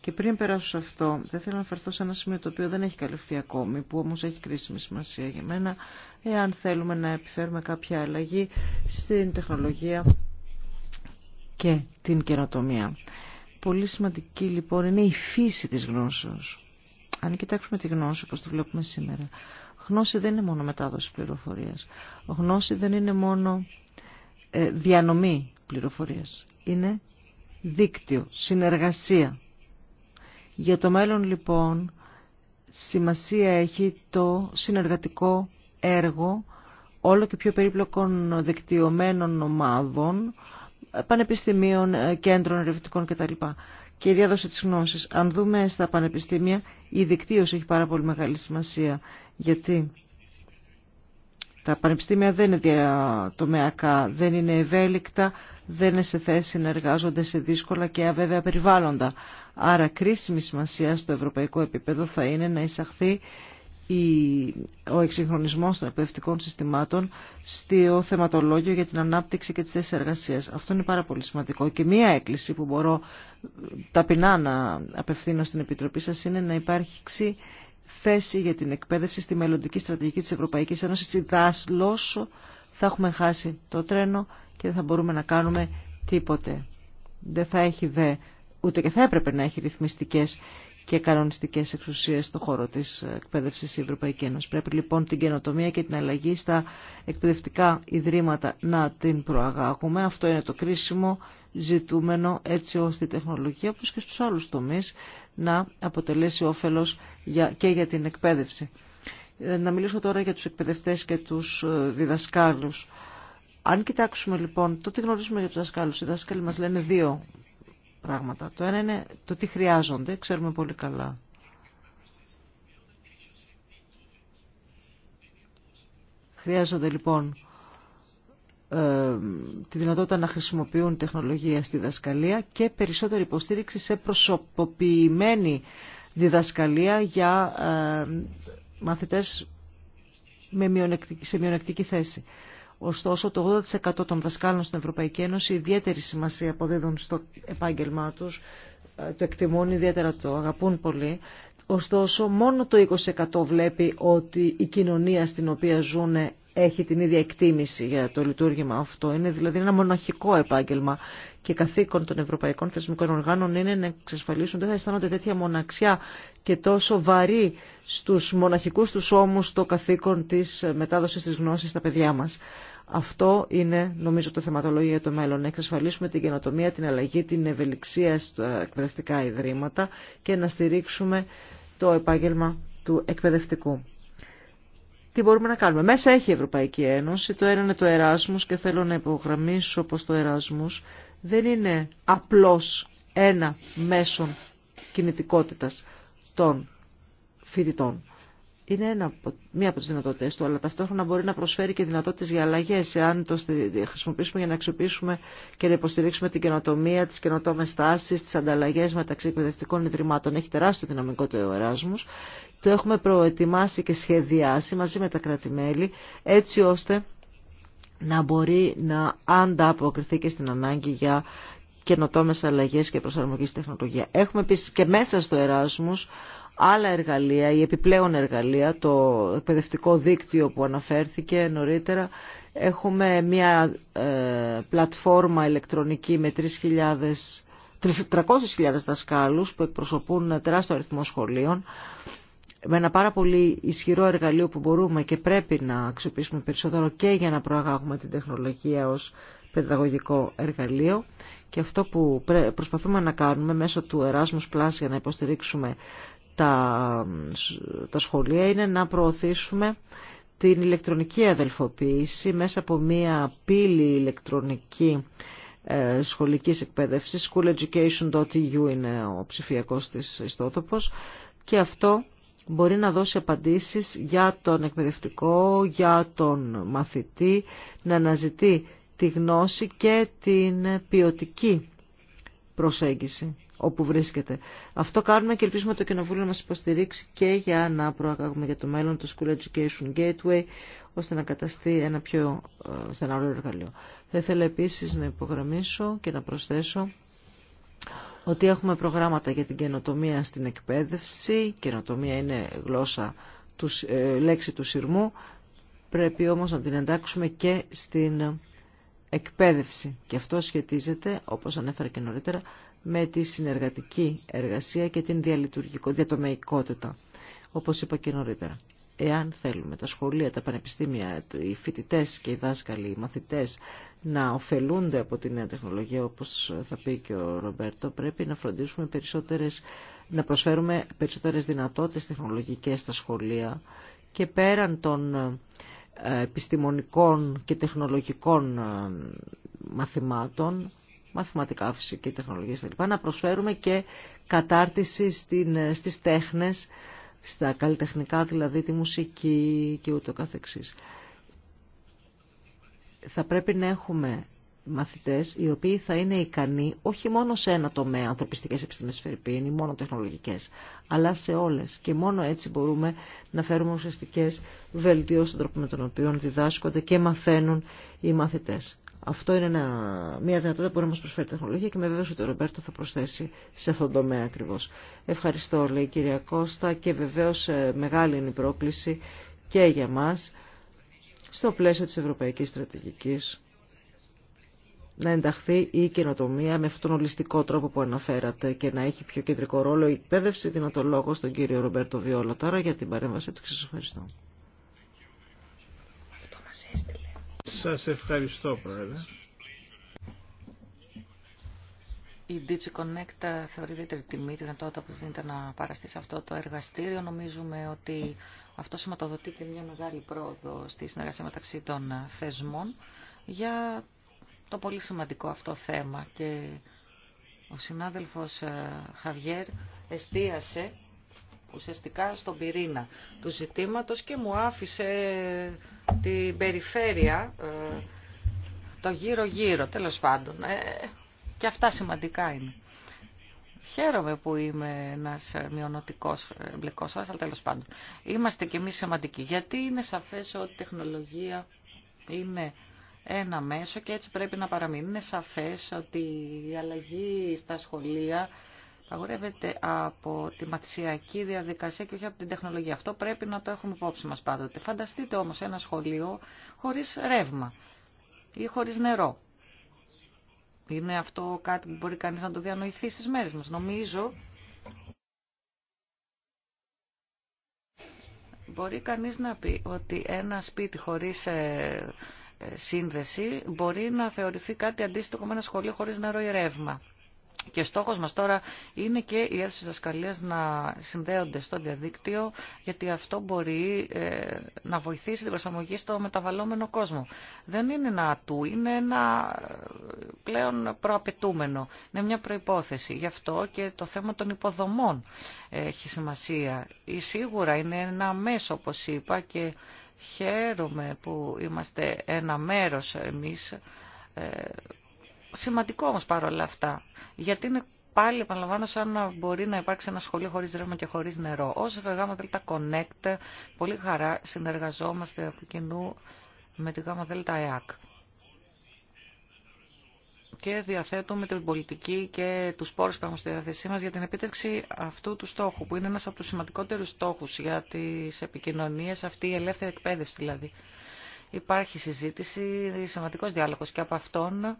Και πριν περάσω σε αυτό, δεν θέλω να αναφερθώ σε ένα σημείο το οποίο δεν έχει καλυφθεί ακόμη, που όμως έχει κρίσιμη σημασία για μένα, εάν θέλουμε να επιφέρουμε κάποια αλλαγή στην τεχνολογία και την κερατομία. Πολύ σημαντική λοιπόν είναι η φύση της γνώσεως. Αν κοιτάξουμε τη γνώση όπως τη βλέπουμε σήμερα, γνώση δεν είναι μόνο μετάδοση πληροφορίας. Γνώση δεν είναι μόνο ε, διανομή πληροφορίας. Είναι δίκτυο, συνεργασία για το μέλλον λοιπόν σημασία έχει το συνεργατικό έργο όλο και πιο περίπλοκων δικτυωμένων ομάδων, πανεπιστημίων, κέντρων ερευνητικών κτλ. Και η διάδοση της γνώσης. Αν δούμε στα πανεπιστήμια, η δικτύωση έχει πάρα πολύ μεγάλη σημασία. Γιατί τα πανεπιστήμια δεν είναι διατομεακά, δεν είναι ευέλικτα, δεν είναι σε θέση να εργάζονται σε δύσκολα και αβέβαια περιβάλλοντα. Άρα κρίσιμη σημασία στο ευρωπαϊκό επίπεδο θα είναι να εισαχθεί ο εξυγχρονισμός των εκπαιδευτικών συστημάτων στο θεματολόγιο για την ανάπτυξη και τις θέσεις εργασίας. Αυτό είναι πάρα πολύ σημαντικό και μία έκκληση που μπορώ ταπεινά να απευθύνω στην Επιτροπή σας είναι να υπάρξει θέση για την εκπαίδευση στη μελλοντική στρατηγική της Ευρωπαϊκής Ένωσης. Στη δάσλος θα έχουμε χάσει το τρένο και δεν θα μπορούμε να κάνουμε τίποτε. Δεν θα έχει δε, ούτε και θα έπρεπε να έχει ρυθμιστικές και κανονιστικές εξουσίε στον χώρο τη εκπαίδευση η Ευρωπαϊκή Ένωση. Πρέπει λοιπόν την καινοτομία και την αλλαγή στα εκπαιδευτικά ιδρύματα να την προαγάγουμε. Αυτό είναι το κρίσιμο ζητούμενο έτσι ώστε η τεχνολογία όπω και στου άλλου τομεί να αποτελέσει όφελος και για την εκπαίδευση. Ε, να μιλήσω τώρα για τους εκπαιδευτές και τους ε, διδασκάλους. Αν κοιτάξουμε λοιπόν, το τι γνωρίζουμε για τους δασκάλους. Οι δάσκαλοι μας λένε δύο πράγματα. Το ένα είναι το τι χρειάζονται, ξέρουμε πολύ καλά. Χρειάζονται λοιπόν ε, τη δυνατότητα να χρησιμοποιούν τεχνολογία στη δασκαλία και περισσότερη υποστήριξη σε προσωποποιημένη διδασκαλία για ε, μαθητές με σε μειονεκτική θέση. Ωστόσο, το 80% των δασκάλων στην Ευρωπαϊκή Ένωση ιδιαίτερη σημασία αποδίδουν στο επάγγελμά τους, ε, το εκτιμούν ιδιαίτερα, το αγαπούν πολύ. Ωστόσο, μόνο το 20% βλέπει ότι η κοινωνία στην οποία ζουν έχει την ίδια εκτίμηση για το λειτουργήμα αυτό. Είναι δηλαδή ένα μοναχικό επάγγελμα και καθήκον των ευρωπαϊκών θεσμικών οργάνων είναι να εξασφαλίσουν δεν θα αισθάνονται τέτοια μοναξιά και τόσο βαρύ στους μοναχικούς τους ώμους το καθήκον της μετάδοσης της γνώσης στα παιδιά μας. Αυτό είναι νομίζω το θεματολογία για το μέλλον. Να εξασφαλίσουμε την καινοτομία, την αλλαγή, την ευελιξία στα εκπαιδευτικά ιδρύματα και να στηρίξουμε το επάγγελμα του εκπαιδευτικού. Τι μπορούμε να κάνουμε. Μέσα έχει η Ευρωπαϊκή Ένωση. Το ένα είναι το Εράσμους και θέλω να υπογραμμίσω πως το Εράσμους δεν είναι απλώς ένα μέσο κινητικότητας των φοιτητών είναι μία από τι δυνατότητε, του, αλλά ταυτόχρονα μπορεί να προσφέρει και δυνατότητε για αλλαγέ. εάν το χρησιμοποιήσουμε για να αξιοποιήσουμε και να υποστηρίξουμε την καινοτομία, τι καινοτόμε τάσει, τι ανταλλαγέ μεταξύ εκπαιδευτικών ιδρυμάτων. Έχει τεράστιο δυναμικό το εράσμου. Το έχουμε προετοιμάσει και σχεδιάσει μαζί με τα κράτη-μέλη, έτσι ώστε να μπορεί να ανταποκριθεί και στην ανάγκη για καινοτόμε αλλαγέ και προσαρμογή στη τεχνολογία. Έχουμε επίση και μέσα στο Εράσμου άλλα εργαλεία ή επιπλέον εργαλεία, το εκπαιδευτικό δίκτυο που αναφέρθηκε νωρίτερα. Έχουμε μια ε, πλατφόρμα ηλεκτρονική με 300.000 δασκάλους που εκπροσωπούν τεράστιο αριθμό σχολείων με ένα πάρα πολύ ισχυρό εργαλείο που μπορούμε και πρέπει να αξιοποιήσουμε περισσότερο και για να προαγάγουμε την τεχνολογία ως παιδαγωγικό εργαλείο και αυτό που προσπαθούμε να κάνουμε μέσω του Erasmus Plus για να υποστηρίξουμε τα, σχολεία είναι να προωθήσουμε την ηλεκτρονική αδελφοποίηση μέσα από μία πύλη ηλεκτρονική ε, σχολικής εκπαίδευσης. Schooleducation.eu είναι ο ψηφιακός της ιστότοπος και αυτό μπορεί να δώσει απαντήσεις για τον εκπαιδευτικό, για τον μαθητή, να αναζητεί τη γνώση και την ποιοτική προσέγγιση όπου βρίσκεται. Αυτό κάνουμε και ελπίζουμε το Κοινοβούλιο να μας υποστηρίξει και για να προαγάγουμε για το μέλλον το School Education Gateway, ώστε να καταστεί ένα πιο ε, στεναρό εργαλείο. Θα ήθελα επίσης να υπογραμμίσω και να προσθέσω ότι έχουμε προγράμματα για την καινοτομία στην εκπαίδευση. Η καινοτομία είναι γλώσσα, ε, λέξη του σειρμού. Πρέπει όμως να την εντάξουμε και στην εκπαίδευση. Και αυτό σχετίζεται, όπως ανέφερα και νωρίτερα, με τη συνεργατική εργασία και την διατομεϊκότητα, όπως είπα και νωρίτερα. Εάν θέλουμε τα σχολεία, τα πανεπιστήμια, οι φοιτητέ και οι δάσκαλοι, οι μαθητές να ωφελούνται από τη νέα τεχνολογία, όπως θα πει και ο Ρομπέρτο, πρέπει να φροντίσουμε περισσότερες, να προσφέρουμε περισσότερες δυνατότητες τεχνολογικές στα σχολεία και πέραν των ε, επιστημονικών και τεχνολογικών ε, μαθημάτων, μαθηματικά φυσική και τεχνολογίες κλπ. Να προσφέρουμε και κατάρτιση στην, ε, στις τέχνες, στα καλλιτεχνικά δηλαδή τη μουσική και ούτω καθεξής. Θα πρέπει να έχουμε μαθητές οι οποίοι θα είναι ικανοί όχι μόνο σε ένα τομέα ανθρωπιστικές επιστήμες Φερρυπίν ή μόνο τεχνολογικές, αλλά σε όλες. Και μόνο έτσι μπορούμε να φέρουμε ουσιαστικές βελτιώσεις στον τρόπο με τον οποίο διδάσκονται και μαθαίνουν οι μαθητές. Αυτό είναι μια δυνατότητα που μπορεί να μα προσφέρει τεχνολογία και με βέβαιο ότι ο Ρομπέρτο θα προσθέσει σε αυτόν τον τομέα ακριβώ. Ευχαριστώ, λέει η κυρία Κώστα, και βεβαίω ε, μεγάλη είναι η πρόκληση και για μα στο πλαίσιο τη ευρωπαϊκή στρατηγική να ενταχθεί η καινοτομία με αυτόν τον ολιστικό τρόπο που αναφέρατε και να έχει πιο κεντρικό ρόλο η εκπαίδευση. Δίνω το λόγο στον κύριο Ρομπέρτο Βιόλα τώρα για την παρέμβασή του Σα ευχαριστώ. Σα ευχαριστώ πρόεδρε. Η DigiConnect θεωρεί ιδιαίτερη τιμή τη δυνατότητα που δίνεται να παραστεί σε αυτό το εργαστήριο. Νομίζουμε ότι αυτό σηματοδοτεί και μια μεγάλη πρόοδο στη συνεργασία μεταξύ των θεσμών για το πολύ σημαντικό αυτό θέμα και ο συνάδελφος ε, Χαβιέρ εστίασε ουσιαστικά στον πυρήνα του ζητήματος και μου άφησε την περιφέρεια, ε, το γύρω-γύρω, τέλος πάντων. Ε, και αυτά σημαντικά είναι. Χαίρομαι που είμαι ένας μειονοτικός μπλεκόσας, αλλά τέλος πάντων. Είμαστε και εμείς σημαντικοί, γιατί είναι σαφές ότι η τεχνολογία είναι ένα μέσο και έτσι πρέπει να παραμείνει. Είναι σαφές ότι η αλλαγή στα σχολεία παγορεύεται από τη μαθησιακή διαδικασία και όχι από την τεχνολογία. Αυτό πρέπει να το έχουμε υπόψη μας πάντοτε. Φανταστείτε όμως ένα σχολείο χωρίς ρεύμα ή χωρίς νερό. Είναι αυτό κάτι που μπορεί κανείς να το διανοηθεί στις μέρες μας. Νομίζω μπορεί κανείς να πει ότι ένα σπίτι χωρίς ε, σύνδεση μπορεί να θεωρηθεί κάτι αντίστοιχο με ένα σχολείο χωρίς νερό ή ρεύμα. Και στόχος μας τώρα είναι και οι αίθουσες δασκαλίας να συνδέονται στο διαδίκτυο, γιατί αυτό μπορεί ε, να βοηθήσει την προσαρμογή στο μεταβαλλόμενο κόσμο. Δεν είναι ένα ατού, είναι ένα ε, πλέον προαπαιτούμενο, είναι μια προϋπόθεση. Γι' αυτό και το θέμα των υποδομών έχει σημασία. Η σίγουρα είναι ένα μέσο, όπως είπα, και Χαίρομαι που είμαστε ένα μέρος εμείς, ε, σημαντικό όμως παρόλα αυτά, γιατί είναι πάλι επαναλαμβάνω σαν να μπορεί να υπάρξει ένα σχολείο χωρίς ρεύμα και χωρίς νερό. Όσο γάμα δελτα Connect, πολύ χαρά συνεργαζόμαστε από κοινού με τη γάμα δελτα ΕΑΚ και διαθέτουμε την πολιτική και του πόρου που έχουμε στη διάθεσή μα για την επίτευξη αυτού του στόχου, που είναι ένα από του σημαντικότερου στόχου για τι επικοινωνίε, αυτή η ελεύθερη εκπαίδευση δηλαδή. Υπάρχει συζήτηση, σημαντικό διάλογο και από αυτόν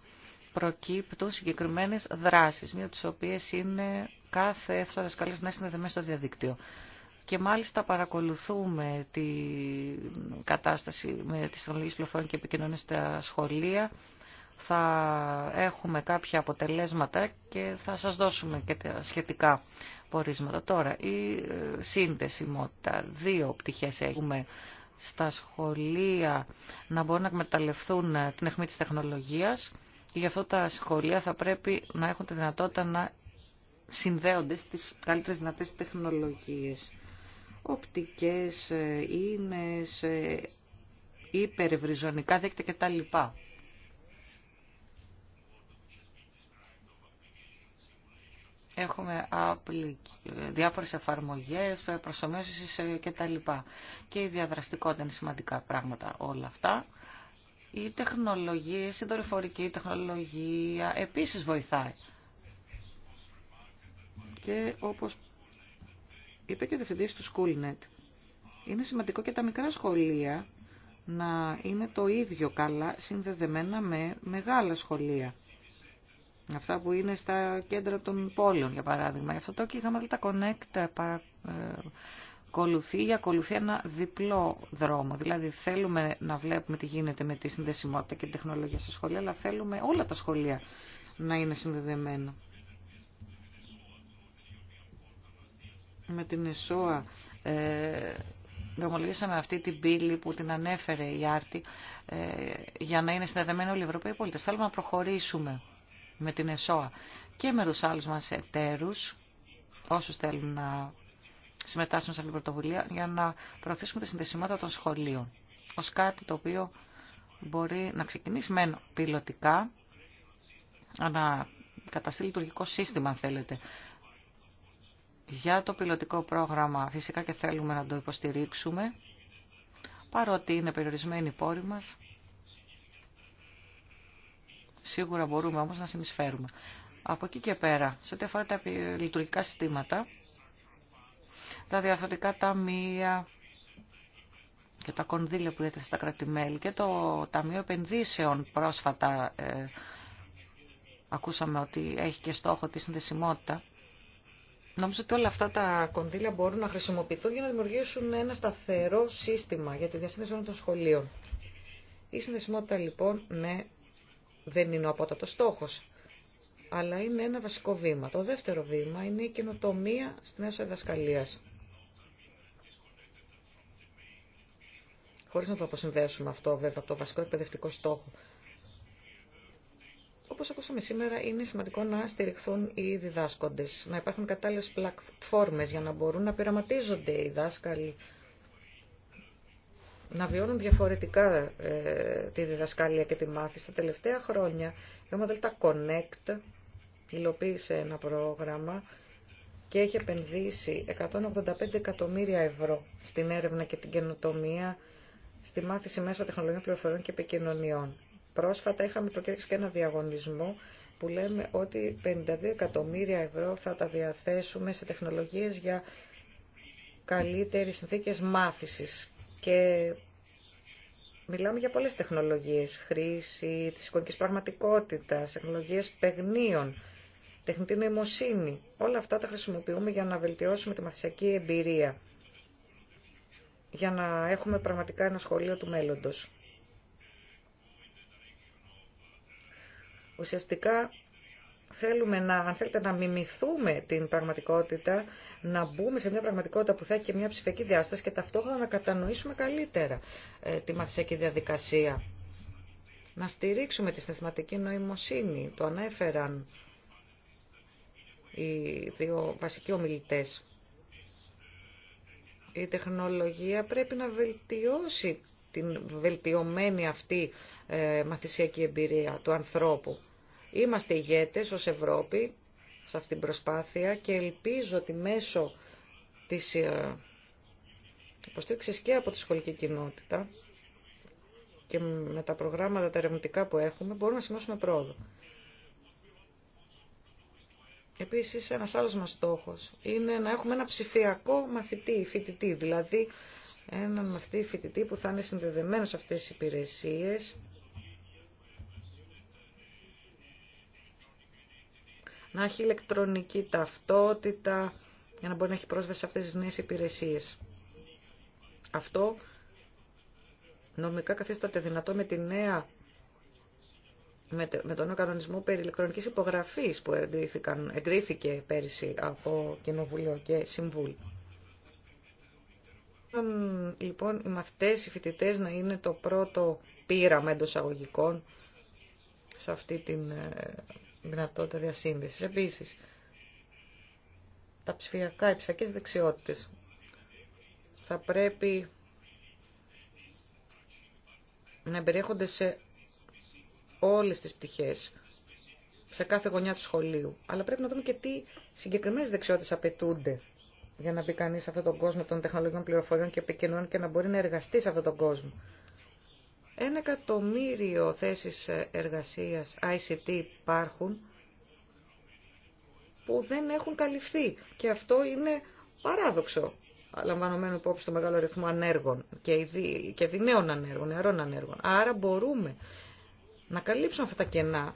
προκύπτουν συγκεκριμένε δράσει, μία από τι οποίε είναι κάθε αίθουσα δασκαλία να συνδεδεμένη στο διαδίκτυο και μάλιστα παρακολουθούμε την κατάσταση με τις τεχνολογίες πληροφορών και επικοινωνία στα σχολεία θα έχουμε κάποια αποτελέσματα και θα σας δώσουμε και τα σχετικά πορίσματα. Τώρα, η ε, σύνδεσιμότητα, δύο πτυχές έχουμε στα σχολεία να μπορούν να εκμεταλλευτούν ε, την αιχμή της τεχνολογίας και γι' αυτό τα σχολεία θα πρέπει να έχουν τη δυνατότητα να συνδέονται στις καλύτερες δυνατές τεχνολογίες. Οπτικές, ε, ίνες, υπερευριζωνικά δίκτυα κτλ. Έχουμε απλή, ε, διάφορες εφαρμογές, ε, ε, τα λοιπά. Και η διαδραστικότητα είναι σημαντικά πράγματα όλα αυτά. Η τεχνολογία, η δορυφορική τεχνολογία επίσης βοηθάει. Και όπως είπε και ο διευθυντής του Schoolnet, είναι σημαντικό και τα μικρά σχολεία να είναι το ίδιο καλά συνδεδεμένα με μεγάλα σχολεία. Αυτά που είναι στα κέντρα των πόλεων, για παράδειγμα. Γι' αυτό το είχαμε δει τα Connect ε, παρακολουθεί ε, ή ακολουθεί ένα διπλό δρόμο. Δηλαδή θέλουμε να βλέπουμε τι γίνεται με τη συνδεσιμότητα και την τεχνολογία στα σχολεία, αλλά θέλουμε όλα τα σχολεία να είναι συνδεδεμένα. Με την ΕΣΟΑ ε, δρομολογήσαμε αυτή την πύλη που την ανέφερε η Άρτη ε, για να είναι συνδεδεμένοι όλη η Ευρωπαϊκή πολίτες. Θέλουμε να προχωρήσουμε με την ΕΣΟΑ και με τους άλλους μας εταίρους, όσους θέλουν να συμμετάσχουν σε αυτή την πρωτοβουλία, για να προωθήσουμε τα συνδεσιμότητα των σχολείων. Ως κάτι το οποίο μπορεί να ξεκινήσει μεν πιλωτικά, να καταστεί λειτουργικό σύστημα, αν θέλετε. Για το πιλωτικό πρόγραμμα φυσικά και θέλουμε να το υποστηρίξουμε, παρότι είναι περιορισμένοι οι πόροι μας, Σίγουρα μπορούμε όμως να συνεισφέρουμε. Από εκεί και πέρα, σε ό,τι αφορά τα λειτουργικά συστήματα, τα διαρθρωτικά ταμεία και τα κονδύλια που διέτρεψε στα κράτη-μέλη και το Ταμείο Επενδύσεων πρόσφατα ε, ακούσαμε ότι έχει και στόχο τη συνδεσιμότητα. Νομίζω ότι όλα αυτά τα κονδύλια μπορούν να χρησιμοποιηθούν για να δημιουργήσουν ένα σταθερό σύστημα για τη διασύνδεση των σχολείων. Η συνδεσιμότητα λοιπόν, ναι, δεν είναι ο απότατο στόχο, αλλά είναι ένα βασικό βήμα. Το δεύτερο βήμα είναι η καινοτομία στην αίθουσα διδασκαλία. Χωρίς να το αποσυνδέσουμε αυτό βέβαια από το βασικό εκπαιδευτικό στόχο. Όπως ακούσαμε σήμερα, είναι σημαντικό να στηριχθούν οι διδάσκοντες, να υπάρχουν κατάλληλες πλατφόρμε για να μπορούν να πειραματίζονται οι δάσκαλοι να βιώνουν διαφορετικά ε, τη διδασκάλια και τη μάθηση. Τα τελευταία χρόνια η ΔΕΛΤΑ Connect υλοποίησε ένα πρόγραμμα και έχει επενδύσει 185 εκατομμύρια ευρώ στην έρευνα και την καινοτομία στη μάθηση μέσω τεχνολογιών πληροφοριών και επικοινωνιών. Πρόσφατα είχαμε προκήρυξει και ένα διαγωνισμό που λέμε ότι 52 εκατομμύρια ευρώ θα τα διαθέσουμε σε τεχνολογίες για καλύτερες συνθήκες μάθησης και μιλάμε για πολλές τεχνολογίες, χρήση της εικονικής πραγματικότητας, τεχνολογίες παιγνίων, τεχνητή νοημοσύνη. Όλα αυτά τα χρησιμοποιούμε για να βελτιώσουμε τη μαθησιακή εμπειρία, για να έχουμε πραγματικά ένα σχολείο του μέλλοντος. Ουσιαστικά θέλουμε να, αν θέλετε, να μιμηθούμε την πραγματικότητα, να μπούμε σε μια πραγματικότητα που θα έχει και μια ψηφιακή διάσταση και ταυτόχρονα να κατανοήσουμε καλύτερα ε, τη μαθησιακή διαδικασία. Να στηρίξουμε τη συναισθηματική νοημοσύνη, το ανέφεραν οι δύο βασικοί ομιλητές. Η τεχνολογία πρέπει να βελτιώσει την βελτιωμένη αυτή ε, μαθησιακή εμπειρία του ανθρώπου Είμαστε ηγέτες ως Ευρώπη σε αυτήν την προσπάθεια και ελπίζω ότι μέσω της ε, υποστήριξης και από τη σχολική κοινότητα και με τα προγράμματα τα ερευνητικά που έχουμε μπορούμε να σημειώσουμε πρόοδο. Επίσης, ένας άλλος μας στόχος είναι να έχουμε ένα ψηφιακό μαθητή, φοιτητή, δηλαδή ένα μαθητή φοιτητή που θα είναι συνδεδεμένο σε αυτές τις υπηρεσίες, να έχει ηλεκτρονική ταυτότητα για να μπορεί να έχει πρόσβαση σε αυτές τις νέες υπηρεσίες. Αυτό νομικά καθίσταται δυνατό με τη νέα με τον νέο κανονισμό περί ηλεκτρονικής υπογραφής που εγκρίθηκε πέρυσι από Κοινοβουλίο και Συμβούλιο. Λοιπόν, οι μαθητές, οι φοιτητές να είναι το πρώτο πείραμα εντό αγωγικών σε αυτή την ε, δυνατότητα διασύνδεσης. Επίσης, τα ψηφιακά, οι ψηφιακέ δεξιότητε θα πρέπει να εμπεριέχονται σε όλε τι πτυχέ σε κάθε γωνιά του σχολείου. Αλλά πρέπει να δούμε και τι συγκεκριμένε δεξιότητε απαιτούνται για να μπει κανεί σε αυτόν τον κόσμο των τεχνολογιών πληροφοριών και επικοινωνών και να μπορεί να εργαστεί σε αυτόν τον κόσμο. Ένα εκατομμύριο θέσεις εργασίας ICT υπάρχουν που δεν έχουν καλυφθεί και αυτό είναι παράδοξο λαμβανωμένο υπόψη στο μεγάλο ρυθμό ανέργων και, και νέων ανέργων, νεαρών ανέργων. Άρα μπορούμε να καλύψουμε αυτά τα κενά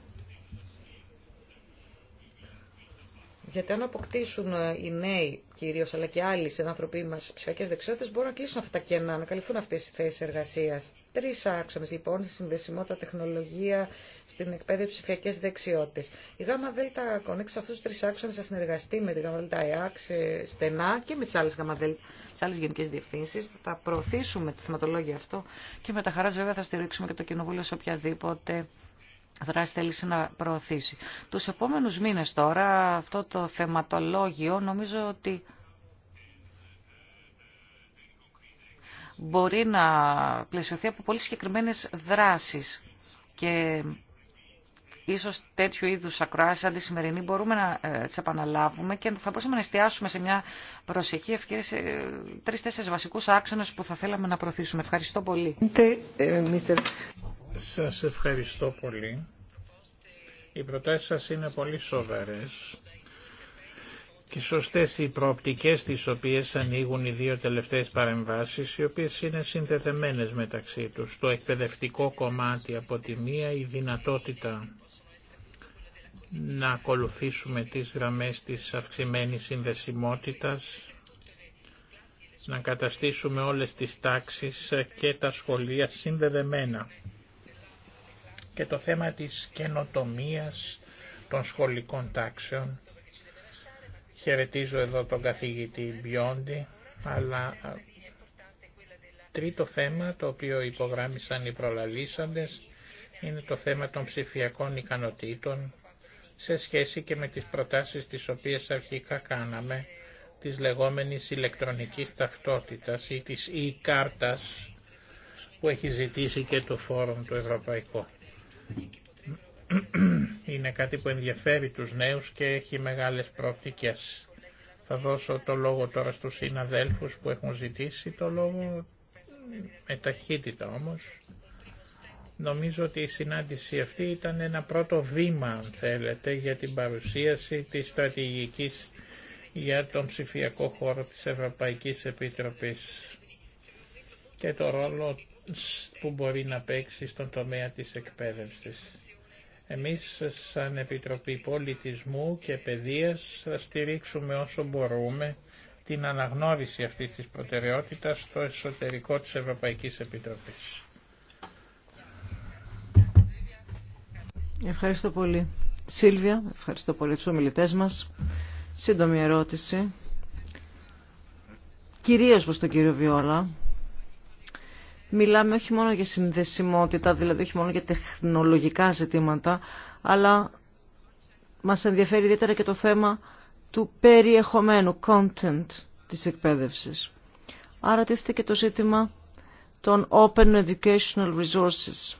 Γιατί αν αποκτήσουν ε, οι νέοι κυρίω, αλλά και άλλοι συνανθρωποί μα ψηφιακέ δεξιότητε, μπορούν να κλείσουν αυτά τα κενά, να καλυφθούν αυτέ οι θέσει εργασία. Τρει άξονε λοιπόν, στη συνδεσιμότητα, τεχνολογία, στην εκπαίδευση ψηφιακέ δεξιότητε. Η ΓΑΜΑ ΔΕΛΤΑ Κονέξ σε αυτού του τρει άξονε θα συνεργαστεί με τη ΓΑΜΑ ΔΕΛΤΑ ΕΑΚ στενά και με τι άλλε ΓΑΜΑ ΔΕΛΤΑ, τι άλλε γενικέ διευθύνσει. Θα προωθήσουμε τη θεματολόγια αυτό και με τα χαρά βέβαια θα στηρίξουμε και το Κοινοβούλιο σε οποιαδήποτε δράση θέλησε να προωθήσει. Τους επόμενους μήνες τώρα αυτό το θεματολόγιο νομίζω ότι μπορεί να πλαισιωθεί από πολύ συγκεκριμένες δράσεις και ίσως τέτοιου είδους ακροάσεις αντισημερινή μπορούμε να ε, επαναλάβουμε και θα μπορούσαμε να εστιάσουμε σε μια προσεχή ευκαιρία σε ε, τρεις-τέσσερις βασικούς άξονες που θα θέλαμε να προωθήσουμε. Ευχαριστώ πολύ. Ε, ε, σας ευχαριστώ πολύ. Οι προτάσεις σας είναι πολύ σοβαρές και σωστές οι προοπτικές τις οποίες ανοίγουν οι δύο τελευταίες παρεμβάσεις, οι οποίες είναι συνδεδεμένες μεταξύ τους. Το εκπαιδευτικό κομμάτι από τη μία, η δυνατότητα να ακολουθήσουμε τις γραμμές της αυξημένης συνδεσιμότητας, να καταστήσουμε όλες τις τάξεις και τα σχολεία συνδεδεμένα και το θέμα της καινοτομίας των σχολικών τάξεων. Χαιρετίζω εδώ τον καθηγητή Μπιόντι, αλλά τρίτο θέμα το οποίο υπογράμμισαν οι προλαλήσαντες είναι το θέμα των ψηφιακών ικανοτήτων σε σχέση και με τις προτάσεις τις οποίες αρχικά κάναμε της λεγόμενης ηλεκτρονικής ταυτότητας ή της e-κάρτας που έχει ζητήσει και το Φόρουμ του Ευρωπαϊκού είναι κάτι που ενδιαφέρει τους νέους και έχει μεγάλες πρόπτικες. Θα δώσω το λόγο τώρα στους συναδέλφους που έχουν ζητήσει το λόγο, με ταχύτητα όμως. Νομίζω ότι η συνάντηση αυτή ήταν ένα πρώτο βήμα, αν θέλετε, για την παρουσίαση της στρατηγικής για τον ψηφιακό χώρο της Ευρωπαϊκής Επιτροπής και το ρόλο που μπορεί να παίξει στον τομέα της εκπαίδευσης. Εμείς σαν Επιτροπή Πολιτισμού και Παιδείας θα στηρίξουμε όσο μπορούμε την αναγνώριση αυτής της προτεραιότητας στο εσωτερικό της Ευρωπαϊκής Επιτροπής. Ευχαριστώ πολύ. Σίλβια, ευχαριστώ πολύ τους ομιλητές μας. Σύντομη ερώτηση. Κυρίως προς τον κύριο Βιόλα, μιλάμε όχι μόνο για συνδεσιμότητα, δηλαδή όχι μόνο για τεχνολογικά ζητήματα, αλλά μας ενδιαφέρει ιδιαίτερα και το θέμα του περιεχομένου, content της εκπαίδευσης. Άρα τίθεται και το ζήτημα των Open Educational Resources,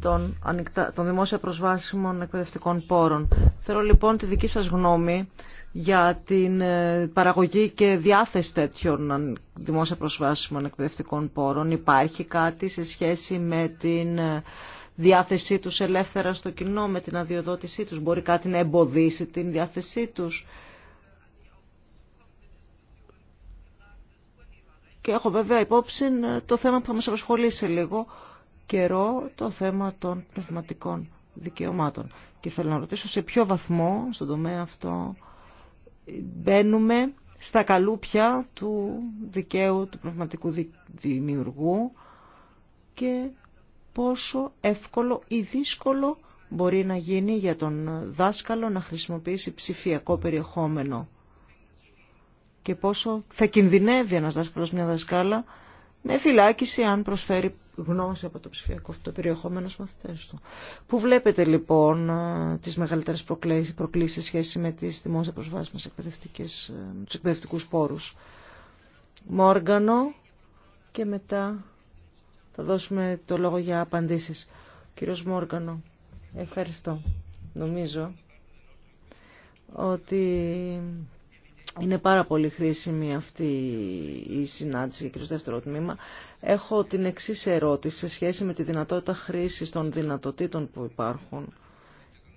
των, ανοιχτά, των δημόσια προσβάσιμων εκπαιδευτικών πόρων. Θέλω λοιπόν τη δική σας γνώμη για την ε, παραγωγή και διάθεση τέτοιων δημόσια προσβάσιμων εκπαιδευτικών πόρων. Υπάρχει κάτι σε σχέση με την ε, διάθεσή τους ελεύθερα στο κοινό, με την αδειοδότησή τους. Μπορεί κάτι να εμποδίσει την διάθεσή τους. Και έχω βέβαια υπόψη ε, το θέμα που θα μας απασχολήσει λίγο καιρό, το θέμα των πνευματικών δικαιωμάτων. Και θέλω να ρωτήσω σε ποιο βαθμό στον τομέα αυτό μπαίνουμε στα καλούπια του δικαίου, του πνευματικού δημιουργού και πόσο εύκολο ή δύσκολο μπορεί να γίνει για τον δάσκαλο να χρησιμοποιήσει ψηφιακό περιεχόμενο και πόσο θα κινδυνεύει ένας δάσκαλος μια δασκάλα με φυλάκιση αν προσφέρει γνώση από το ψηφιακό αυτό το περιεχόμενο στους μαθητές του. Πού βλέπετε λοιπόν ε, τις μεγαλύτερες προκλήσεις σε σχέση με τις δημόσια προσβάσεις εκπαιδευτικές, με τους εκπαιδευτικούς πόρους. Μόργανο και μετά θα δώσουμε το λόγο για απαντήσεις. Κύριος Μόργανο, ευχαριστώ. Νομίζω ότι είναι πάρα πολύ χρήσιμη αυτή η συνάντηση για το δεύτερο τμήμα. Έχω την εξή ερώτηση σε σχέση με τη δυνατότητα χρήσης των δυνατοτήτων που υπάρχουν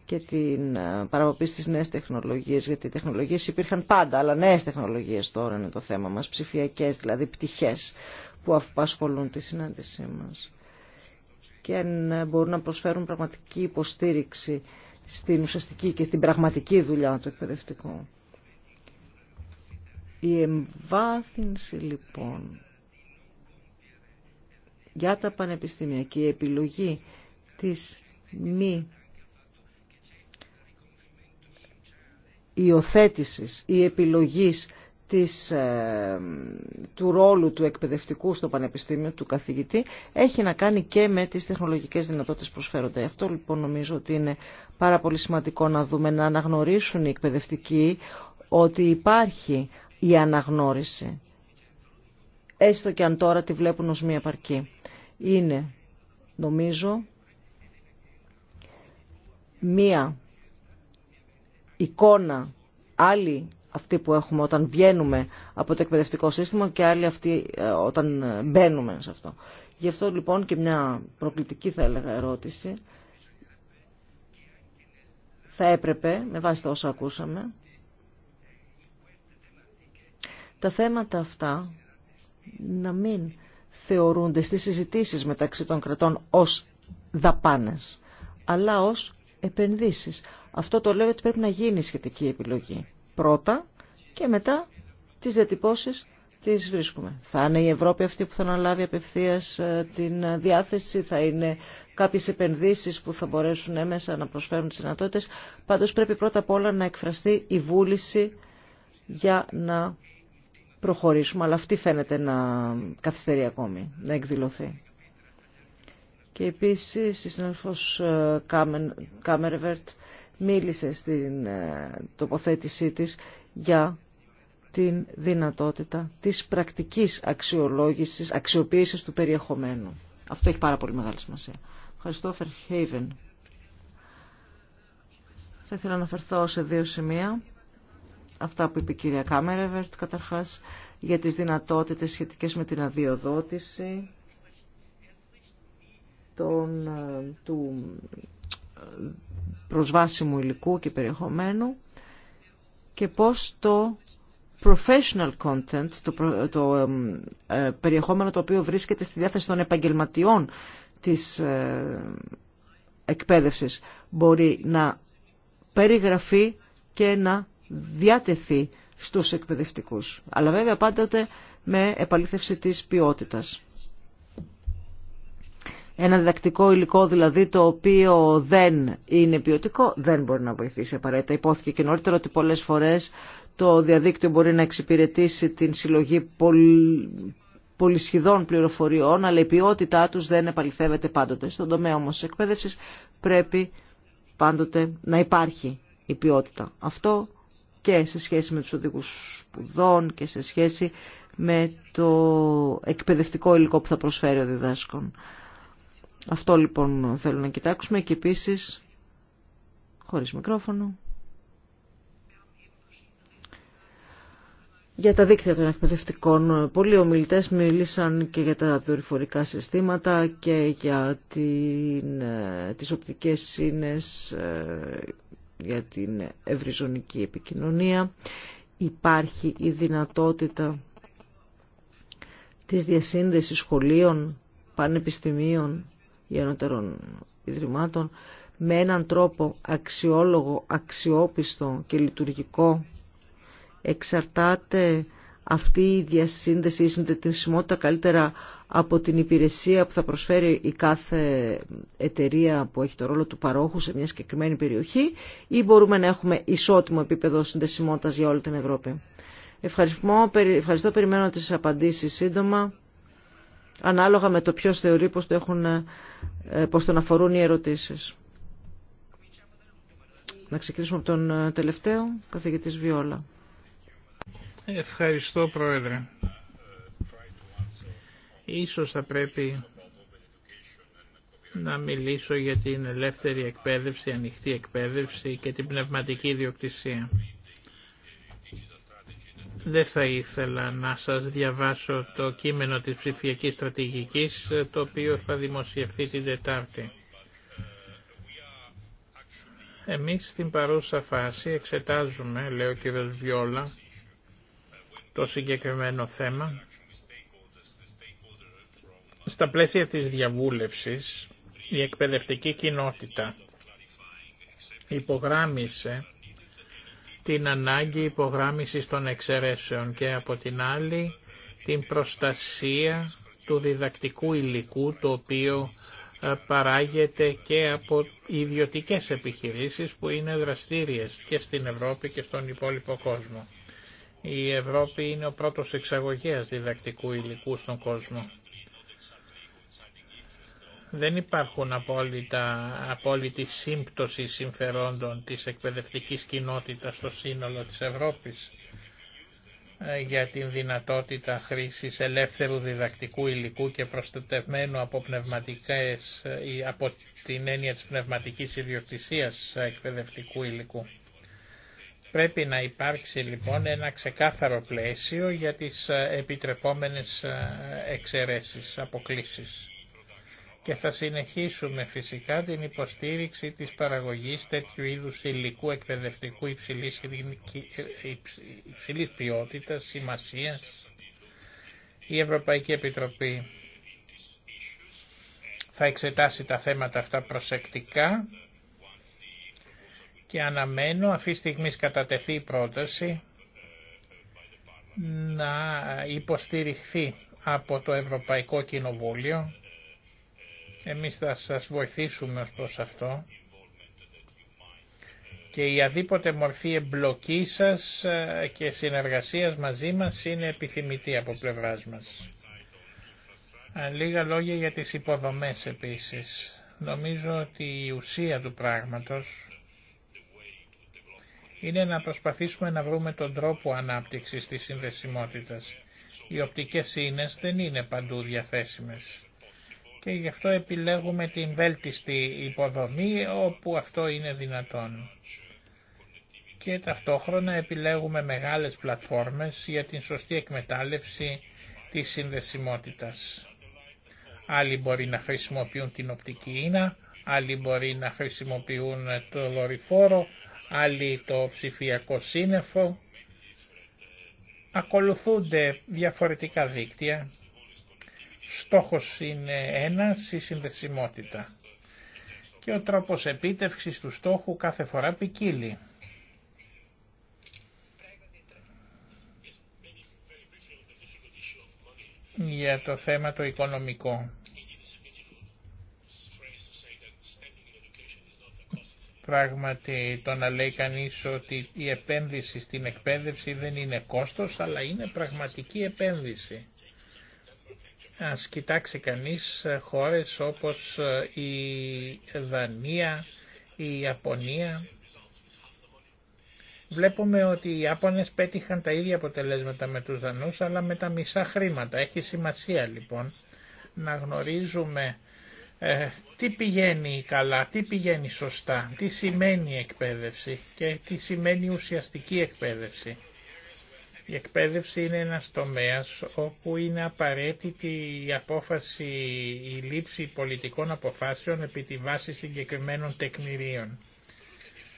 και την ε, παραγωγή στις νέες τεχνολογίες, γιατί οι τεχνολογίες υπήρχαν πάντα, αλλά νέες τεχνολογίες τώρα είναι το θέμα μας, ψηφιακές δηλαδή πτυχές που απασχολούν τη συνάντησή μας και αν ε, μπορούν να προσφέρουν πραγματική υποστήριξη στην ουσιαστική και στην πραγματική δουλειά του εκπαιδευτικού. Η εμβάθυνση λοιπόν για τα πανεπιστήμια και η επιλογή της μη υιοθέτηση ή επιλογής της, ε, του ρόλου του εκπαιδευτικού στο πανεπιστήμιο, του καθηγητή, έχει να κάνει και με τις τεχνολογικές δυνατότητες που προσφέρονται. Αυτό λοιπόν νομίζω ότι είναι πάρα πολύ σημαντικό να δούμε, να αναγνωρίσουν οι εκπαιδευτικοί ότι υπάρχει η αναγνώριση. Έστω και αν τώρα τη βλέπουν ως μία παρκή. Είναι, νομίζω, μία εικόνα άλλη αυτή που έχουμε όταν βγαίνουμε από το εκπαιδευτικό σύστημα και άλλη αυτή ε, όταν ε, μπαίνουμε σε αυτό. Γι' αυτό λοιπόν και μια προκλητική θα έλεγα ερώτηση θα έπρεπε, με βάση τα όσα ακούσαμε, τα θέματα αυτά να μην θεωρούνται στις συζητήσεις μεταξύ των κρατών ως δαπάνες, αλλά ως επενδύσεις. Αυτό το λέω ότι πρέπει να γίνει σχετική επιλογή. Πρώτα και μετά τις διατυπώσεις τις βρίσκουμε. Θα είναι η Ευρώπη αυτή που θα αναλάβει απευθείας ε, την διάθεση, θα είναι κάποιες επενδύσεις που θα μπορέσουν έμεσα να προσφέρουν τις δυνατότητες. Πάντως πρέπει πρώτα απ' όλα να εκφραστεί η βούληση για να αλλά αυτή φαίνεται να καθυστερεί ακόμη, να εκδηλωθεί. Και επίσης η συνάδελφος ε, Κάμερβερτ μίλησε στην ε, τοποθέτησή της για την δυνατότητα της πρακτικής αξιολόγησης, αξιοποίησης του περιεχομένου. Αυτό έχει πάρα πολύ μεγάλη σημασία. Ευχαριστώ, Φερχέιβεν. Θα ήθελα να αναφερθώ σε δύο σημεία αυτά που είπε η κυρία Κάμερεβερτ καταρχάς για τις δυνατότητες σχετικές με την αδειοδότηση των, ε, του ε, προσβάσιμου υλικού και περιεχομένου και πώς το professional content, το, το ε, περιεχόμενο το οποίο βρίσκεται στη διάθεση των επαγγελματιών της ε, εκπαίδευσης μπορεί να περιγραφεί και να διατεθεί στους εκπαιδευτικούς. Αλλά βέβαια πάντοτε με επαλήθευση της ποιότητας. Ένα διδακτικό υλικό δηλαδή το οποίο δεν είναι ποιοτικό δεν μπορεί να βοηθήσει απαραίτητα. Υπόθηκε και νωρίτερα ότι πολλές φορές το διαδίκτυο μπορεί να εξυπηρετήσει την συλλογή πολυσχηδών πληροφοριών αλλά η ποιότητά τους δεν επαληθεύεται πάντοτε. Στον τομέα όμως της πρέπει πάντοτε να υπάρχει η ποιότητα. Αυτό και σε σχέση με τους οδηγούς σπουδών και σε σχέση με το εκπαιδευτικό υλικό που θα προσφέρει ο διδάσκων. Αυτό λοιπόν θέλω να κοιτάξουμε και επίσης, χωρίς μικρόφωνο, για τα δίκτυα των εκπαιδευτικών. Πολλοί ομιλητές μίλησαν και για τα δορυφορικά συστήματα και για την, ε, τις οπτικές σύνες ε, για την ευρυζωνική επικοινωνία. Υπάρχει η δυνατότητα της διασύνδεσης σχολείων, πανεπιστημίων, ανωτερών ιδρυμάτων με έναν τρόπο αξιόλογο, αξιόπιστο και λειτουργικό εξαρτάται αυτή η διασύνδεση, η συνδεσιμότητα καλύτερα από την υπηρεσία που θα προσφέρει η κάθε εταιρεία που έχει το ρόλο του παρόχου σε μια συγκεκριμένη περιοχή ή μπορούμε να έχουμε ισότιμο επίπεδο συνδεσιμότητας για όλη την Ευρώπη. Ευχαριστώ, ευχαριστώ περιμένω τις απαντήσεις σύντομα, ανάλογα με το ποιο θεωρεί πως, το ε, τον αφορούν οι ερωτήσεις. Να ξεκινήσουμε από τον ε, τελευταίο, καθηγητής Βιόλα. Ευχαριστώ Πρόεδρε. Ίσως θα πρέπει να μιλήσω για την ελεύθερη εκπαίδευση, ανοιχτή εκπαίδευση και την πνευματική ιδιοκτησία. Δεν θα ήθελα να σας διαβάσω το κείμενο της ψηφιακής στρατηγικής, το οποίο θα δημοσιευθεί την Δετάρτη. Εμείς στην παρούσα φάση εξετάζουμε, λέει ο κ. Βιόλα, το συγκεκριμένο θέμα. Στα πλαίσια της διαβούλευσης, η εκπαιδευτική κοινότητα υπογράμμισε την ανάγκη υπογράμμισης των εξαιρέσεων και από την άλλη την προστασία του διδακτικού υλικού το οποίο ε, παράγεται και από ιδιωτικές επιχειρήσεις που είναι δραστήριες και στην Ευρώπη και στον υπόλοιπο κόσμο. Η Ευρώπη είναι ο πρώτος εξαγωγέας διδακτικού υλικού στον κόσμο. Δεν υπάρχουν απόλυτα, απόλυτη σύμπτωση συμφερόντων της εκπαιδευτικής κοινότητας στο σύνολο της Ευρώπης ε, για την δυνατότητα χρήσης ελεύθερου διδακτικού υλικού και προστατευμένου από, πνευματικές, ε, από την έννοια της πνευματικής ιδιοκτησίας ε, εκπαιδευτικού υλικού. Πρέπει να υπάρξει λοιπόν ένα ξεκάθαρο πλαίσιο για τις ε, επιτρεπόμενες ε, εξαιρέσεις, αποκλήσεις. Και θα συνεχίσουμε φυσικά την υποστήριξη της παραγωγής τέτοιου είδους υλικού εκπαιδευτικού υψηλής, ε, υψηλής ποιότητας, σημασίας. Η Ευρωπαϊκή Επιτροπή θα εξετάσει τα θέματα αυτά προσεκτικά και αναμένω αυτή τη στιγμή κατατεθεί η πρόταση να υποστηριχθεί από το Ευρωπαϊκό Κοινοβούλιο. Εμείς θα σας βοηθήσουμε ως προς αυτό και η αδίποτε μορφή εμπλοκή σας ε, και συνεργασίας μαζί μας είναι επιθυμητή από πλευράς μας. Ε, λίγα λόγια για τις υποδομές επίσης. Νομίζω ότι η ουσία του πράγματος είναι να προσπαθήσουμε να βρούμε τον τρόπο ανάπτυξης της συνδεσιμότητας. Οι οπτικές ίνες δεν είναι παντού διαθέσιμες και γι' αυτό επιλέγουμε την βέλτιστη υποδομή όπου αυτό είναι δυνατόν. Και ταυτόχρονα επιλέγουμε μεγάλες πλατφόρμες για την σωστή εκμετάλλευση της συνδεσιμότητας. Άλλοι μπορεί να χρησιμοποιούν την οπτική ίνα, άλλοι μπορεί να χρησιμοποιούν το δορυφόρο, άλλοι το ψηφιακό σύννεφο. Ακολουθούνται διαφορετικά δίκτυα. Στόχος είναι ένα η συνδεσιμότητα. Και ο τρόπος επίτευξης του στόχου κάθε φορά ποικίλει. Για το θέμα το οικονομικό. Πράγματι το να λέει κανείς ότι η επένδυση στην εκπαίδευση δεν είναι κόστος, αλλά είναι πραγματική επένδυση. Α κοιτάξει κανείς χώρες όπως ε, η Δανία, η Ιαπωνία, βλέπουμε ότι οι Ιάπωνες πέτυχαν τα ίδια αποτελέσματα με τους Δανούς, αλλά με τα μισά χρήματα. Έχει σημασία λοιπόν να γνωρίζουμε ε, τι πηγαίνει καλά, τι πηγαίνει σωστά, τι σημαίνει εκπαίδευση και τι σημαίνει ουσιαστική εκπαίδευση. Η εκπαίδευση είναι ένας τομέας όπου είναι απαραίτητη η απόφαση, η λήψη πολιτικών αποφάσεων επί τη βάση συγκεκριμένων τεκμηρίων.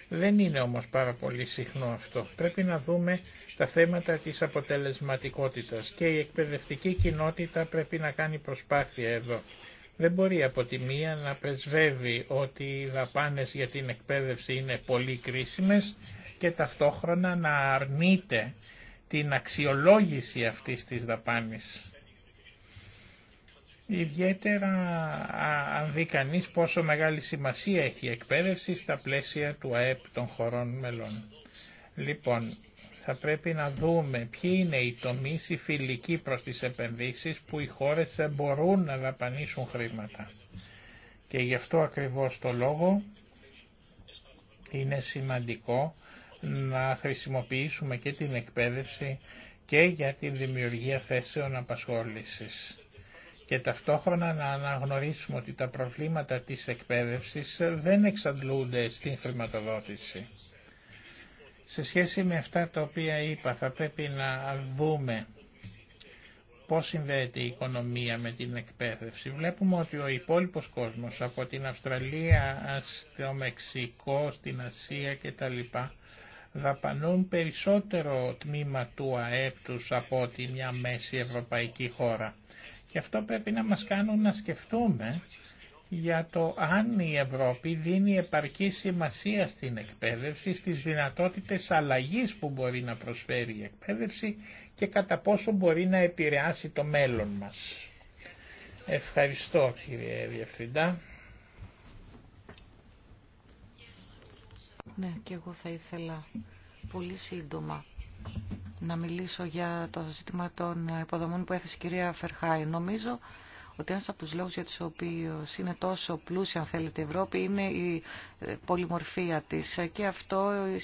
Δεν είναι όμως πάρα πολύ συχνό αυτό. Πρέπει να δούμε τα θέματα της αποτελεσματικότητας και η εκπαιδευτική κοινότητα πρέπει να κάνει προσπάθεια εδώ. Δεν μπορεί από τη μία να πεσβεύει ότι οι δαπάνες για την εκπαίδευση είναι πολύ κρίσιμες και ταυτόχρονα να αρνείται την αξιολόγηση αυτής της δαπάνης. Ιδιαίτερα αν δει κανεί πόσο μεγάλη σημασία έχει η εκπαίδευση στα πλαίσια του ΑΕΠ των χωρών μελών. Λοιπόν, θα πρέπει να δούμε ποιοι είναι οι τομείς οι φιλικοί προς τις επενδύσεις που οι χώρες μπορούν να δαπανίσουν χρήματα. Και γι' αυτό ακριβώς το λόγο είναι σημαντικό να χρησιμοποιήσουμε και την εκπαίδευση και για τη δημιουργία θέσεων απασχόλησης. Και ταυτόχρονα να αναγνωρίσουμε ότι τα προβλήματα της εκπαίδευσης δεν εξαντλούνται στην χρηματοδότηση. Σε σχέση με αυτά τα οποία είπα, θα πρέπει να δούμε πώς συνδέεται η οικονομία με την εκπαίδευση. Βλέπουμε ότι ο υπόλοιπος κόσμος από την Αυστραλία στο Μεξικό, στην Ασία κτλ. δαπανούν περισσότερο τμήμα του ΑΕΠ τους από ότι μια μέση ευρωπαϊκή χώρα. Και αυτό πρέπει να μας κάνουν να σκεφτούμε για το αν η Ευρώπη δίνει επαρκή σημασία στην εκπαίδευση, στις δυνατότητες αλλαγής που μπορεί να προσφέρει η εκπαίδευση και κατά πόσο μπορεί να επηρεάσει το μέλλον μας. Ευχαριστώ κύριε Διευθυντά. Ναι, και εγώ θα ήθελα πολύ σύντομα να μιλήσω για το ζήτημα των υποδομών που έθεσε η κυρία Φερχάη. Νομίζω ότι ένας από τους λόγους για τους οποίους είναι τόσο πλούσια, αν θέλετε, η Ευρώπη είναι η ε, πολυμορφία της. Και αυτό ε,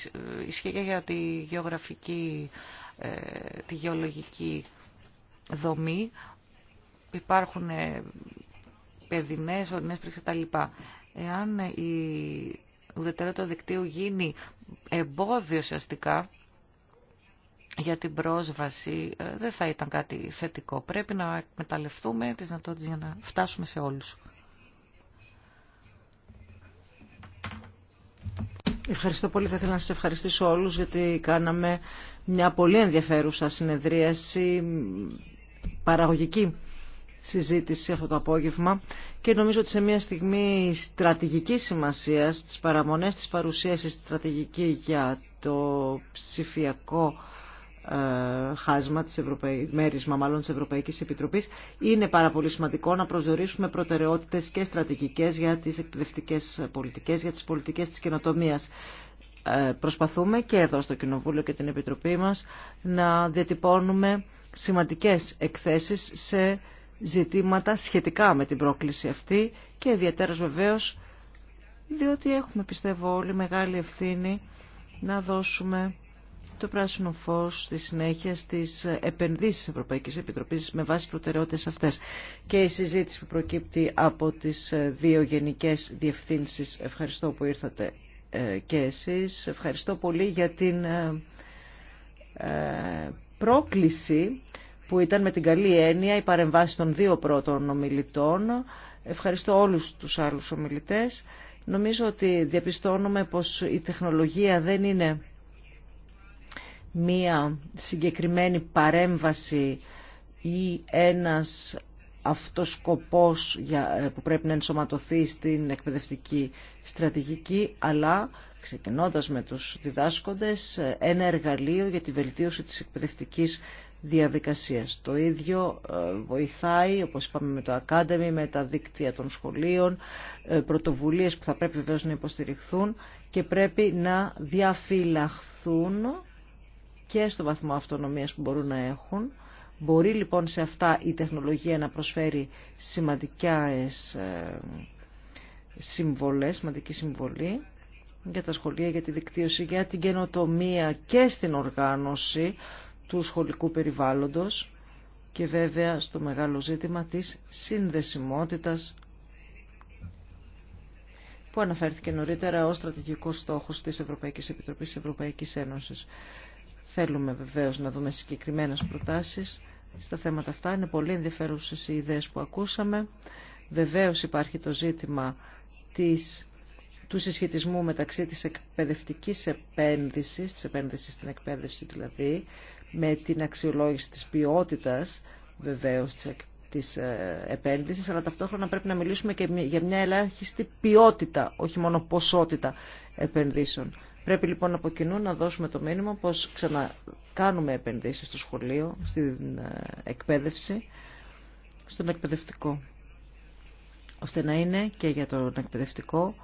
ισχύει και για τη γεωγραφική, ε, τη γεωλογική δομή. Υπάρχουν παιδινές, ορεινές τα λοιπά. Εάν η ουδετερότητα δικτύου γίνει εμπόδιο ουσιαστικά για την πρόσβαση ε, δεν θα ήταν κάτι θετικό. Πρέπει να εκμεταλλευτούμε τις δυνατότητες για να φτάσουμε σε όλους. Ευχαριστώ πολύ. Θα ήθελα να σας ευχαριστήσω όλους γιατί κάναμε μια πολύ ενδιαφέρουσα συνεδρίαση παραγωγική συζήτηση αυτό το απόγευμα και νομίζω ότι σε μια στιγμή στρατηγικής σημασίας τις παραμονές της παρουσίασης στρατηγική για το ψηφιακό ε, χάσμα, της Ευρωπαϊ... μέρισμα μάλλον της Ευρωπαϊκής Επιτροπής. Είναι πάρα πολύ σημαντικό να προσδιορίσουμε προτεραιότητες και στρατηγικές για τις εκπαιδευτικές πολιτικές, για τις πολιτικές της καινοτομίας. Ε, προσπαθούμε και εδώ στο Κοινοβούλιο και την Επιτροπή μας να διατυπώνουμε σημαντικές εκθέσεις σε ζητήματα σχετικά με την πρόκληση αυτή και ιδιαίτερα βεβαίως διότι έχουμε πιστεύω όλοι μεγάλη ευθύνη να δώσουμε το πράσινο φως στη συνέχεια στις επενδύσεις της Ευρωπαϊκής Επιτροπής με βάση προτεραιότητες αυτές και η συζήτηση που προκύπτει από τις δύο γενικές διευθύνσεις. Ευχαριστώ που ήρθατε ε, και εσείς. Ευχαριστώ πολύ για την ε, ε, πρόκληση που ήταν με την καλή έννοια η παρεμβάση των δύο πρώτων ομιλητών. Ευχαριστώ όλους τους άλλους ομιλητές. Νομίζω ότι διαπιστώνουμε πως η τεχνολογία δεν είναι μία συγκεκριμένη παρέμβαση ή ένας αυτός σκοπός για, ε, που πρέπει να ενσωματωθεί στην εκπαιδευτική στρατηγική, αλλά ξεκινώντας με τους διδάσκοντες ε, ένα εργαλείο για τη βελτίωση της εκπαιδευτικής διαδικασίας. Το ίδιο ε, βοηθάει, όπως είπαμε με το Academy, με τα δίκτυα των σχολείων, πρωτοβουλίες που θα πρέπει βεβαίως να υποστηριχθούν και πρέπει να διαφυλαχθούν και στο βαθμό αυτονομίας που μπορούν να έχουν. Μπορεί λοιπόν σε αυτά η τεχνολογία να προσφέρει σημαντικές ε, συμβολές, σημαντική συμβολή για τα σχολεία, για τη δικτύωση, για την καινοτομία και στην οργάνωση του σχολικού περιβάλλοντος και βέβαια στο μεγάλο ζήτημα της συνδεσιμότητας που αναφέρθηκε νωρίτερα ως στρατηγικός στόχος της Ευρωπαϊκής Επιτροπής της Ευρωπαϊκής Ένωσης. Θέλουμε βεβαίως να δούμε συγκεκριμένες προτάσεις στα θέματα αυτά. Είναι πολύ ενδιαφέρουσες οι ιδέες που ακούσαμε. Βεβαίως υπάρχει το ζήτημα της, του συσχετισμού μεταξύ της εκπαιδευτικής επένδυσης, της επένδυσης στην εκπαίδευση δηλαδή, με την αξιολόγηση της ποιότητας βεβαίως της της ε, επένδυσης, αλλά ταυτόχρονα πρέπει να μιλήσουμε και για μια ελάχιστη ποιότητα, όχι μόνο ποσότητα επενδύσεων. Πρέπει λοιπόν από κοινού να δώσουμε το μήνυμα πως ξανακάνουμε επενδύσεις στο σχολείο, στην ε, εκπαίδευση, στον εκπαιδευτικό. Ώστε να είναι και για τον εκπαιδευτικό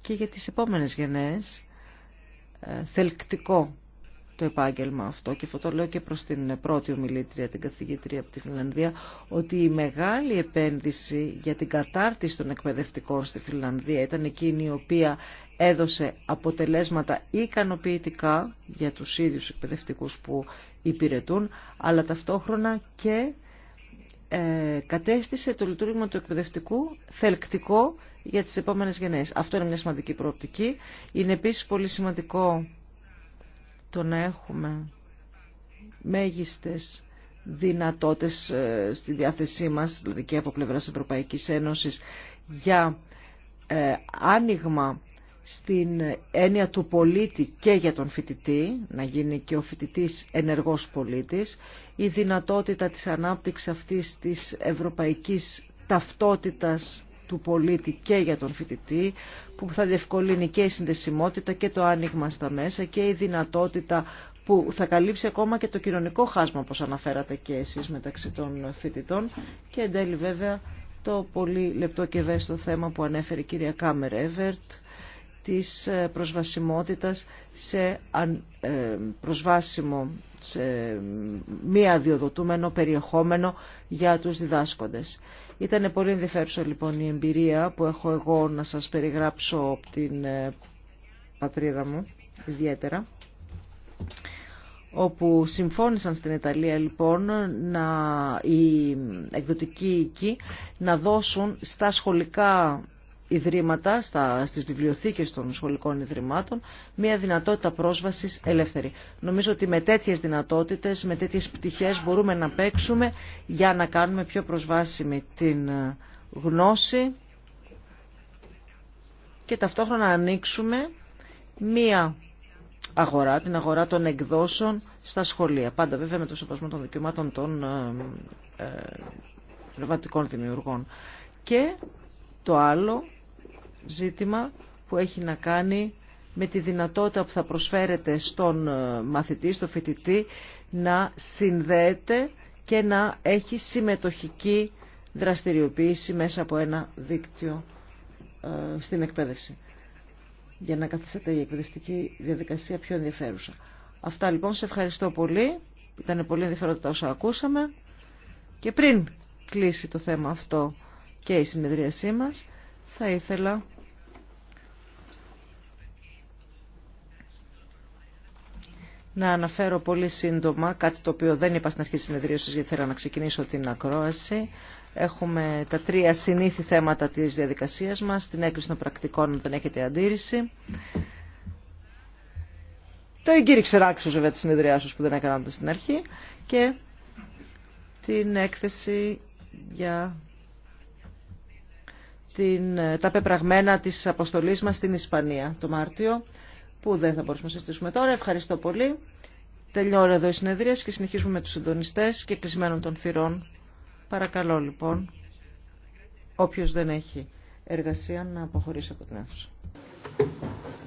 και για τις επόμενες γενναίες ε, θελκτικό το επάγγελμα αυτό και αυτό το λέω και προς την πρώτη ομιλήτρια, την καθηγήτρια από τη Φιλανδία, ότι η μεγάλη επένδυση για την κατάρτιση των εκπαιδευτικών στη Φιλανδία ήταν εκείνη η οποία έδωσε αποτελέσματα ικανοποιητικά για τους ίδιους εκπαιδευτικούς που υπηρετούν, αλλά ταυτόχρονα και ε, κατέστησε το λειτουργήμα του εκπαιδευτικού θελκτικό για τις επόμενες γενναίες. Αυτό είναι μια σημαντική προοπτική. Είναι επίσης πολύ σημαντικό το να έχουμε μέγιστες δυνατότητες ε, στη διάθεσή μας, δηλαδή και από πλευράς Ευρωπαϊκής Ένωσης, για ε, άνοιγμα στην έννοια του πολίτη και για τον φοιτητή, να γίνει και ο φοιτητής ενεργός πολίτης, η δυνατότητα της ανάπτυξης αυτής της ευρωπαϊκής ταυτότητας του πολίτη και για τον φοιτητή, που θα διευκολύνει και η συνδεσιμότητα και το άνοιγμα στα μέσα και η δυνατότητα που θα καλύψει ακόμα και το κοινωνικό χάσμα, όπως αναφέρατε και εσείς μεταξύ των φοιτητών και εν τέλει βέβαια το πολύ λεπτό και ευαίσθητο θέμα που ανέφερε η κυρία Κάμερ Εύερτ της ε, προσβασιμότητας σε ε, προσβάσιμο, σε μη αδειοδοτούμενο περιεχόμενο για τους διδάσκοντες. Ήταν πολύ ενδιαφέρουσα λοιπόν η εμπειρία που έχω εγώ να σας περιγράψω από την ε, πατρίδα μου ιδιαίτερα όπου συμφώνησαν στην Ιταλία λοιπόν να, οι εκδοτικοί εκεί να δώσουν στα σχολικά ιδρύματα, στα, στις βιβλιοθήκες των σχολικών ιδρυμάτων, μια δυνατότητα πρόσβασης ελεύθερη. Νομίζω ότι με τέτοιες δυνατότητες, με τέτοιες πτυχές μπορούμε να παίξουμε για να κάνουμε πιο προσβάσιμη την ε, γνώση και ταυτόχρονα να ανοίξουμε μία αγορά, την αγορά των εκδόσεων στα σχολεία. Πάντα βέβαια με το σεβασμό των δικαιωμάτων των ε, ε, πνευματικών δημιουργών. Και το άλλο ζήτημα που έχει να κάνει με τη δυνατότητα που θα προσφέρεται στον ε, μαθητή, στο φοιτητή, να συνδέεται και να έχει συμμετοχική δραστηριοποίηση μέσα από ένα δίκτυο ε, στην εκπαίδευση. Για να καθίσετε η εκπαιδευτική διαδικασία πιο ενδιαφέρουσα. Αυτά λοιπόν, σε ευχαριστώ πολύ. Ήταν πολύ ενδιαφέροντα όσα ακούσαμε. Και πριν κλείσει το θέμα αυτό και η συνεδρίασή μας, θα ήθελα να αναφέρω πολύ σύντομα κάτι το οποίο δεν είπα στην αρχή της συνεδρίωσης γιατί θέλω να ξεκινήσω την ακρόαση. Έχουμε τα τρία συνήθη θέματα της διαδικασίας μας, την έκρηση των πρακτικών δεν έχετε αντίρρηση. Το εγκύρι ράξος βέβαια της συνεδριάσεως που δεν έκαναν στην αρχή και την έκθεση για τα πεπραγμένα της αποστολής μας στην Ισπανία το Μάρτιο, που δεν θα μπορούσαμε να συζητήσουμε τώρα. Ευχαριστώ πολύ. Τελειώνει εδώ η συνεδρία και συνεχίζουμε με τους συντονιστές και κλεισμένων των θυρών. Παρακαλώ λοιπόν, όποιος δεν έχει εργασία να αποχωρήσει από την αίθουσα.